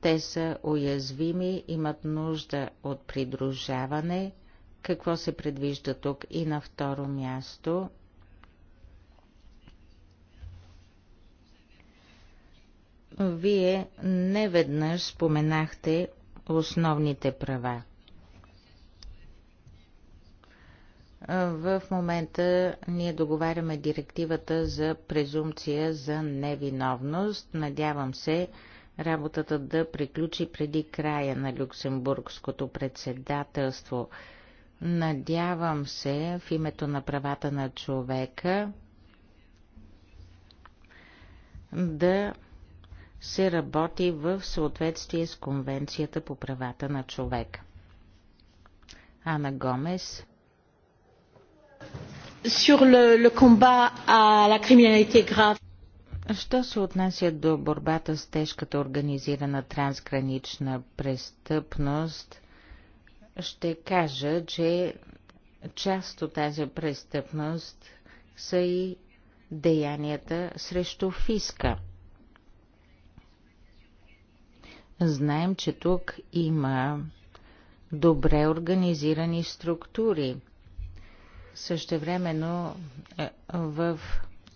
Те са уязвими, имат нужда от придружаване. Какво се предвижда тук? И на второ място Вие неведнъж споменахте основните права. В момента ние договаряме директивата за презумпция за невиновност. Надявам се работата да приключи преди края на люксембургското председателство. Надявам се в името на правата на човека да се работи в съответствие с Конвенцията по правата на човека. Ана Гомес Що се отнася до борбата с тежката организирана трансгранична престъпност, ще кажа, че част от тази престъпност са и деянията срещу фиска. Знаем, че тук има добре организирани структури – Същевременно е, в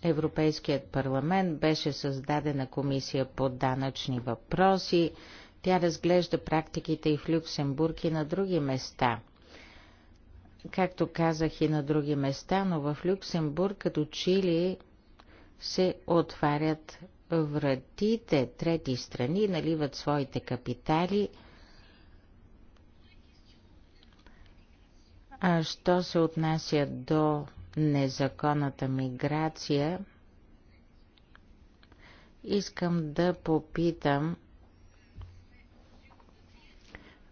Европейският парламент беше създадена комисия по данъчни въпроси. Тя разглежда практиките и в Люксембург и на други места. Както казах и на други места, но в Люксембург като Чили се отварят вратите, трети страни наливат своите капитали – А що се отнася до незаконната миграция, искам да попитам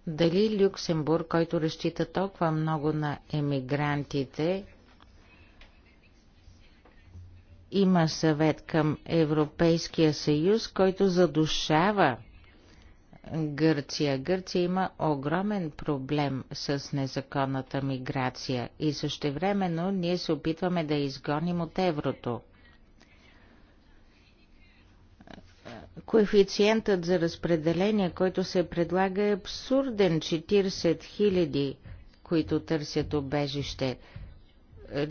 дали Люксембург, който разчита толкова много на емигрантите, има съвет към Европейския съюз, който задушава Гърция. Гърция има огромен проблем с незаконната миграция и същевременно ние се опитваме да изгоним от еврото. Коефициентът за разпределение, който се предлага е абсурден 40 000, които търсят обежище.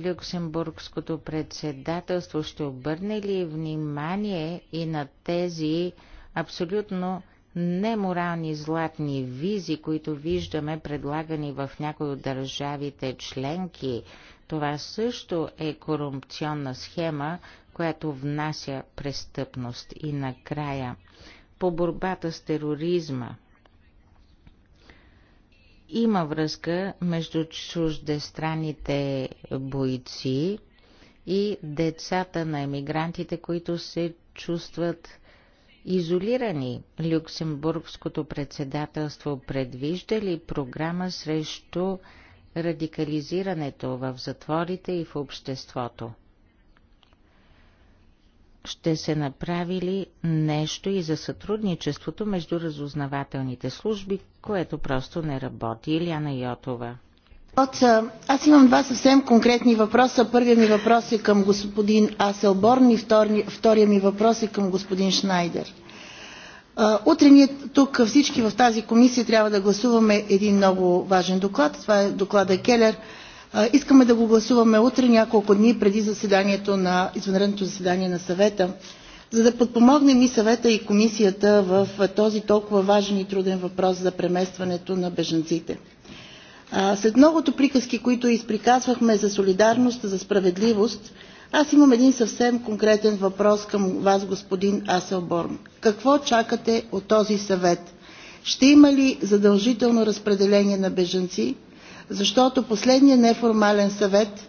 Люксембургското председателство ще обърне ли внимание и на тези абсолютно неморални златни визи, които виждаме предлагани в някои от държавите членки. Това също е корупционна схема, която внася престъпност. И накрая, по борбата с тероризма. Има връзка между чуждестранните бойци и децата на емигрантите, които се чувстват изолирани. Люксембургското председателство предвижда ли програма срещу радикализирането в затворите и в обществото? Ще се направи ли нещо и за сътрудничеството между разузнавателните служби, което просто не работи? Иляна Йотова – аз имам два съвсем конкретни въпроса. Първият ми въпрос е към господин Аселборн и вторият втория ми въпрос е към господин Шнайдер. Утре ние тук всички в тази комисия трябва да гласуваме един много важен доклад. Това е доклада Келер. Искаме да го гласуваме утре, няколко дни преди заседанието на извънредното заседание на съвета, за да подпомогнем и съвета и комисията в този толкова важен и труден въпрос за преместването на бежанците. След многото приказки, които изприказвахме за солидарност, за справедливост, аз имам един съвсем конкретен въпрос към вас, господин Аселборн. Какво чакате от този съвет? Ще има ли задължително разпределение на бежанци? Защото последният неформален съвет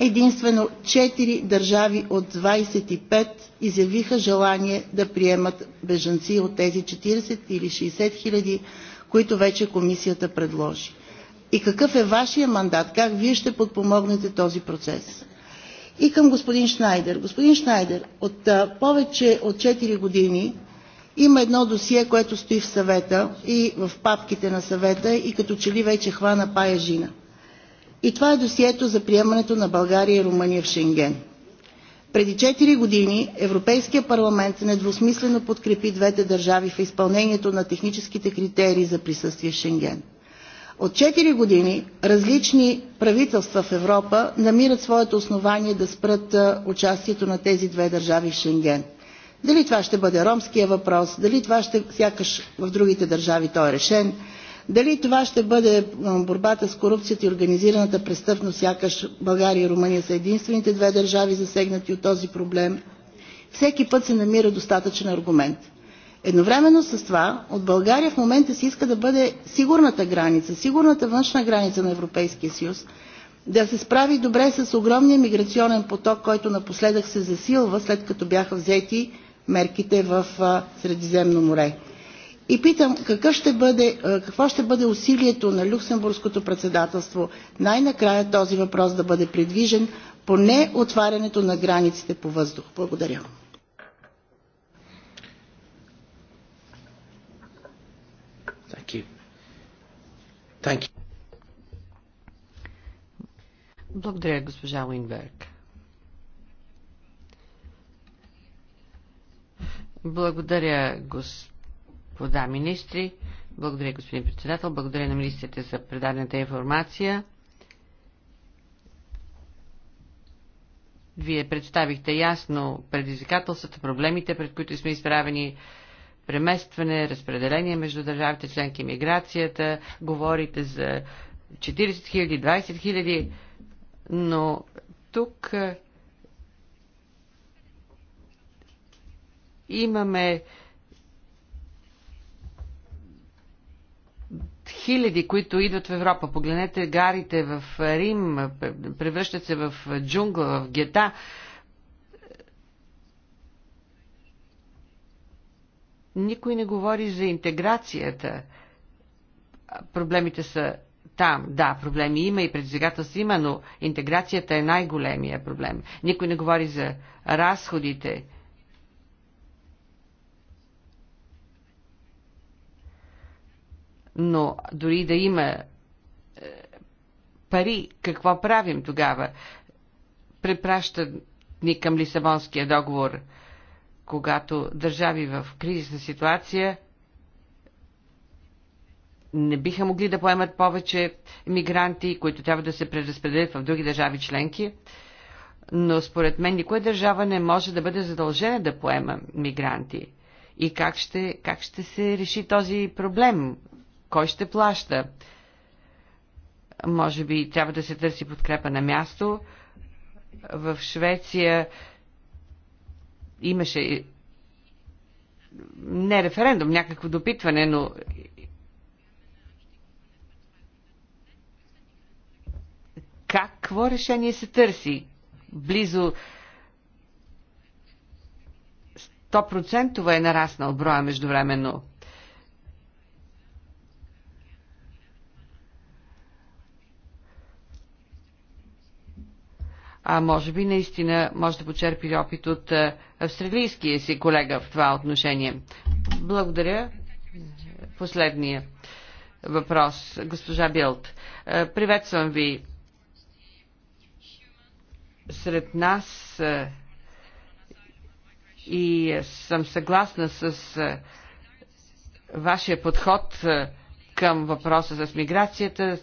единствено 4 държави от 25 изявиха желание да приемат бежанци от тези 40 или 60 хиляди, които вече комисията предложи и какъв е вашия мандат, как вие ще подпомогнете този процес. И към господин Шнайдер. Господин Шнайдер, от а, повече от 4 години има едно досие, което стои в съвета и в папките на съвета и като че ли вече хвана пая жина. И това е досието за приемането на България и Румъния в Шенген. Преди 4 години Европейския парламент недвусмислено подкрепи двете държави в изпълнението на техническите критерии за присъствие в Шенген – от 4 години различни правителства в Европа намират своето основание да спрат участието на тези две държави в Шенген. Дали това ще бъде ромския въпрос, дали това ще, сякаш в другите държави той е решен, дали това ще бъде борбата с корупцията и организираната престъпност, сякаш България и Румъния са единствените две държави засегнати от този проблем, всеки път се намира достатъчен аргумент – Едновременно с това от България в момента се иска да бъде сигурната граница, сигурната външна граница на Европейския съюз, да се справи добре с огромния миграционен поток, който напоследък се засилва, след като бяха взети мерките в Средиземно море. И питам, какъв ще бъде, какво ще бъде усилието на Люксембургското председателство най-накрая този въпрос да бъде предвижен, поне отварянето на границите по въздух. Благодаря. Thank you. Благодаря, госпожа Уинберг. Благодаря, господа министри. Благодаря, господин председател. Благодаря на министрите за предадената информация. Вие представихте ясно предизвикателствата, проблемите, пред които сме изправени преместване, разпределение между държавите членки, миграцията, говорите за 40 000, 20 000, но тук имаме хиляди, които идват в Европа. Погледнете гарите в Рим, превръщат се в джунгла, в гета. Никой не говори за интеграцията. Проблемите са там, да, проблеми има и предизвикателства има, но интеграцията е най-големия проблем. Никой не говори за разходите. Но дори да има е, пари, какво правим тогава? Препращат ни към Лисабонския договор – когато държави в кризисна ситуация не биха могли да поемат повече мигранти, които трябва да се преразпределят в други държави членки. Но според мен никоя държава не може да бъде задължена да поема мигранти. И как ще, как ще се реши този проблем? Кой ще плаща? Може би трябва да се търси подкрепа на място. В Швеция имаше не референдум, някакво допитване, но какво решение се търси? Близо 100% е нараснал броя междувременно. а може би наистина може да почерпи опит от австралийския си колега в това отношение. Благодаря. Последния въпрос, госпожа Билт. Приветствам ви. Сред нас и съм съгласна с вашия подход към въпроса с миграцията,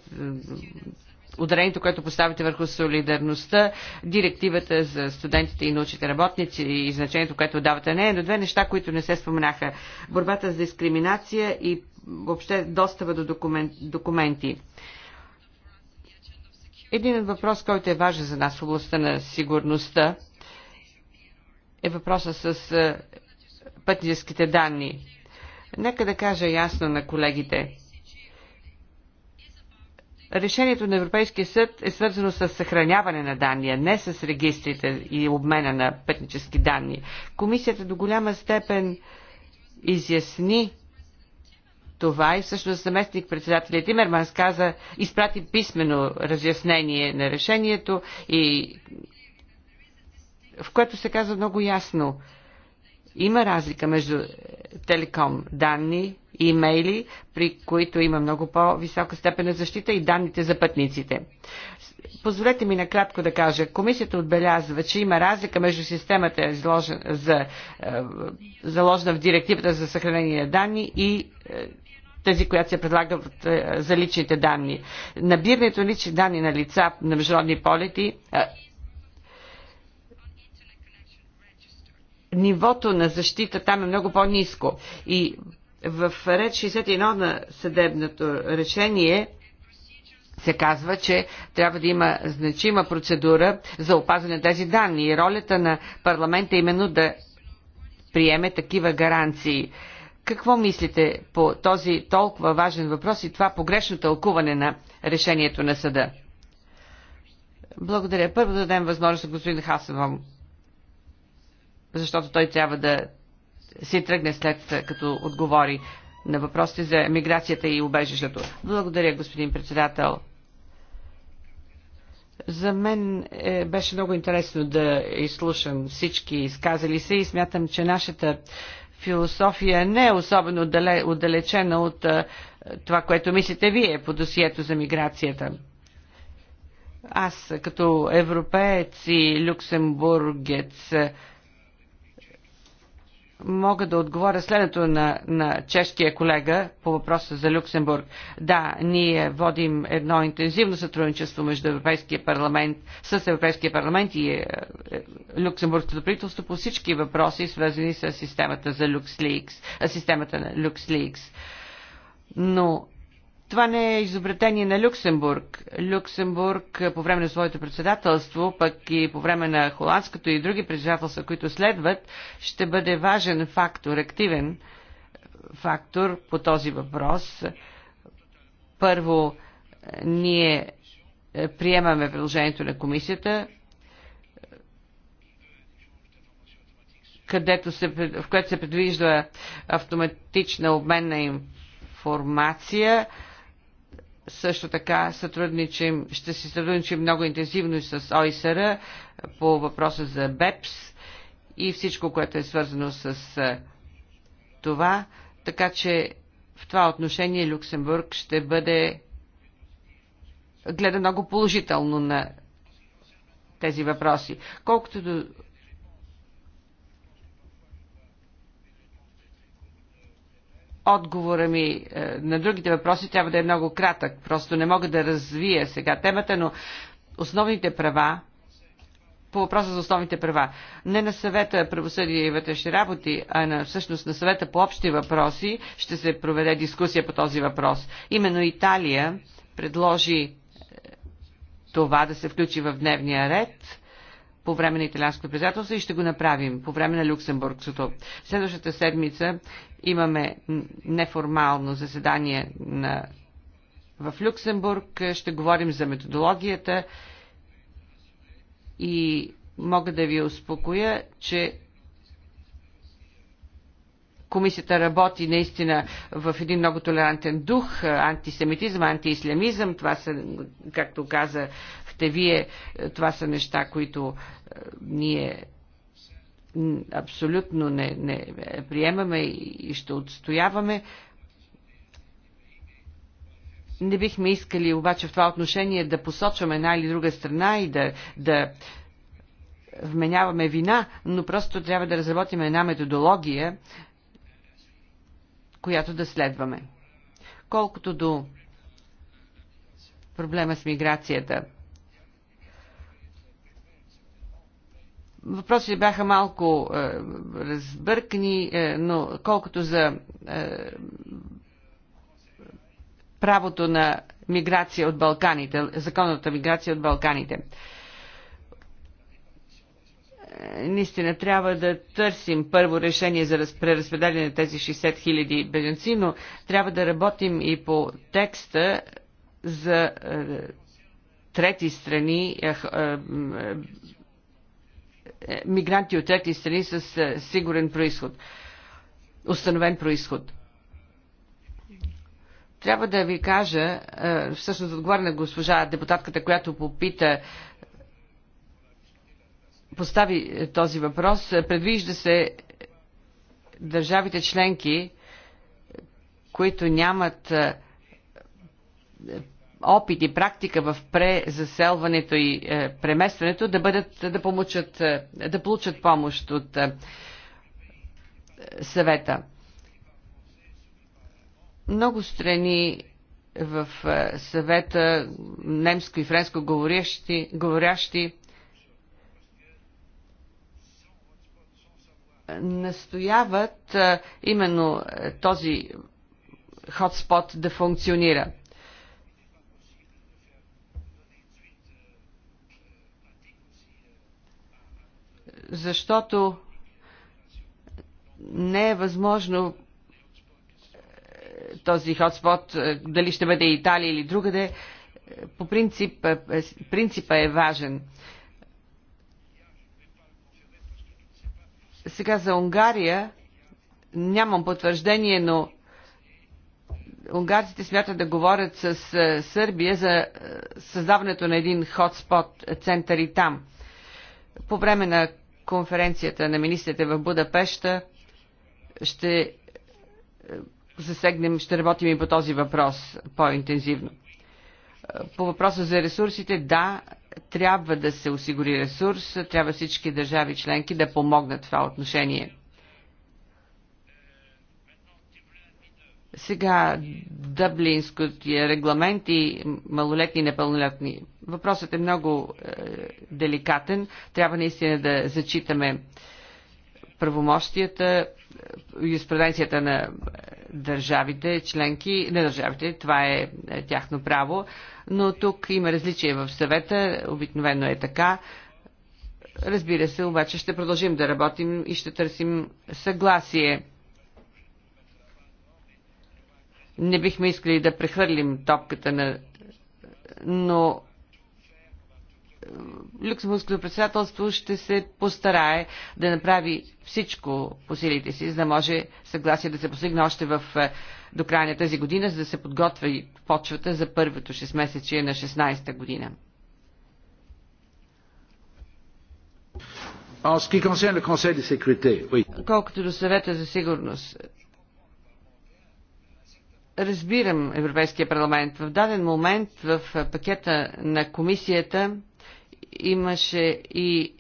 ударението, което поставите върху солидарността, директивата за студентите и научните работници и значението, което давате нея, но две неща, които не се споменаха. Борбата с дискриминация и въобще достава до документ, документи. Един въпрос, който е важен за нас в областта на сигурността, е въпроса с е, пътническите данни. Нека да кажа ясно на колегите – Решението на Европейския съд е свързано с съхраняване на данни, а не с регистрите и обмена на пътнически данни. Комисията до голяма степен изясни това и всъщност заместник председателя Тимерманс каза, изпрати писмено разяснение на решението и в което се казва много ясно. Има разлика между телеком данни имейли, при които има много по-висока степен на защита и данните за пътниците. Позволете ми накратко да кажа. Комисията отбелязва, че има разлика между системата изложен, за, е, заложена в директивата за съхранение на данни и е, тази, която се предлага е, за личните данни. Набирането на лични данни на лица на международни полети нивото на защита там е много по-низко. И в ред 61 на съдебното решение се казва, че трябва да има значима процедура за опазване на тези данни и ролята на парламента е именно да приеме такива гаранции. Какво мислите по този толкова важен въпрос и това погрешно тълкуване на решението на съда? Благодаря. Първо да дадем възможност на господин Хасанов, защото той трябва да си тръгне след е, като отговори на въпросите за миграцията и убежището. Благодаря, господин председател. За мен е, беше много интересно да изслушам всички изказали се и смятам, че нашата философия не е особено отдалечена от а, е, това, което мислите вие по досието за миграцията. Аз като европеец и люксембургец мога да отговоря следното на, на чешкия колега по въпроса за Люксембург. Да, ние водим едно интензивно сътрудничество между Европейския парламент, с Европейския парламент и е, е, Люксембургското правителство по всички въпроси, свързани с системата за LuxLeaks, системата на Люксликс. Но това не е изобретение на Люксембург. Люксембург е, по време на своето председателство, пък и по време на холандското и други председателства, които следват, ще бъде важен фактор, активен фактор по този въпрос. Първо, ние е, приемаме предложението на комисията, където се, в което се предвижда автоматична обмен на информация също така сътрудничим, ще си сътрудничим много интензивно с ОИСР по въпроса за БЕПС и всичко, което е свързано с това. Така че в това отношение Люксембург ще бъде гледа много положително на тези въпроси. Колкото до отговора ми е, на другите въпроси трябва да е много кратък. Просто не мога да развия сега темата, но основните права, по въпроса за основните права, не на съвета правосъдие и вътрешни работи, а на, всъщност на съвета по общи въпроси, ще се проведе дискусия по този въпрос. Именно Италия предложи е, това да се включи в дневния ред по време на италианското председателство и ще го направим по време на Люксембургското. Следващата седмица имаме неформално заседание на... в Люксембург. Ще говорим за методологията и мога да ви успокоя, че комисията работи наистина в един много толерантен дух, антисемитизъм, антиислямизъм, това са, както казахте вие, това са неща, които ние абсолютно не, не приемаме и ще отстояваме. Не бихме искали обаче в това отношение да посочваме една или друга страна и да, да вменяваме вина, но просто трябва да разработим една методология, която да следваме. Колкото до проблема с миграцията, Въпросите бяха малко е, разбъркани, е, но колкото за е, правото на миграция от Балканите, законната миграция от Балканите. Е, наистина трябва да търсим първо решение за преразпределение на тези 60 хиляди беженци, но трябва да работим и по текста за е, трети страни, е, е, е, мигранти от трети страни с е, сигурен происход, установен происход. Трябва да ви кажа, е, всъщност отговаря на госпожа депутатката, която попита постави е, този въпрос. Е, предвижда се е, държавите членки, които нямат опит и практика в презаселването и преместването, да бъдат, да помучат, да получат помощ от съвета. Много страни в съвета немско и френско говорящи, говорящи настояват именно е, този хотспот да функционира. Защото не е възможно е, този хотспот, е, дали ще бъде Италия или другаде, по принцип, принципа е важен. Сега за Унгария нямам потвърждение, но унгарците смятат да говорят с е, Сърбия за е, създаването на един хотспот е, център и там. По време на конференцията на министрите в Будапешта ще засегнем, ще работим и по този въпрос по-интензивно. По въпроса за ресурсите, да, трябва да се осигури ресурс, трябва всички държави членки да помогнат това отношение. Сега Дъблинския регламент и малолетни и непълнолетни. Въпросът е много е, деликатен. Трябва наистина да зачитаме е, правомощията, е, юриспруденцията на е, държавите членки, не държавите, това е, е тяхно право, но тук има различия в съвета, обикновено е така. Разбира се, обаче ще продължим да работим и ще търсим съгласие. Не бихме искали да прехвърлим топката на но Люксембургското председателство ще се постарае да направи всичко по силите си, за да може съгласие да се постигне още в, е, до края на тази година, за да се подготви почвата за първото 6 месече на 16-та година. Колкото до съвета за сигурност, разбирам Европейския парламент. В даден момент в пакета на комисията имаше и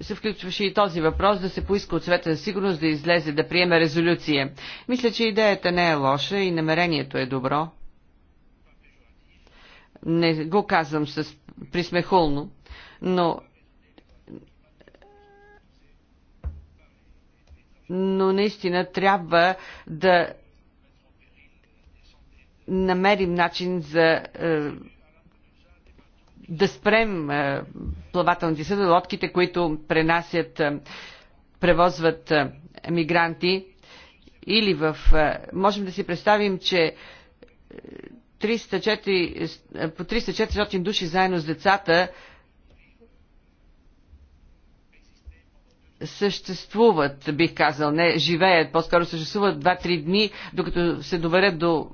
се включваше и този въпрос да се поиска от света за сигурност да излезе, да приеме резолюция. Мисля, че идеята не е лоша и намерението е добро. Не го казвам с присмехулно, но но наистина трябва да намерим начин за е, да спрем е, плавателните съда, лодките, които пренасят, е, превозват мигранти или в... Можем да си представим, че 304, по 300-400 души заедно с децата съществуват, бих казал, не живеят, по-скоро съществуват 2-3 дни, докато се доверят до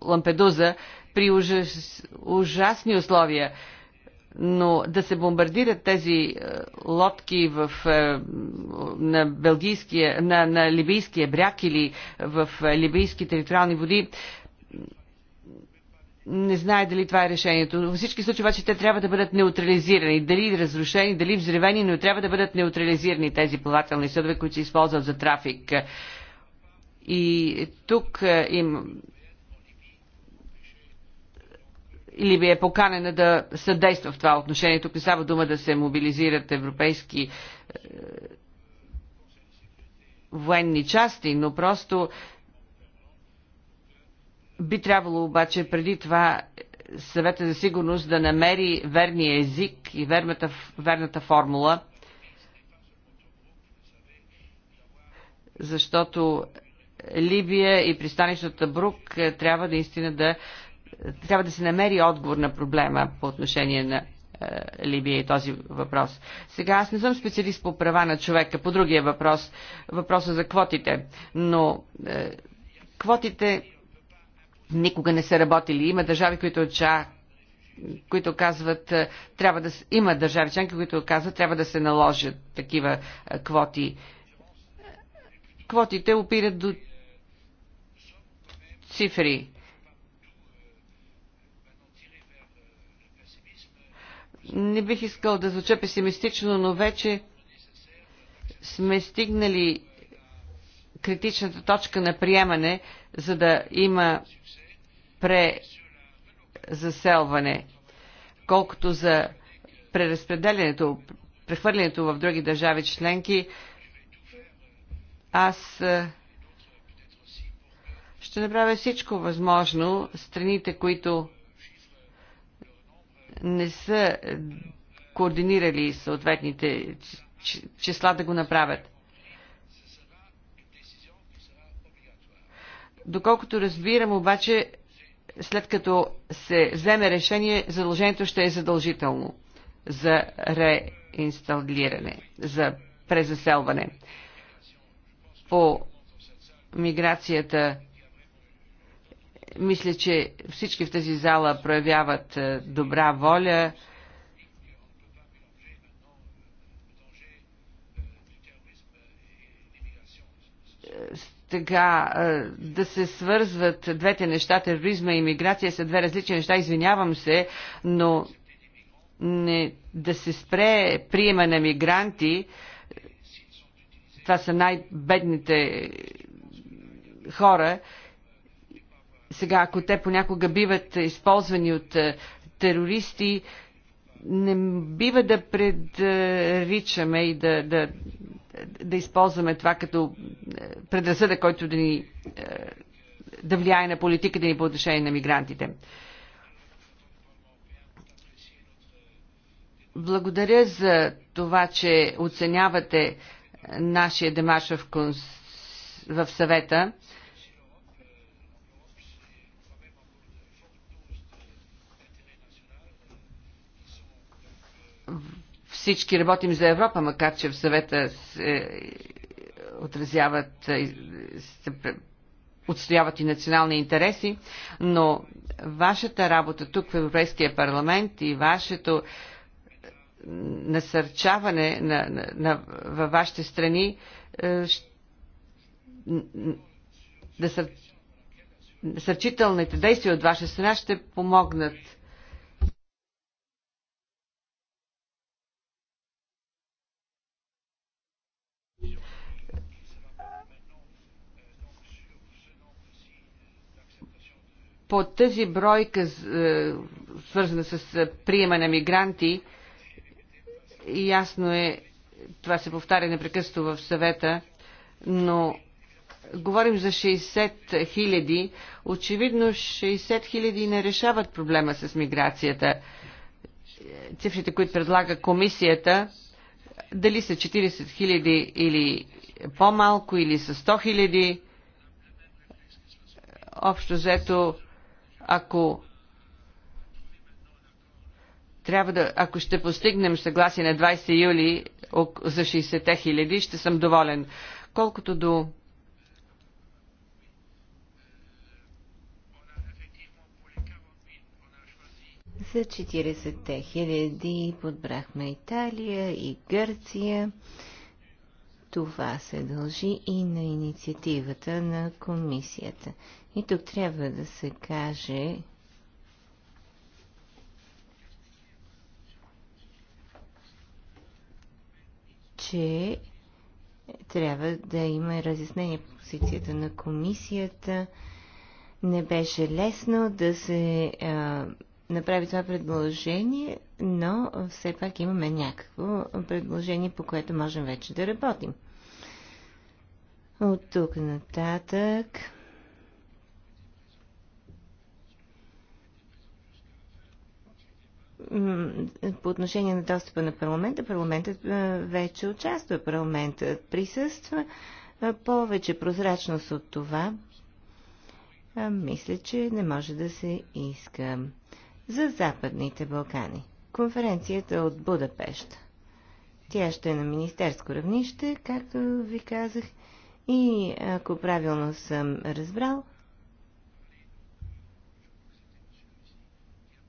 Лампедуза при ужас, ужасни условия. Но да се бомбардират тези е, лодки в, е, на, на, на либийския бряг или в е, либийски териториални води, не знае дали това е решението. Във всички случаи обаче те трябва да бъдат неутрализирани. Дали разрушени, дали взривени, но трябва да бъдат неутрализирани тези плавателни съдове, които се използват за трафик. И тук им Либия е поканена да съдейства в това отношение. Тук не става дума да се мобилизират европейски е, военни части, но просто би трябвало обаче преди това съвета за сигурност да намери верния език и верната, верната формула, защото Либия и пристанищата Брук е, трябва наистина да, да трябва да се намери отговор на проблема по отношение на е, Либия и този въпрос. Сега аз не съм специалист по права на човека, по другия въпрос, въпроса за квотите, но е, квотите никога не са работили. Има държави, които очакват които казват, е, трябва да има държави членки, които казват, трябва да се наложат такива е, квоти. Квотите опират до цифри. Не бих искал да звуча песимистично, но вече сме стигнали критичната точка на приемане, за да има презаселване. Колкото за преразпределянето, прехвърлянето в други държави членки, аз е, ще направя всичко възможно страните, които не са координирали съответните числа да го направят. Доколкото разбирам, обаче, след като се вземе решение, задължението ще е задължително за реинсталиране, за презаселване. По миграцията мисля, че всички в тази зала проявяват е, добра воля. Е, така, е, да се свързват двете неща, тероризма и миграция са две различни неща, извинявам се, но не, да се спре приема на мигранти, това са най-бедните хора, сега, ако те понякога биват използвани от е, терористи, не бива да предричаме и да, да, да използваме това като е, предразсъда, който да ни е, да влияе на политиката да ни по отношение на мигрантите. Благодаря за това, че оценявате нашия демаш в, конс... в съвета. всички работим за Европа, макар че в съвета се отразяват, е, се отстояват и национални интереси, но вашата работа тук в Европейския парламент и вашето е, насърчаване на, на, на, във вашите страни е, насърчителните действия от ваша страна ще помогнат по тази бройка, е, свързана с е, приема на мигранти, ясно е, това се повтаря непрекъснато в съвета, но говорим за 60 хиляди. Очевидно 60 хиляди не решават проблема с миграцията. Цифрите, които предлага комисията, дали са 40 хиляди или по-малко, или са 100 хиляди, общо взето ако трябва да, ако ще постигнем съгласие на 20 юли за 60-те хиляди, ще съм доволен. Колкото до За 40-те хиляди подбрахме Италия и Гърция. Това се дължи и на инициативата на комисията. И тук трябва да се каже, че трябва да има разяснение по позицията на комисията. Не беше лесно да се а, направи това предложение, но все пак имаме някакво предложение, по което можем вече да работим. От тук нататък по отношение на достъпа на парламента, парламентът вече участва, парламентът присъства. Повече прозрачност от това, мисля, че не може да се иска. За Западните Балкани. Конференцията от Будапешт. Тя ще е на министерско равнище, както ви казах, и ако правилно съм разбрал,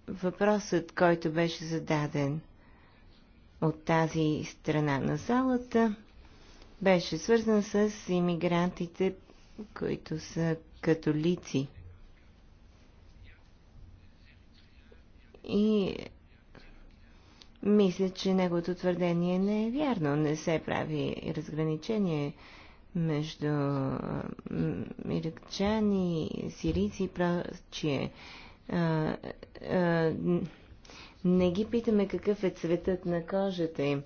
въпросът, който беше зададен от тази страна на залата, беше свързан с иммигрантите, които са католици. И мисля, че неговото твърдение не е вярно. Не се прави разграничение между иракчани, сирийци и прочие а, а, не ги питаме какъв е цветът на кожата им.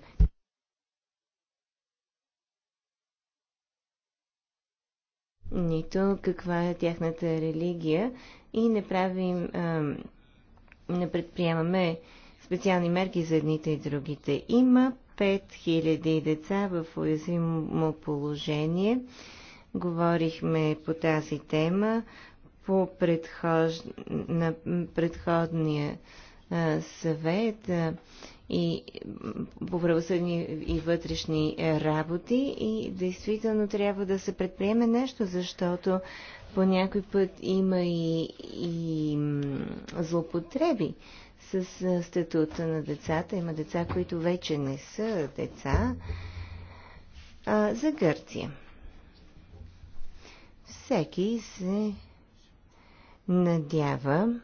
Нито каква е тяхната религия и не правим, а, не предприемаме специални мерки за едните и другите. Има 5000 деца в уязвимо положение. Говорихме по тази тема по предхож... на предходния съвет и по правосъдни и вътрешни работи и действително трябва да се предприеме нещо, защото по някой път има и, и злопотреби с статута на децата. Има деца, които вече не са деца. А, за Гърция. Всеки се надява,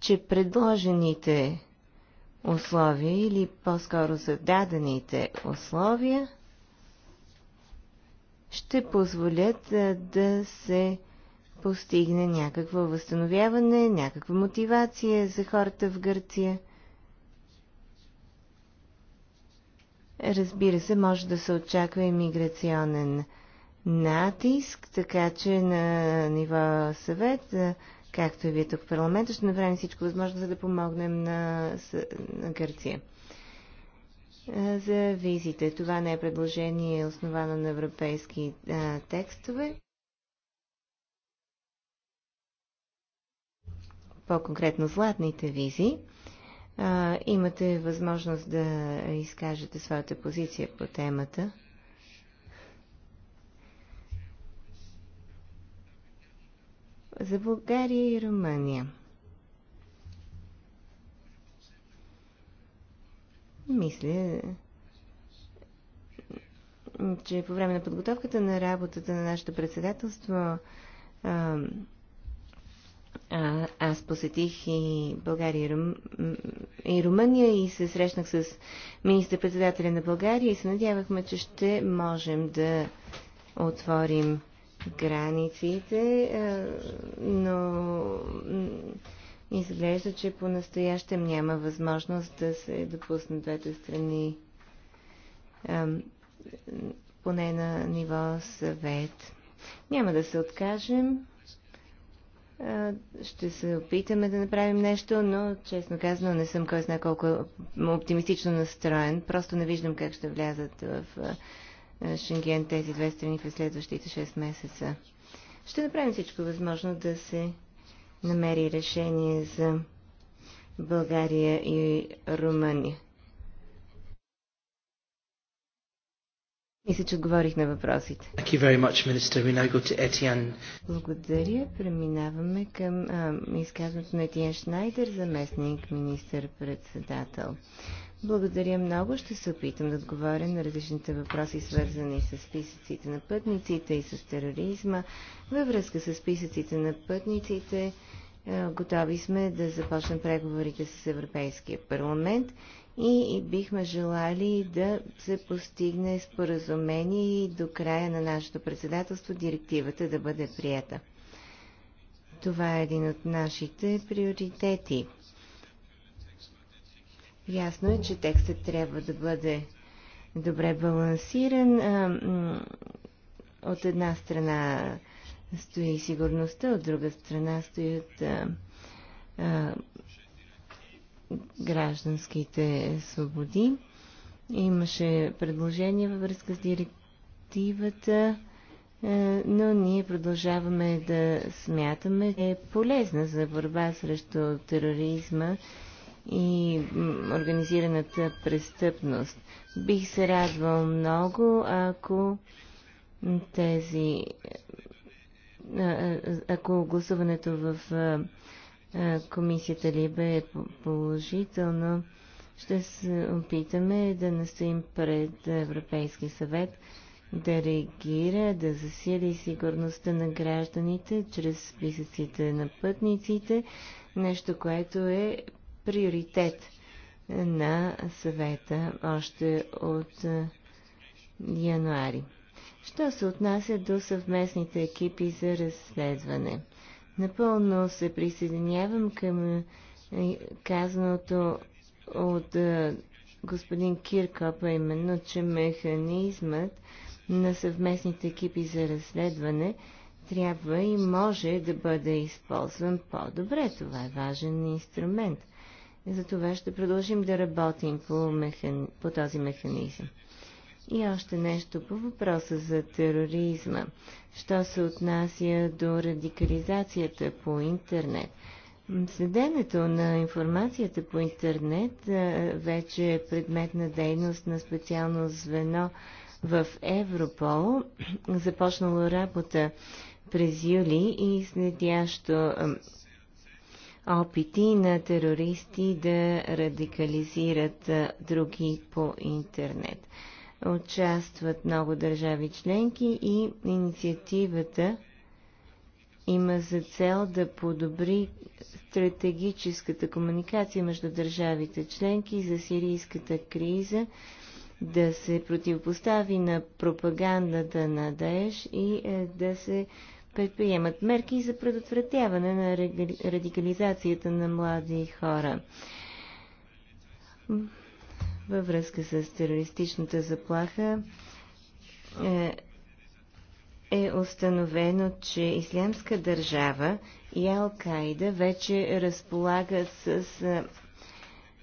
че предложените условия или по-скоро зададените условия ще позволят да, се постигне някакво възстановяване, някаква мотивация за хората в Гърция. Разбира се, може да се очаква имиграционен натиск, така че на ниво съвет, както и вие тук в парламента, ще направим всичко възможно, за да помогнем на, на Гърция. За визите. Това не е предложение, основано на европейски а, текстове. По-конкретно златните визи. А, имате възможност да изкажете своята позиция по темата. за България и Румъния. Мисля, че по време на подготовката на работата на нашето председателство а, а, аз посетих и България и, Рум... и Румъния и се срещнах с министър-председателя на България и се надявахме, че ще можем да отворим границите, но изглежда, че по-настоящем няма възможност да се допуснат двете страни поне на ниво съвет. Няма да се откажем. Ще се опитаме да направим нещо, но честно казано не съм кой знае колко оптимистично настроен. Просто не виждам как ще влязат в е, Шенген тези две страни през следващите 6 месеца. Ще направим всичко възможно да се намери решение за България и Румъния. Мисля, че отговорих на въпросите. Much, Благодаря. Преминаваме към изказването на Етиен Шнайдер, заместник министър-председател. Благодаря много. Ще се опитам да отговоря на различните въпроси, свързани с списъците на пътниците и с тероризма. Във връзка с списъците на пътниците, е, готови сме да започнем преговорите с Европейския парламент и, бихме желали да се постигне споразумение и до края на нашето председателство директивата да бъде прията. Това е един от нашите приоритети – Ясно е, че текстът трябва да бъде добре балансиран. От една страна стои сигурността, от друга страна стоят гражданските свободи. Имаше предложение във връзка с директивата, но ние продължаваме да смятаме, че е полезна за борба срещу тероризма и организираната престъпност. Бих се радвал много, ако тези ако гласуването в комисията ли бе е положително, ще се опитаме да настоим пред Европейски съвет да реагира, да засили сигурността на гражданите чрез списъците на пътниците, нещо, което е приоритет на съвета още от е, януари. Що се отнася до съвместните екипи за разследване? Напълно се присъединявам към е, казаното от е, господин Киркопа, именно, че механизмът на съвместните екипи за разследване трябва и може да бъде използван по-добре. Това е важен инструмент. За това ще продължим да работим по, механ... по този механизъм. И още нещо по въпроса за тероризма. Що се отнася до радикализацията по интернет? Следенето на информацията по интернет вече е предмет на дейност на специално звено в Европол, започнало работа през юли и следящо опити на терористи да радикализират други по интернет. Участват много държави членки и инициативата има за цел да подобри стратегическата комуникация между държавите членки за сирийската криза, да се противопостави на пропагандата на Даеш и е, да се предприемат мерки за предотвратяване на радикализацията на млади хора. Във връзка с терористичната заплаха е, е установено, че Ислямска държава и Ал-Каида вече разполагат с е,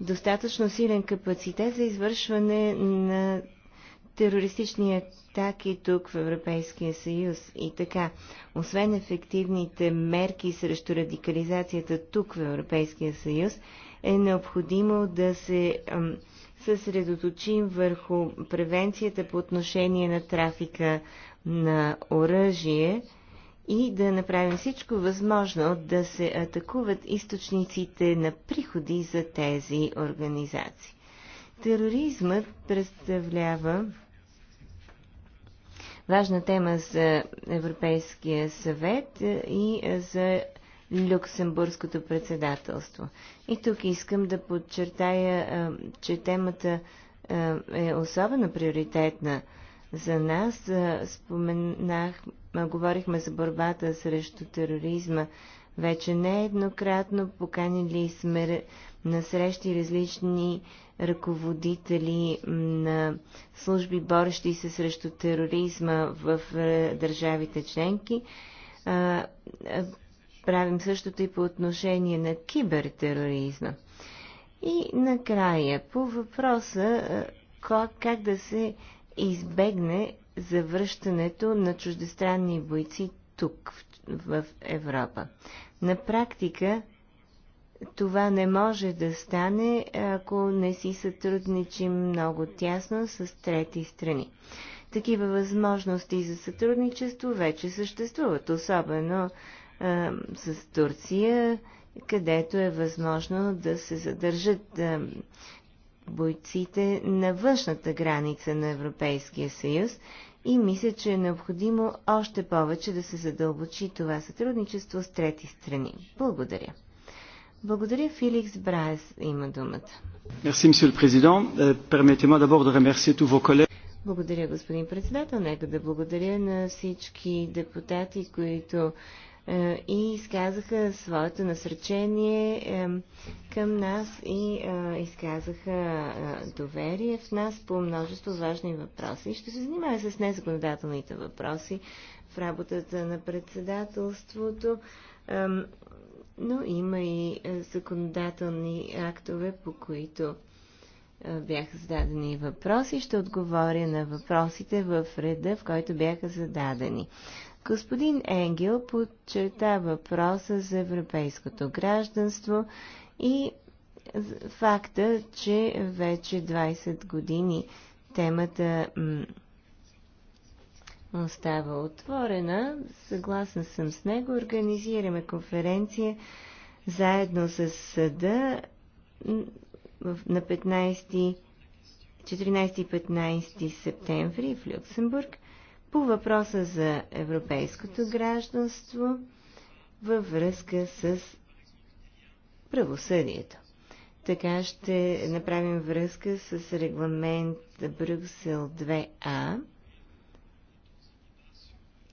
достатъчно силен капацитет за извършване на терористични атаки тук в Европейския съюз и така, освен ефективните мерки срещу радикализацията тук в Европейския съюз, е необходимо да се съсредоточим върху превенцията по отношение на трафика на оръжие и да направим всичко възможно да се атакуват източниците на приходи за тези организации. Тероризмът представлява важна тема за Европейския съвет и за Люксембургското председателство. И тук искам да подчертая, че темата е особено приоритетна за нас. Споменах, говорихме за борбата срещу тероризма. Вече нееднократно поканили сме на срещи различни ръководители на служби, борещи се срещу тероризма в е, държавите членки. Правим същото и по отношение на кибертероризма. И накрая, по въпроса как да се избегне завръщането на чуждестранни бойци тук, в Европа. На практика това не може да стане, ако не си сътрудничим много тясно с трети страни. Такива възможности за сътрудничество вече съществуват, особено а, с Турция, където е възможно да се задържат а, бойците на външната граница на Европейския съюз и мисля, че е необходимо още повече да се задълбочи това сътрудничество с трети страни. Благодаря. Благодаря. Филикс Брайс има думата. Е, благодаря, господин председател. Нека да благодаря на всички депутати, които е, и изказаха своето насречение е, към нас и изказаха доверие в нас по множество важни въпроси. Ще се занимаваме с незаконодателните въпроси в работата на председателството но има и е, законодателни актове, по които е, бяха зададени въпроси. Ще отговоря на въпросите в реда, в който бяха зададени. Господин Енгел подчерта въпроса за европейското гражданство и факта, че вече 20 години темата остава отворена. Съгласна съм с него. Организираме конференция заедно с съда на 15, 14 и 15 септември в Люксембург по въпроса за европейското гражданство във връзка с правосъдието. Така ще направим връзка с регламент Брюксел 2А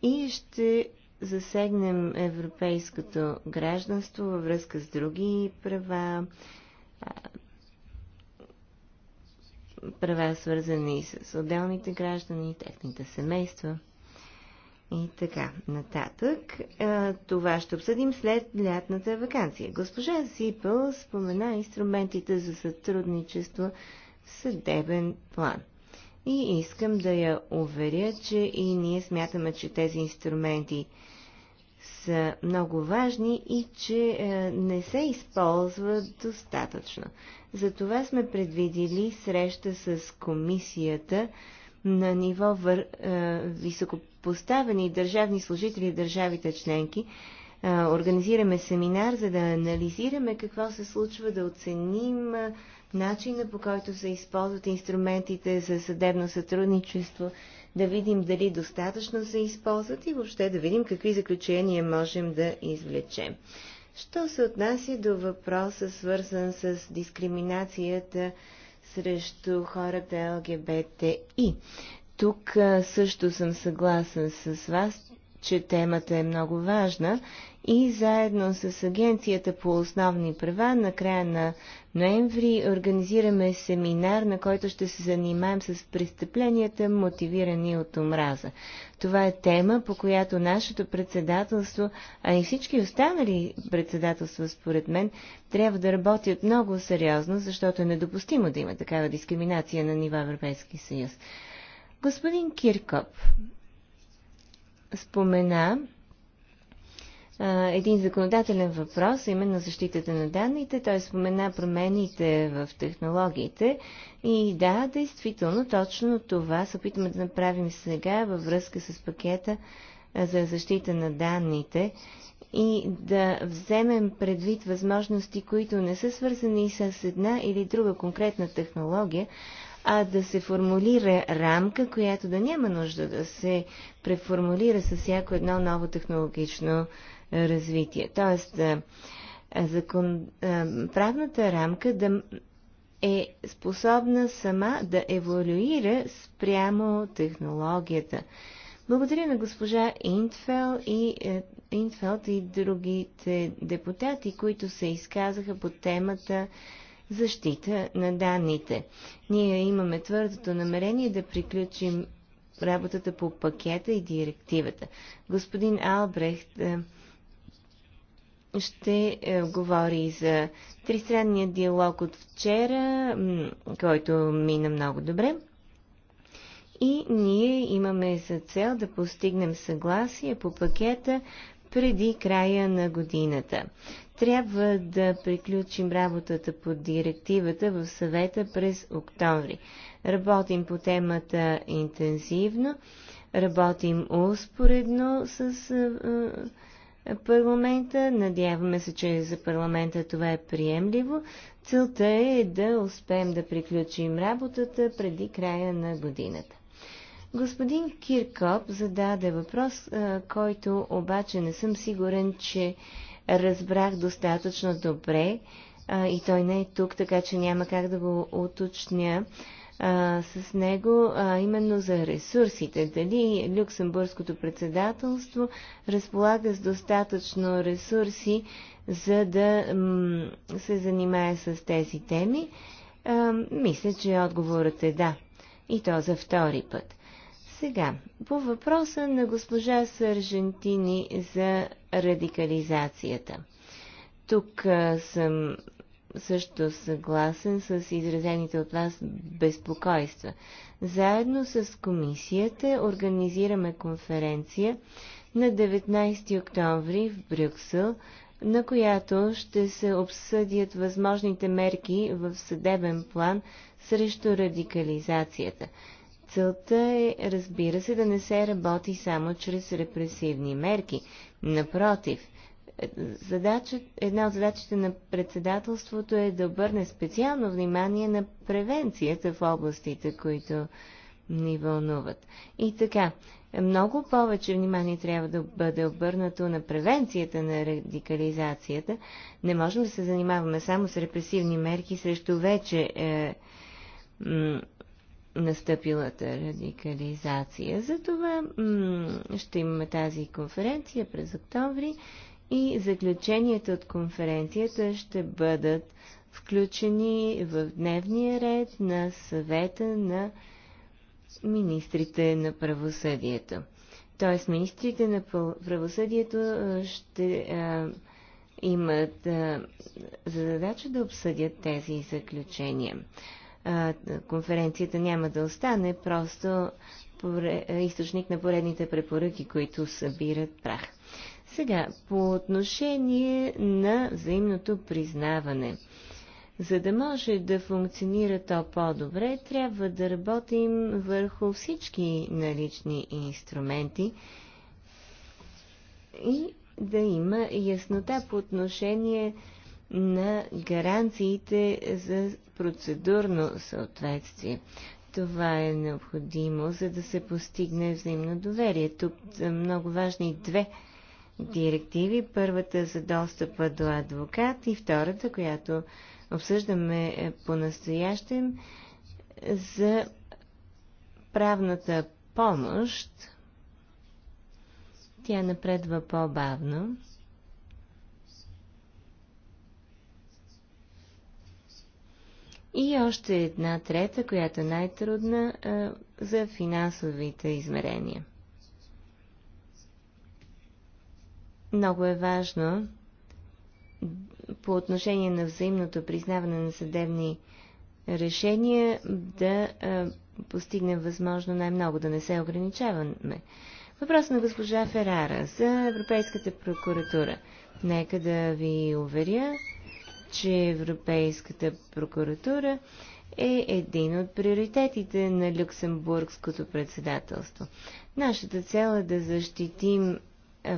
и ще засегнем европейското гражданство във връзка с други права, права свързани с отделните граждани, техните семейства и така нататък. Това ще обсъдим след лятната вакансия. Госпожа Сипъл спомена инструментите за сътрудничество в съдебен план – и искам да я уверя, че и ние смятаме, че тези инструменти са много важни и че е, не се използват достатъчно. Затова сме предвидили среща с комисията на ниво вър... Е, високопоставени държавни служители в държавите членки. Е, организираме семинар, за да анализираме какво се случва, да оценим начина по който се използват инструментите за съдебно сътрудничество, да видим дали достатъчно се използват и въобще да видим какви заключения можем да извлечем. Що се отнася до въпроса, свързан с дискриминацията срещу хората ЛГБТИ? Тук също съм съгласен с вас, че темата е много важна и заедно с Агенцията по основни права на края на ноември организираме семинар, на който ще се занимаем с престъпленията, мотивирани от омраза. Това е тема, по която нашето председателство, а и всички останали председателства, според мен, трябва да работят много сериозно, защото е недопустимо да има такава дискриминация на нива Европейски съюз. Господин Киркоп спомена, един законодателен въпрос, именно защитата на данните. Той спомена промените в технологиите. И да, действително, точно това се опитваме да направим сега във връзка с пакета за защита на данните и да вземем предвид възможности, които не са свързани с една или друга конкретна технология, а да се формулира рамка, която да няма нужда да се преформулира с всяко едно ново технологично развитие. Тоест, е, е, закон, е, правната рамка да е способна сама да еволюира спрямо технологията. Благодаря на госпожа Интфел и, Интфелд и другите депутати, които се изказаха по темата защита на данните. Ние имаме твърдото намерение да приключим работата по пакета и директивата. Господин Албрехт ще е, говори за тристранния диалог от вчера, който мина много добре. И ние имаме за цел да постигнем съгласие по пакета преди края на годината. Трябва да приключим работата по директивата в съвета през октомври. Работим по темата интензивно, работим успоредно с е, е, парламента. Надяваме се, че за парламента това е приемливо. Целта е да успеем да приключим работата преди края на годината. Господин Киркоп зададе въпрос, който обаче не съм сигурен, че разбрах достатъчно добре и той не е тук, така че няма как да го уточня а, с него, а именно за ресурсите. Дали Люксембургското председателство разполага с достатъчно ресурси, за да се занимае с тези теми? А, мисля, че отговорът е да. И то за втори път. Сега, по въпроса на госпожа Сържентини за радикализацията. Тук а, съм също съгласен с изразените от вас безпокойства. Заедно с комисията организираме конференция на 19 октомври в Брюксел, на която ще се обсъдят възможните мерки в съдебен план срещу радикализацията. Целта е, разбира се, да не се работи само чрез репресивни мерки. Напротив, задача, една от задачите на председателството е да обърне специално внимание на превенцията в областите, които ни вълнуват. И така, много повече внимание трябва да бъде обърнато на превенцията на радикализацията. Не можем да се занимаваме само с репресивни мерки срещу вече е, настъпилата радикализация. Затова ще имаме тази конференция през октомври и заключенията от конференцията ще бъдат включени в дневния ред на съвета на министрите на правосъдието. Тоест, министрите на правосъдието ще а, имат а, задача да обсъдят тези заключения. А, конференцията няма да остане просто източник на поредните препоръки, които събират прах. Сега, по отношение на взаимното признаване. За да може да функционира то по-добре, трябва да работим върху всички налични инструменти и да има яснота по отношение на гаранциите за процедурно съответствие. Това е необходимо, за да се постигне взаимно доверие. Тук са много важни две директиви. Първата за достъпа до адвокат и втората, която обсъждаме е по-настоящем, за правната помощ. Тя напредва по-бавно. И още една трета, която е най-трудна за финансовите измерения. Много е важно по отношение на взаимното признаване на съдебни решения да постигнем възможно най-много, да не се ограничаваме. Въпрос на госпожа Ферара за Европейската прокуратура. Нека да ви уверя, че Европейската прокуратура е един от приоритетите на Люксембургското председателство. Нашата цел е да защитим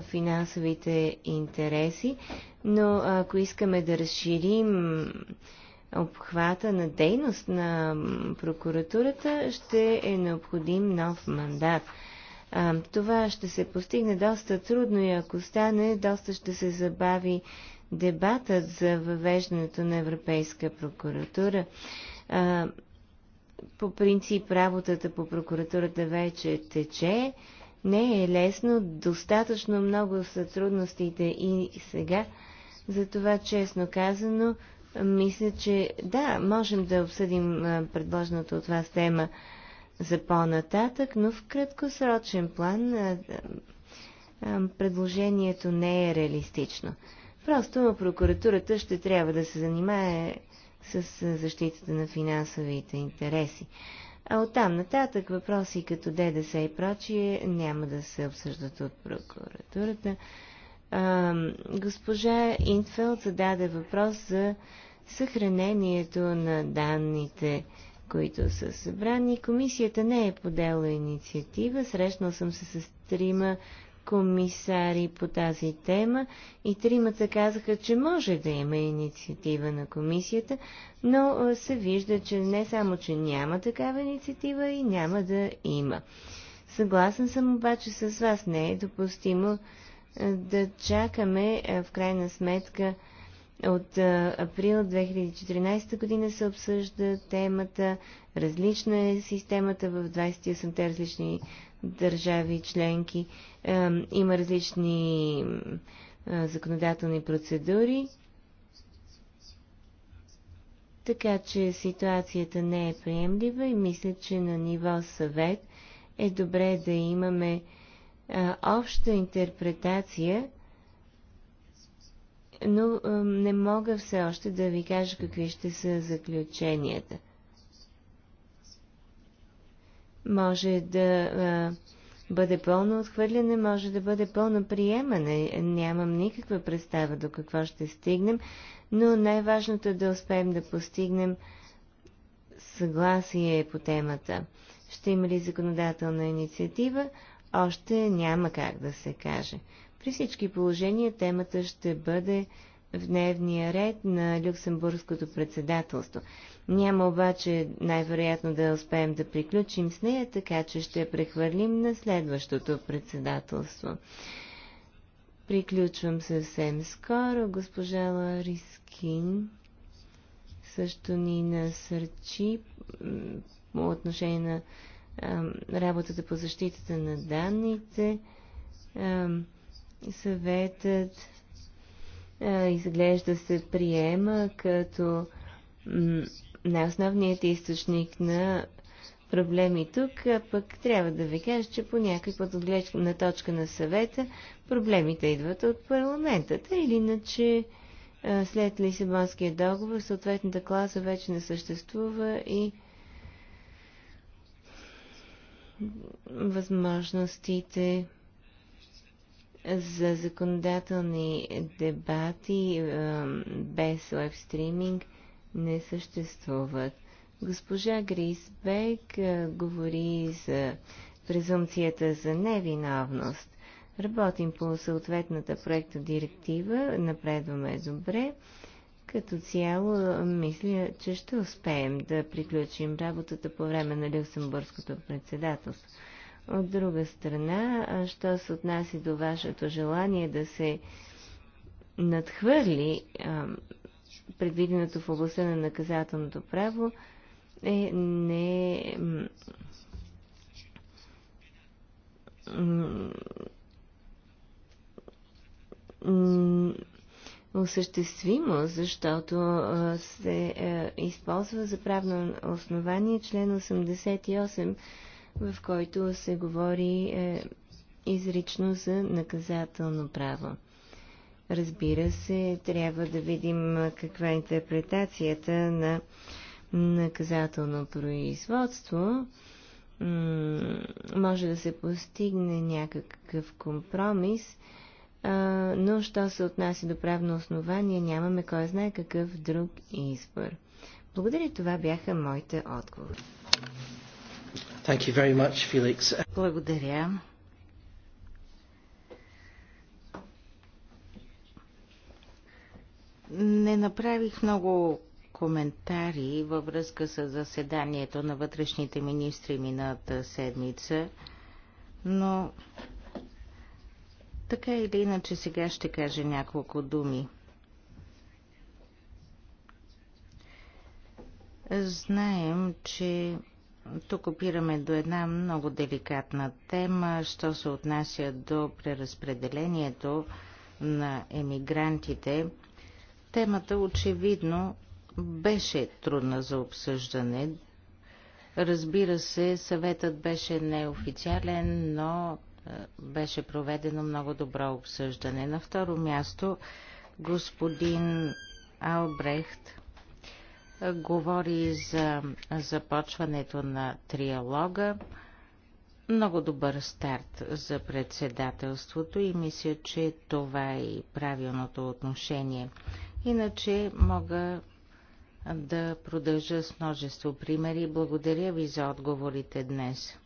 финансовите интереси, но ако искаме да разширим обхвата на дейност на прокуратурата, ще е необходим нов мандат. Това ще се постигне доста трудно и ако стане, доста ще се забави дебатът за въвеждането на Европейска прокуратура. По принцип работата по прокуратурата вече тече не е лесно, достатъчно много са трудностите и сега. Затова, честно казано, мисля, че да, можем да обсъдим предложената от вас тема за по-нататък, но в краткосрочен план предложението не е реалистично. Просто прокуратурата ще трябва да се занимае с защитата на финансовите интереси. А от там нататък въпроси като ДДС и прочие няма да се обсъждат от прокуратурата. А, госпожа Интфелд зададе въпрос за съхранението на данните, които са събрани. Комисията не е подела инициатива. Срещнал съм се с трима комисари по тази тема и тримата казаха, че може да има инициатива на комисията, но се вижда, че не само, че няма такава инициатива и няма да има. Съгласен съм обаче с вас, не е допустимо да чакаме в крайна сметка от април 2014 година се обсъжда темата, различна е системата в 28-те различни държави членки. Е, има различни е, законодателни процедури, така че ситуацията не е приемлива и мисля, че на ниво съвет е добре да имаме е, обща интерпретация, но не мога все още да ви кажа какви ще са заключенията може да а, бъде пълно отхвърляне, може да бъде пълно приемане. Нямам никаква представа до какво ще стигнем, но най-важното е да успеем да постигнем съгласие по темата. Ще има ли законодателна инициатива? Още няма как да се каже. При всички положения темата ще бъде в дневния ред на Люксембургското председателство. Няма обаче най-вероятно да успеем да приключим с нея, така че ще прехвърлим на следващото председателство. Приключвам съвсем скоро. Госпожа Ларискин също ни насърчи по отношение на а, работата по защитата на данните. А, съветът е, изглежда се приема като най-основният източник на проблеми тук, а пък трябва да ви кажа, че по някой път на точка на съвета проблемите идват от парламента. или иначе е, след Лисабонския договор съответната класа вече не съществува и възможностите за законодателни дебати без лайвстриминг не съществуват. Госпожа Грисбек говори за презумцията за невиновност. Работим по съответната проекта директива, напредваме добре. Като цяло, мисля, че ще успеем да приключим работата по време на Люксембургското председателство. От друга страна, що се отнася до вашето желание да се надхвърли предвиденото в областта на наказателното право, е не осъществимо, защото се използва за правно основание член 88 в който се говори е, изрично за наказателно право. Разбира се, трябва да видим каква е интерпретацията на наказателно производство. Може да се постигне някакъв компромис, но що се отнася до правно основание, нямаме кой знае какъв друг избор. Благодаря, това бяха моите отговори. Thank you very much, Felix. Благодаря. Не направих много коментари във връзка с заседанието на вътрешните министри мината седмица, но така или иначе сега ще кажа няколко думи. Знаем, че тук опираме до една много деликатна тема, що се отнася до преразпределението на емигрантите. Темата очевидно беше трудна за обсъждане. Разбира се, съветът беше неофициален, но е, беше проведено много добро обсъждане. На второ място господин Албрехт говори за започването на триалога. Много добър старт за председателството и мисля, че това е и правилното отношение. Иначе мога да продължа с множество примери. Благодаря ви за отговорите днес.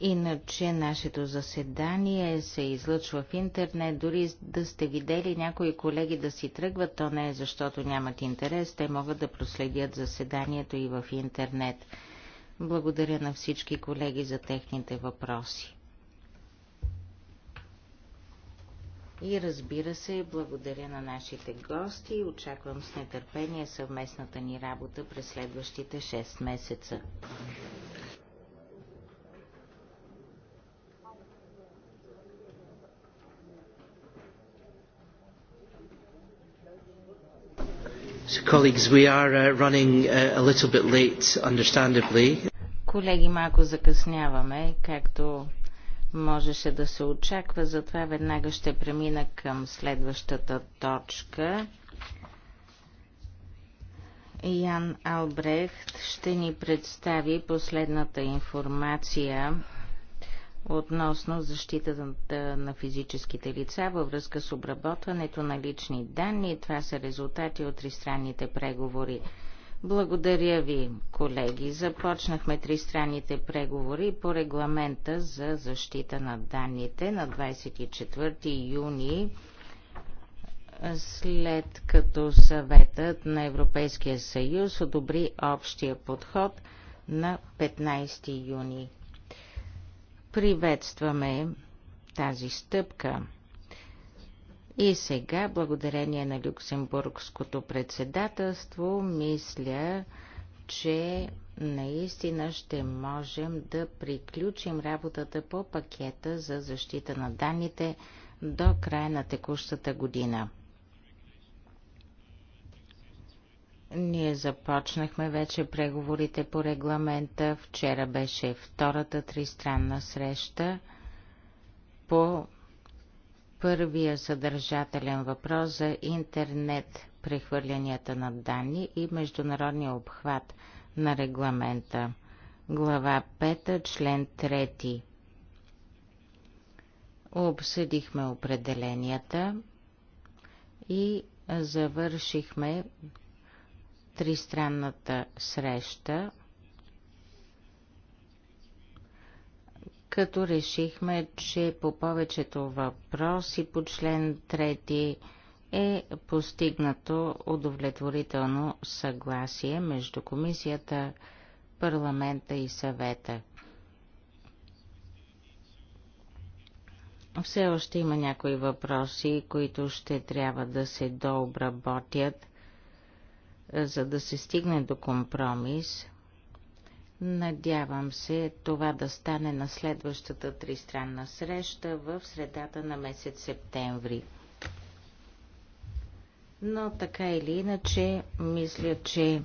Иначе нашето заседание се излъчва в интернет, дори да сте видели някои колеги да си тръгват, то не е защото нямат интерес, те могат да проследят заседанието и в интернет. Благодаря на всички колеги за техните въпроси. И разбира се, благодаря на нашите гости. Очаквам с нетърпение съвместната ни работа през следващите 6 месеца. colleagues, we are uh, running uh, a little bit late, understandably. Колеги, малко закъсняваме, както можеше да се очаква, затова веднага ще премина към следващата точка. Ян Албрехт ще ни представи последната информация относно защитата на физическите лица във връзка с обработването на лични данни. Това са резултати от тристранните преговори. Благодаря ви, колеги. Започнахме тристранните преговори по регламента за защита на данните на 24 юни след като съветът на Европейския съюз одобри общия подход на 15 юни. Приветстваме тази стъпка. И сега, благодарение на Люксембургското председателство, мисля, че наистина ще можем да приключим работата по пакета за защита на данните до края на текущата година. Ние започнахме вече преговорите по регламента. Вчера беше втората тристранна среща по първия съдържателен въпрос за интернет прехвърлянията на данни и международния обхват на регламента. Глава 5, член 3. Обсъдихме определенията и завършихме тристранната среща, като решихме, че по повечето въпроси по член 3 е постигнато удовлетворително съгласие между комисията, парламента и съвета. Все още има някои въпроси, които ще трябва да се дообработят – за да се стигне до компромис. Надявам се това да стане на следващата тристранна среща в средата на месец септември. Но така или иначе, мисля, че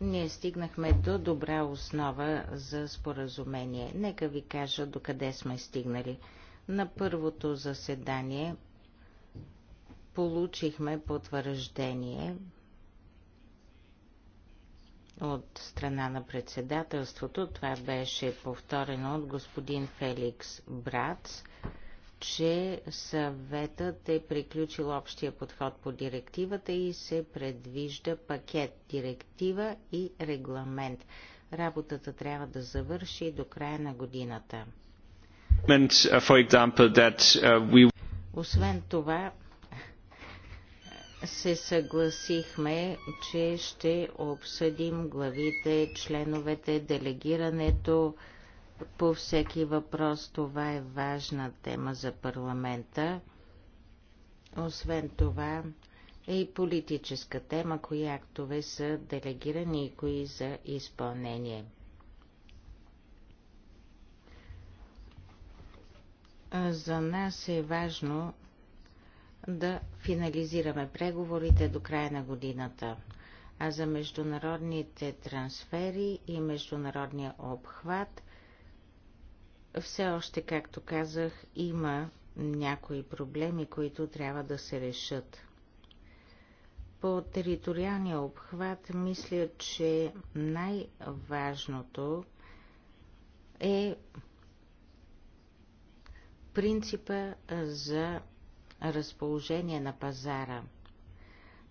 ние стигнахме до добра основа за споразумение. Нека ви кажа докъде сме стигнали. На първото заседание получихме потвърждение от страна на председателството. Това беше повторено от господин Феликс Брац, че съветът е приключил общия подход по директивата и се предвижда пакет директива и регламент. Работата трябва да завърши до края на годината. Uh, Освен това, се съгласихме, че ще обсъдим главите, членовете, делегирането. По всеки въпрос това е важна тема за парламента. Освен това е и политическа тема, кои актове са делегирани и кои за изпълнение. За нас е важно да финализираме преговорите до края на годината. А за международните трансфери и международния обхват все още, както казах, има някои проблеми, които трябва да се решат. По териториалния обхват мисля, че най-важното е принципа за разположение на пазара.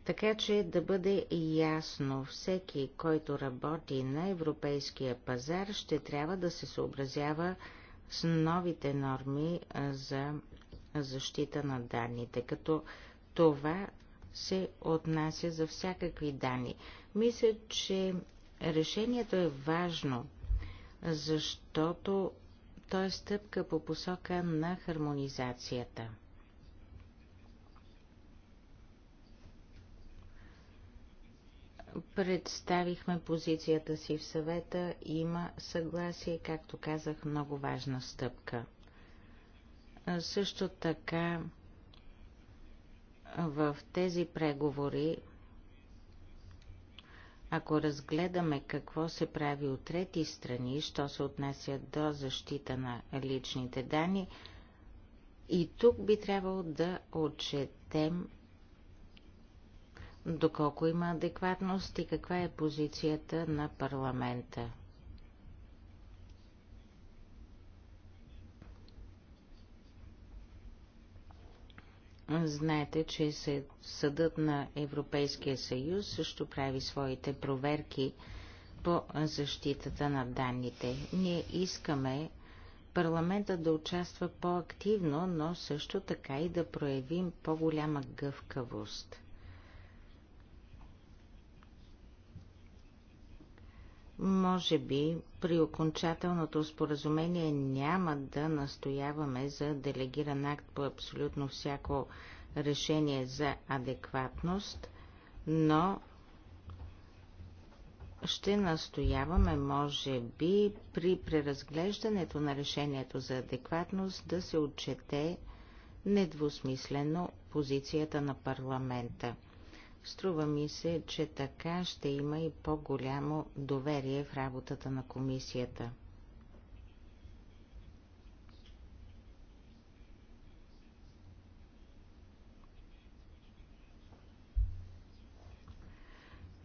Така че да бъде ясно, всеки, който работи на европейския пазар, ще трябва да се съобразява с новите норми за защита на данните, като това се отнася за всякакви данни. Мисля, че решението е важно, защото то е стъпка по посока на хармонизацията. Представихме позицията си в съвета. Има съгласие, както казах, много важна стъпка. Също така в тези преговори, ако разгледаме какво се прави от трети страни, що се отнася до защита на личните данни, и тук би трябвало да отчетем доколко има адекватност и каква е позицията на парламента. Знаете, че Съдът на Европейския съюз също прави своите проверки по защитата на данните. Ние искаме парламента да участва по-активно, но също така и да проявим по-голяма гъвкавост. Може би при окончателното споразумение няма да настояваме за делегиран акт по абсолютно всяко решение за адекватност, но ще настояваме, може би, при преразглеждането на решението за адекватност да се отчете недвусмислено позицията на парламента. Струва ми се, че така ще има и по-голямо доверие в работата на комисията.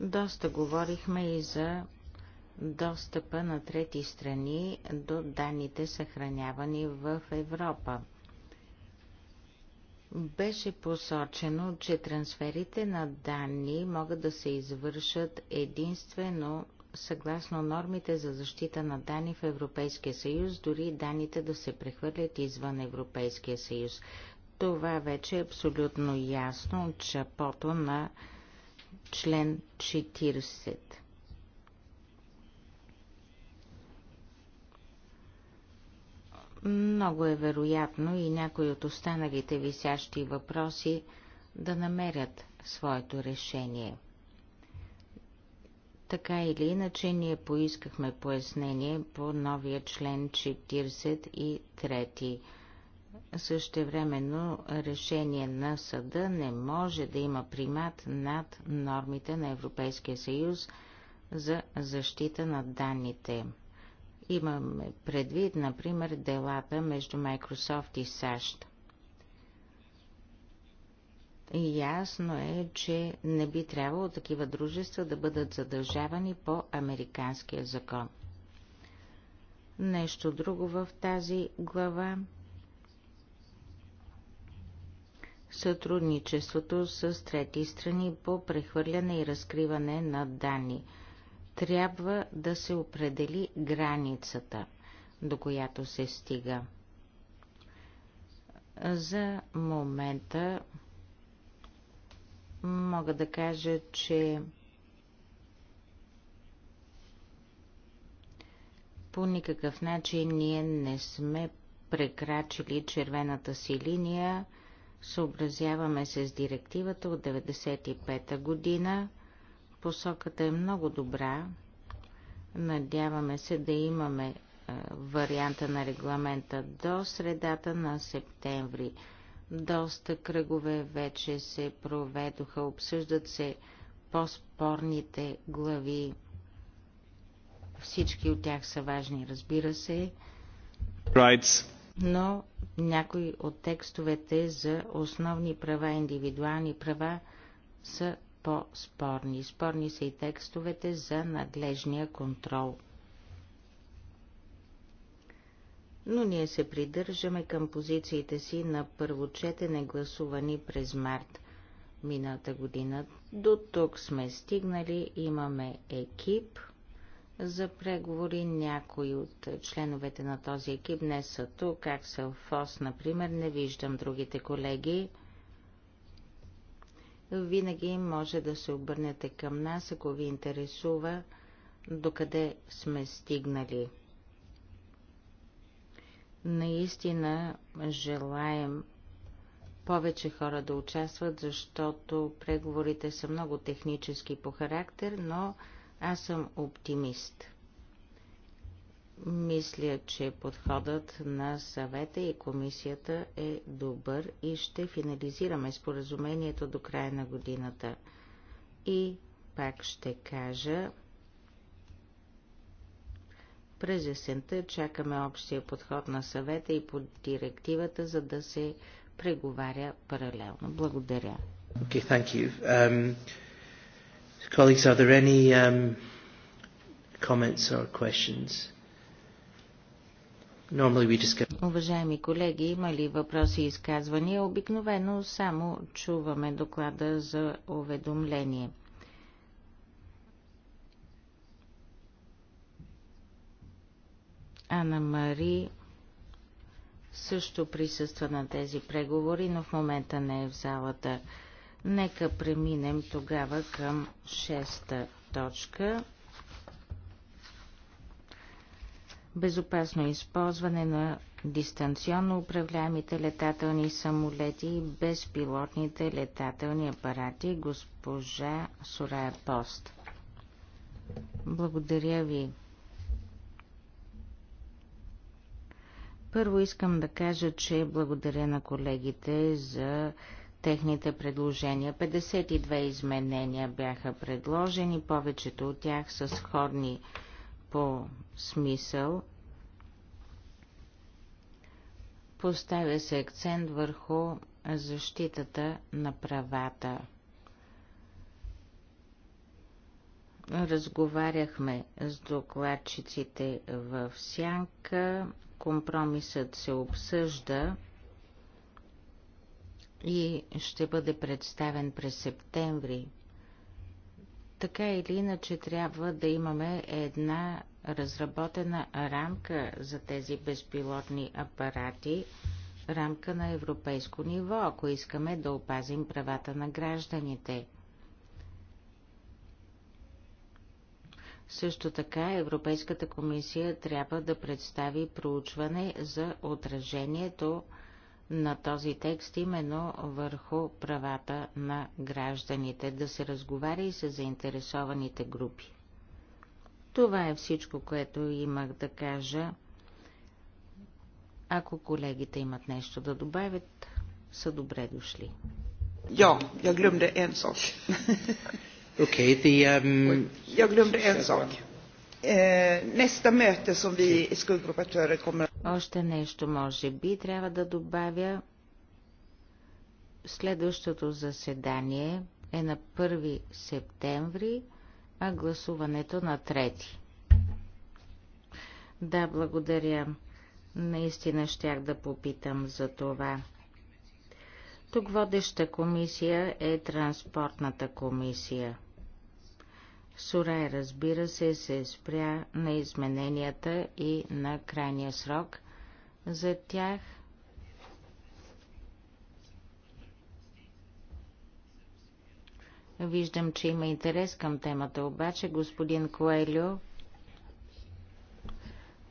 Доста говорихме и за достъпа на трети страни до данните, съхранявани в Европа – беше посочено, че трансферите на данни могат да се извършат единствено съгласно нормите за защита на данни в Европейския съюз, дори данните да се прехвърлят извън Европейския съюз. Това вече е абсолютно ясно от чапото на член 40. Много е вероятно и някои от останалите висящи въпроси да намерят своето решение. Така или иначе, ние поискахме пояснение по новия член 43. Същевременно решение на съда не може да има примат над нормите на Европейския съюз за защита на данните. Имаме предвид, например, делата между Microsoft и САЩ. И Ясно е, че не би трябвало такива дружества да бъдат задължавани по американския закон. Нещо друго в тази глава сътрудничеството с трети страни по прехвърляне и разкриване на данни – трябва да се определи границата, до която се стига. За момента мога да кажа, че по никакъв начин ние не сме прекрачили червената си линия, съобразяваме се с директивата от 1995 година – Посоката е много добра. Надяваме се да имаме е, варианта на регламента до средата на септември. Доста кръгове вече се проведоха, обсъждат се по-спорните глави. Всички от тях са важни, разбира се. Но някои от текстовете за основни права, индивидуални права са по-спорни. Спорни са и текстовете за надлежния контрол. Но ние се придържаме към позициите си на първо четене гласувани през март мината година. До тук сме стигнали, имаме екип за преговори. Някои от членовете на този екип не са тук, как са в ФОС, например, не виждам другите колеги винаги може да се обърнете към нас, ако ви интересува докъде сме стигнали. Наистина желаем повече хора да участват, защото преговорите са много технически по характер, но аз съм оптимист. Мисля, че подходът на съвета и комисията е добър и ще финализираме споразумението до края на годината. И пак ще кажа, през есента чакаме общия подход на съвета и по директивата, за да се преговаря паралелно. Благодаря. Okay, thank you. Um, colleagues, are there any um, comments or questions? Уважаеми колеги, има ли въпроси и изказвания? Обикновено само чуваме доклада за уведомление. Ана Мари също присъства на тези преговори, но в момента не е в залата. Нека преминем тогава към шеста точка. безопасно използване на дистанционно управляемите летателни самолети и безпилотните летателни апарати, госпожа Сурая Пост. Благодаря ви. Първо искам да кажа, че благодаря на колегите за техните предложения. 52 изменения бяха предложени, повечето от тях са сходни по смисъл. Поставя се акцент върху защитата на правата. Разговаряхме с докладчиците в Сянка. Компромисът се обсъжда и ще бъде представен през септември така или иначе трябва да имаме една разработена рамка за тези безпилотни апарати, рамка на европейско ниво, ако искаме да опазим правата на гражданите. Също така Европейската комисия трябва да представи проучване за отражението на този текст именно върху правата на гражданите, да се разговаря и с заинтересованите групи. Това е всичко, което имах да кажа. Ако колегите имат нещо да добавят, са добре дошли. Ja, jag glömde en sak. Okej, okay, the... Um... Jag glömde en sak. Eh, nästa möte som vi i skuggpreparatörer kommer още нещо, може би, трябва да добавя. Следващото заседание е на 1 септември, а гласуването на 3. Да, благодаря. Наистина щях да попитам за това. Тук водеща комисия е транспортната комисия. Сурай, разбира се, се спря на измененията и на крайния срок за тях. Виждам, че има интерес към темата, обаче господин Коелю.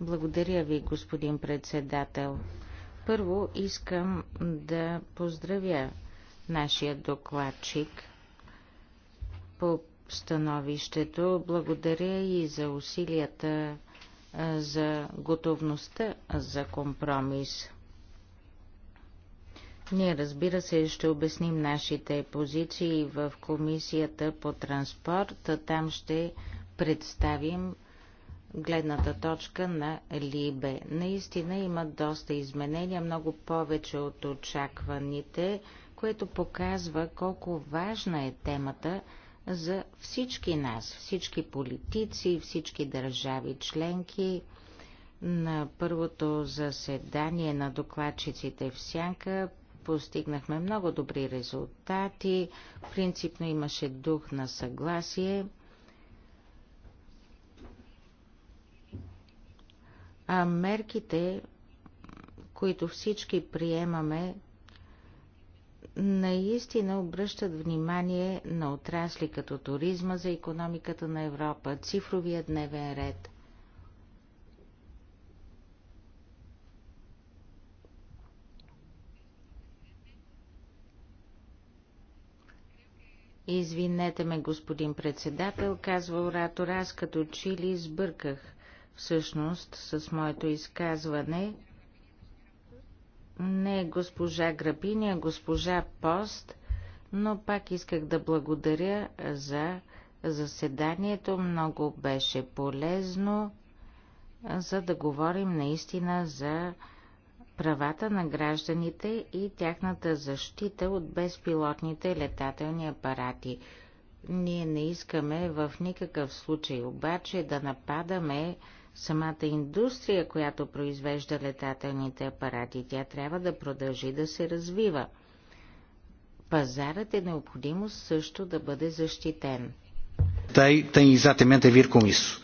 Благодаря ви, господин председател. Първо искам да поздравя нашия докладчик по становището. Благодаря и за усилията за готовността за компромис. Ние, разбира се, ще обясним нашите позиции в Комисията по транспорт. Там ще представим гледната точка на Либе. Наистина има доста изменения, много повече от очакваните, което показва колко важна е темата – за всички нас, всички политици, всички държави членки. На първото заседание на докладчиците в Сянка постигнахме много добри резултати. Принципно имаше дух на съгласие. А мерките, които всички приемаме, наистина обръщат внимание на отрасли като туризма за економиката на Европа, цифровия дневен ред. Извинете ме, господин председател, казва оратор, аз като Чили сбърках всъщност с моето изказване – не госпожа Грабини, а госпожа Пост, но пак исках да благодаря за заседанието. Много беше полезно, за да говорим наистина за правата на гражданите и тяхната защита от безпилотните летателни апарати. Ние не искаме в никакъв случай обаче да нападаме самата индустрия, която произвежда летателните апарати. Тя трябва да продължи да се развива. Пазарът е необходимо също да бъде защитен. exatamente com isso,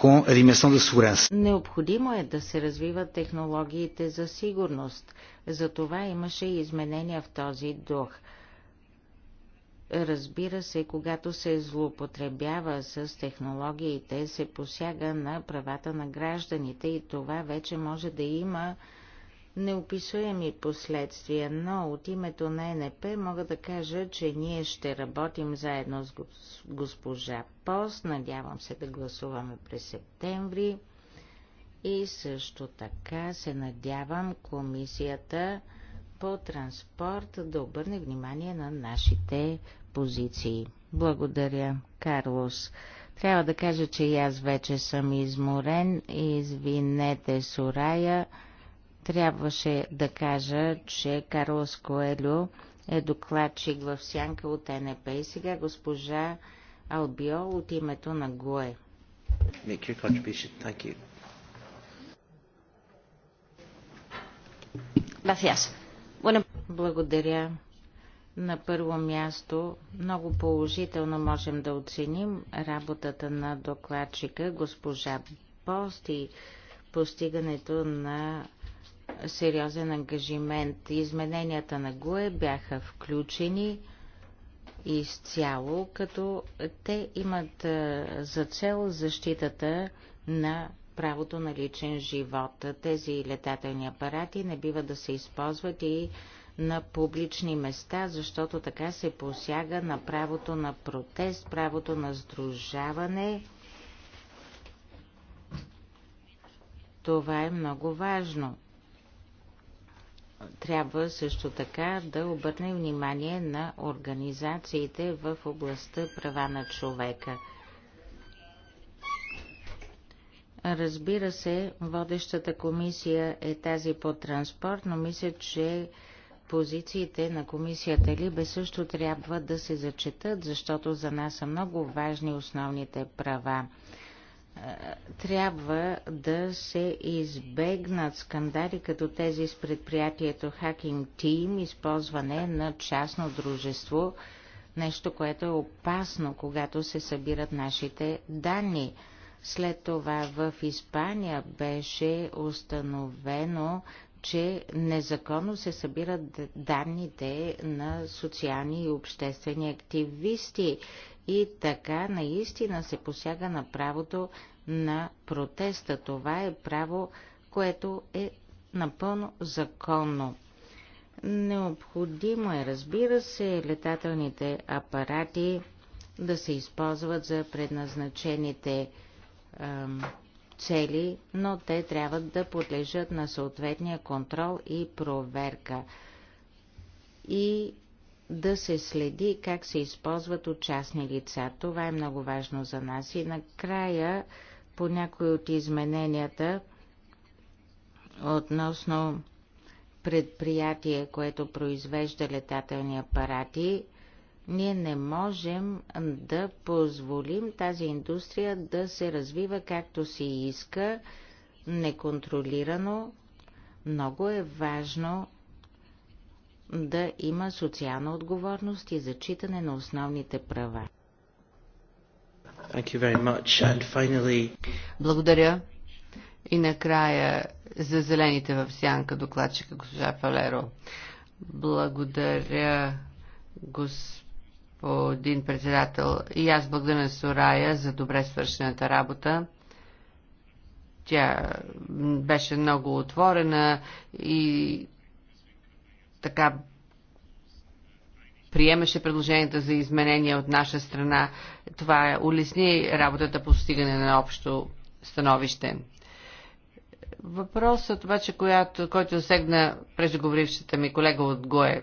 com a dimensão da segurança. Необходимо е да се развиват технологиите за сигурност. За това имаше и изменения в този дух – Разбира се, когато се злоупотребява с технологиите, се посяга на правата на гражданите и това вече може да има неописуеми последствия, но от името на НП мога да кажа, че ние ще работим заедно с госпожа Пост, надявам се да гласуваме през септември и също така се надявам комисията по транспорт да обърне внимание на нашите позиции. Благодаря, Карлос. Трябва да кажа, че и аз вече съм изморен. Извинете, Сурая. Трябваше да кажа, че Карлос Коелю е докладчик в сянка от НП и сега госпожа Албио от името на ГОЕ. Gracias. Благодаря. На първо място много положително можем да оценим работата на докладчика госпожа Пост и постигането на сериозен ангажимент. Измененията на ГУЕ бяха включени изцяло, като те имат за цел защитата на правото на личен живот. Тези летателни апарати не бива да се използват и на публични места, защото така се посяга на правото на протест, правото на сдружаване. Това е много важно. Трябва също така да обърнем внимание на организациите в областта права на човека. Разбира се, водещата комисия е тази по транспорт, но мисля, че позициите на комисията Либе също трябва да се зачетат, защото за нас са много важни основните права. Е, трябва да се избегнат скандали като тези с предприятието Hacking Team, използване на частно дружество, нещо, което е опасно, когато се събират нашите данни. След това в Испания беше установено, че незаконно се събират данните на социални и обществени активисти и така наистина се посяга на правото на протеста. Това е право, което е напълно законно. Необходимо е, разбира се, летателните апарати да се използват за предназначените ам, цели, но те трябва да подлежат на съответния контрол и проверка и да се следи как се използват от частни лица. Това е много важно за нас. И накрая, по някои от измененията относно предприятие, което произвежда летателни апарати, ние не можем да позволим тази индустрия да се развива както си иска, неконтролирано. Много е важно да има социална отговорност и зачитане на основните права. Finally... Благодаря. И накрая за зелените в сянка докладчика госпожа Фалеро. Благодаря, господин господин председател. И аз благодаря на Сорая за добре свършената работа. Тя беше много отворена и така приемаше предложенията за изменения от наша страна. Това улесни работата по стигане на общо становище. Въпросът обаче, който засегна преждеговорившата ми колега от ГОЕ,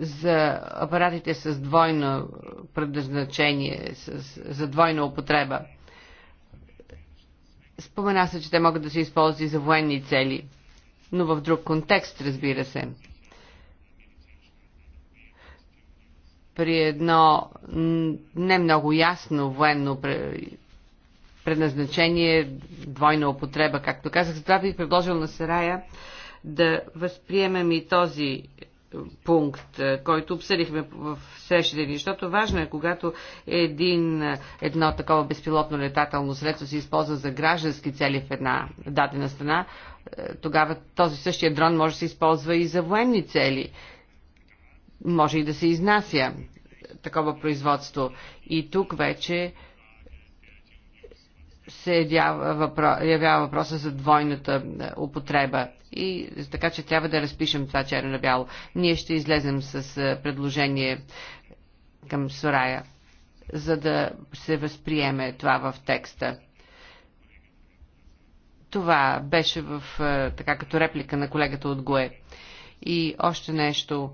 за апаратите с двойно предназначение, с, за двойна употреба. Спомена се, че те могат да се използват и за военни цели, но в друг контекст, разбира се. При едно не много ясно военно предназначение, двойна употреба, както казах, затова бих предложил на Сарая да възприемем и този пункт, е, който обсъдихме в срещите ни, защото важно е, когато един, едно такова безпилотно летателно средство се използва за граждански цели в една дадена страна, е, тогава този същия дрон може да се използва и за военни цели. Може и да се изнася такова производство. И тук вече се явява, въпро... явява въпроса за двойната е, употреба. И така, че трябва да разпишем това черно на бяло. Ние ще излезем с е, предложение към Сорая, за да се възприеме това в текста. Това беше в, е, така като реплика на колегата от Гое. И още нещо,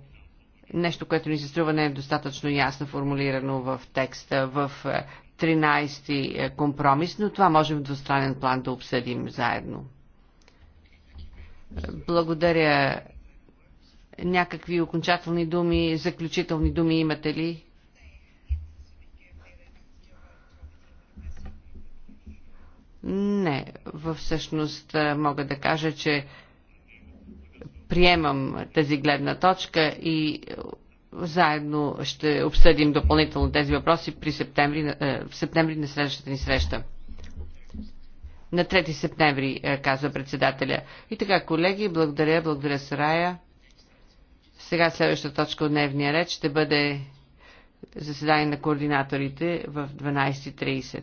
нещо, което ни се струва не е достатъчно ясно формулирано в текста, в 13 е, компромис, но това можем в двустранен план да обсъдим заедно. Благодаря. Някакви окончателни думи, заключителни думи имате ли? Не, във всъщност е, мога да кажа, че приемам тази гледна точка и заедно ще обсъдим допълнително тези въпроси при септември, е, в септември на следващата ни среща. На 3 септември, е, казва председателя. И така, колеги, благодаря, благодаря Сарая. Сега следващата точка от дневния ред ще бъде заседание на координаторите в 12.30.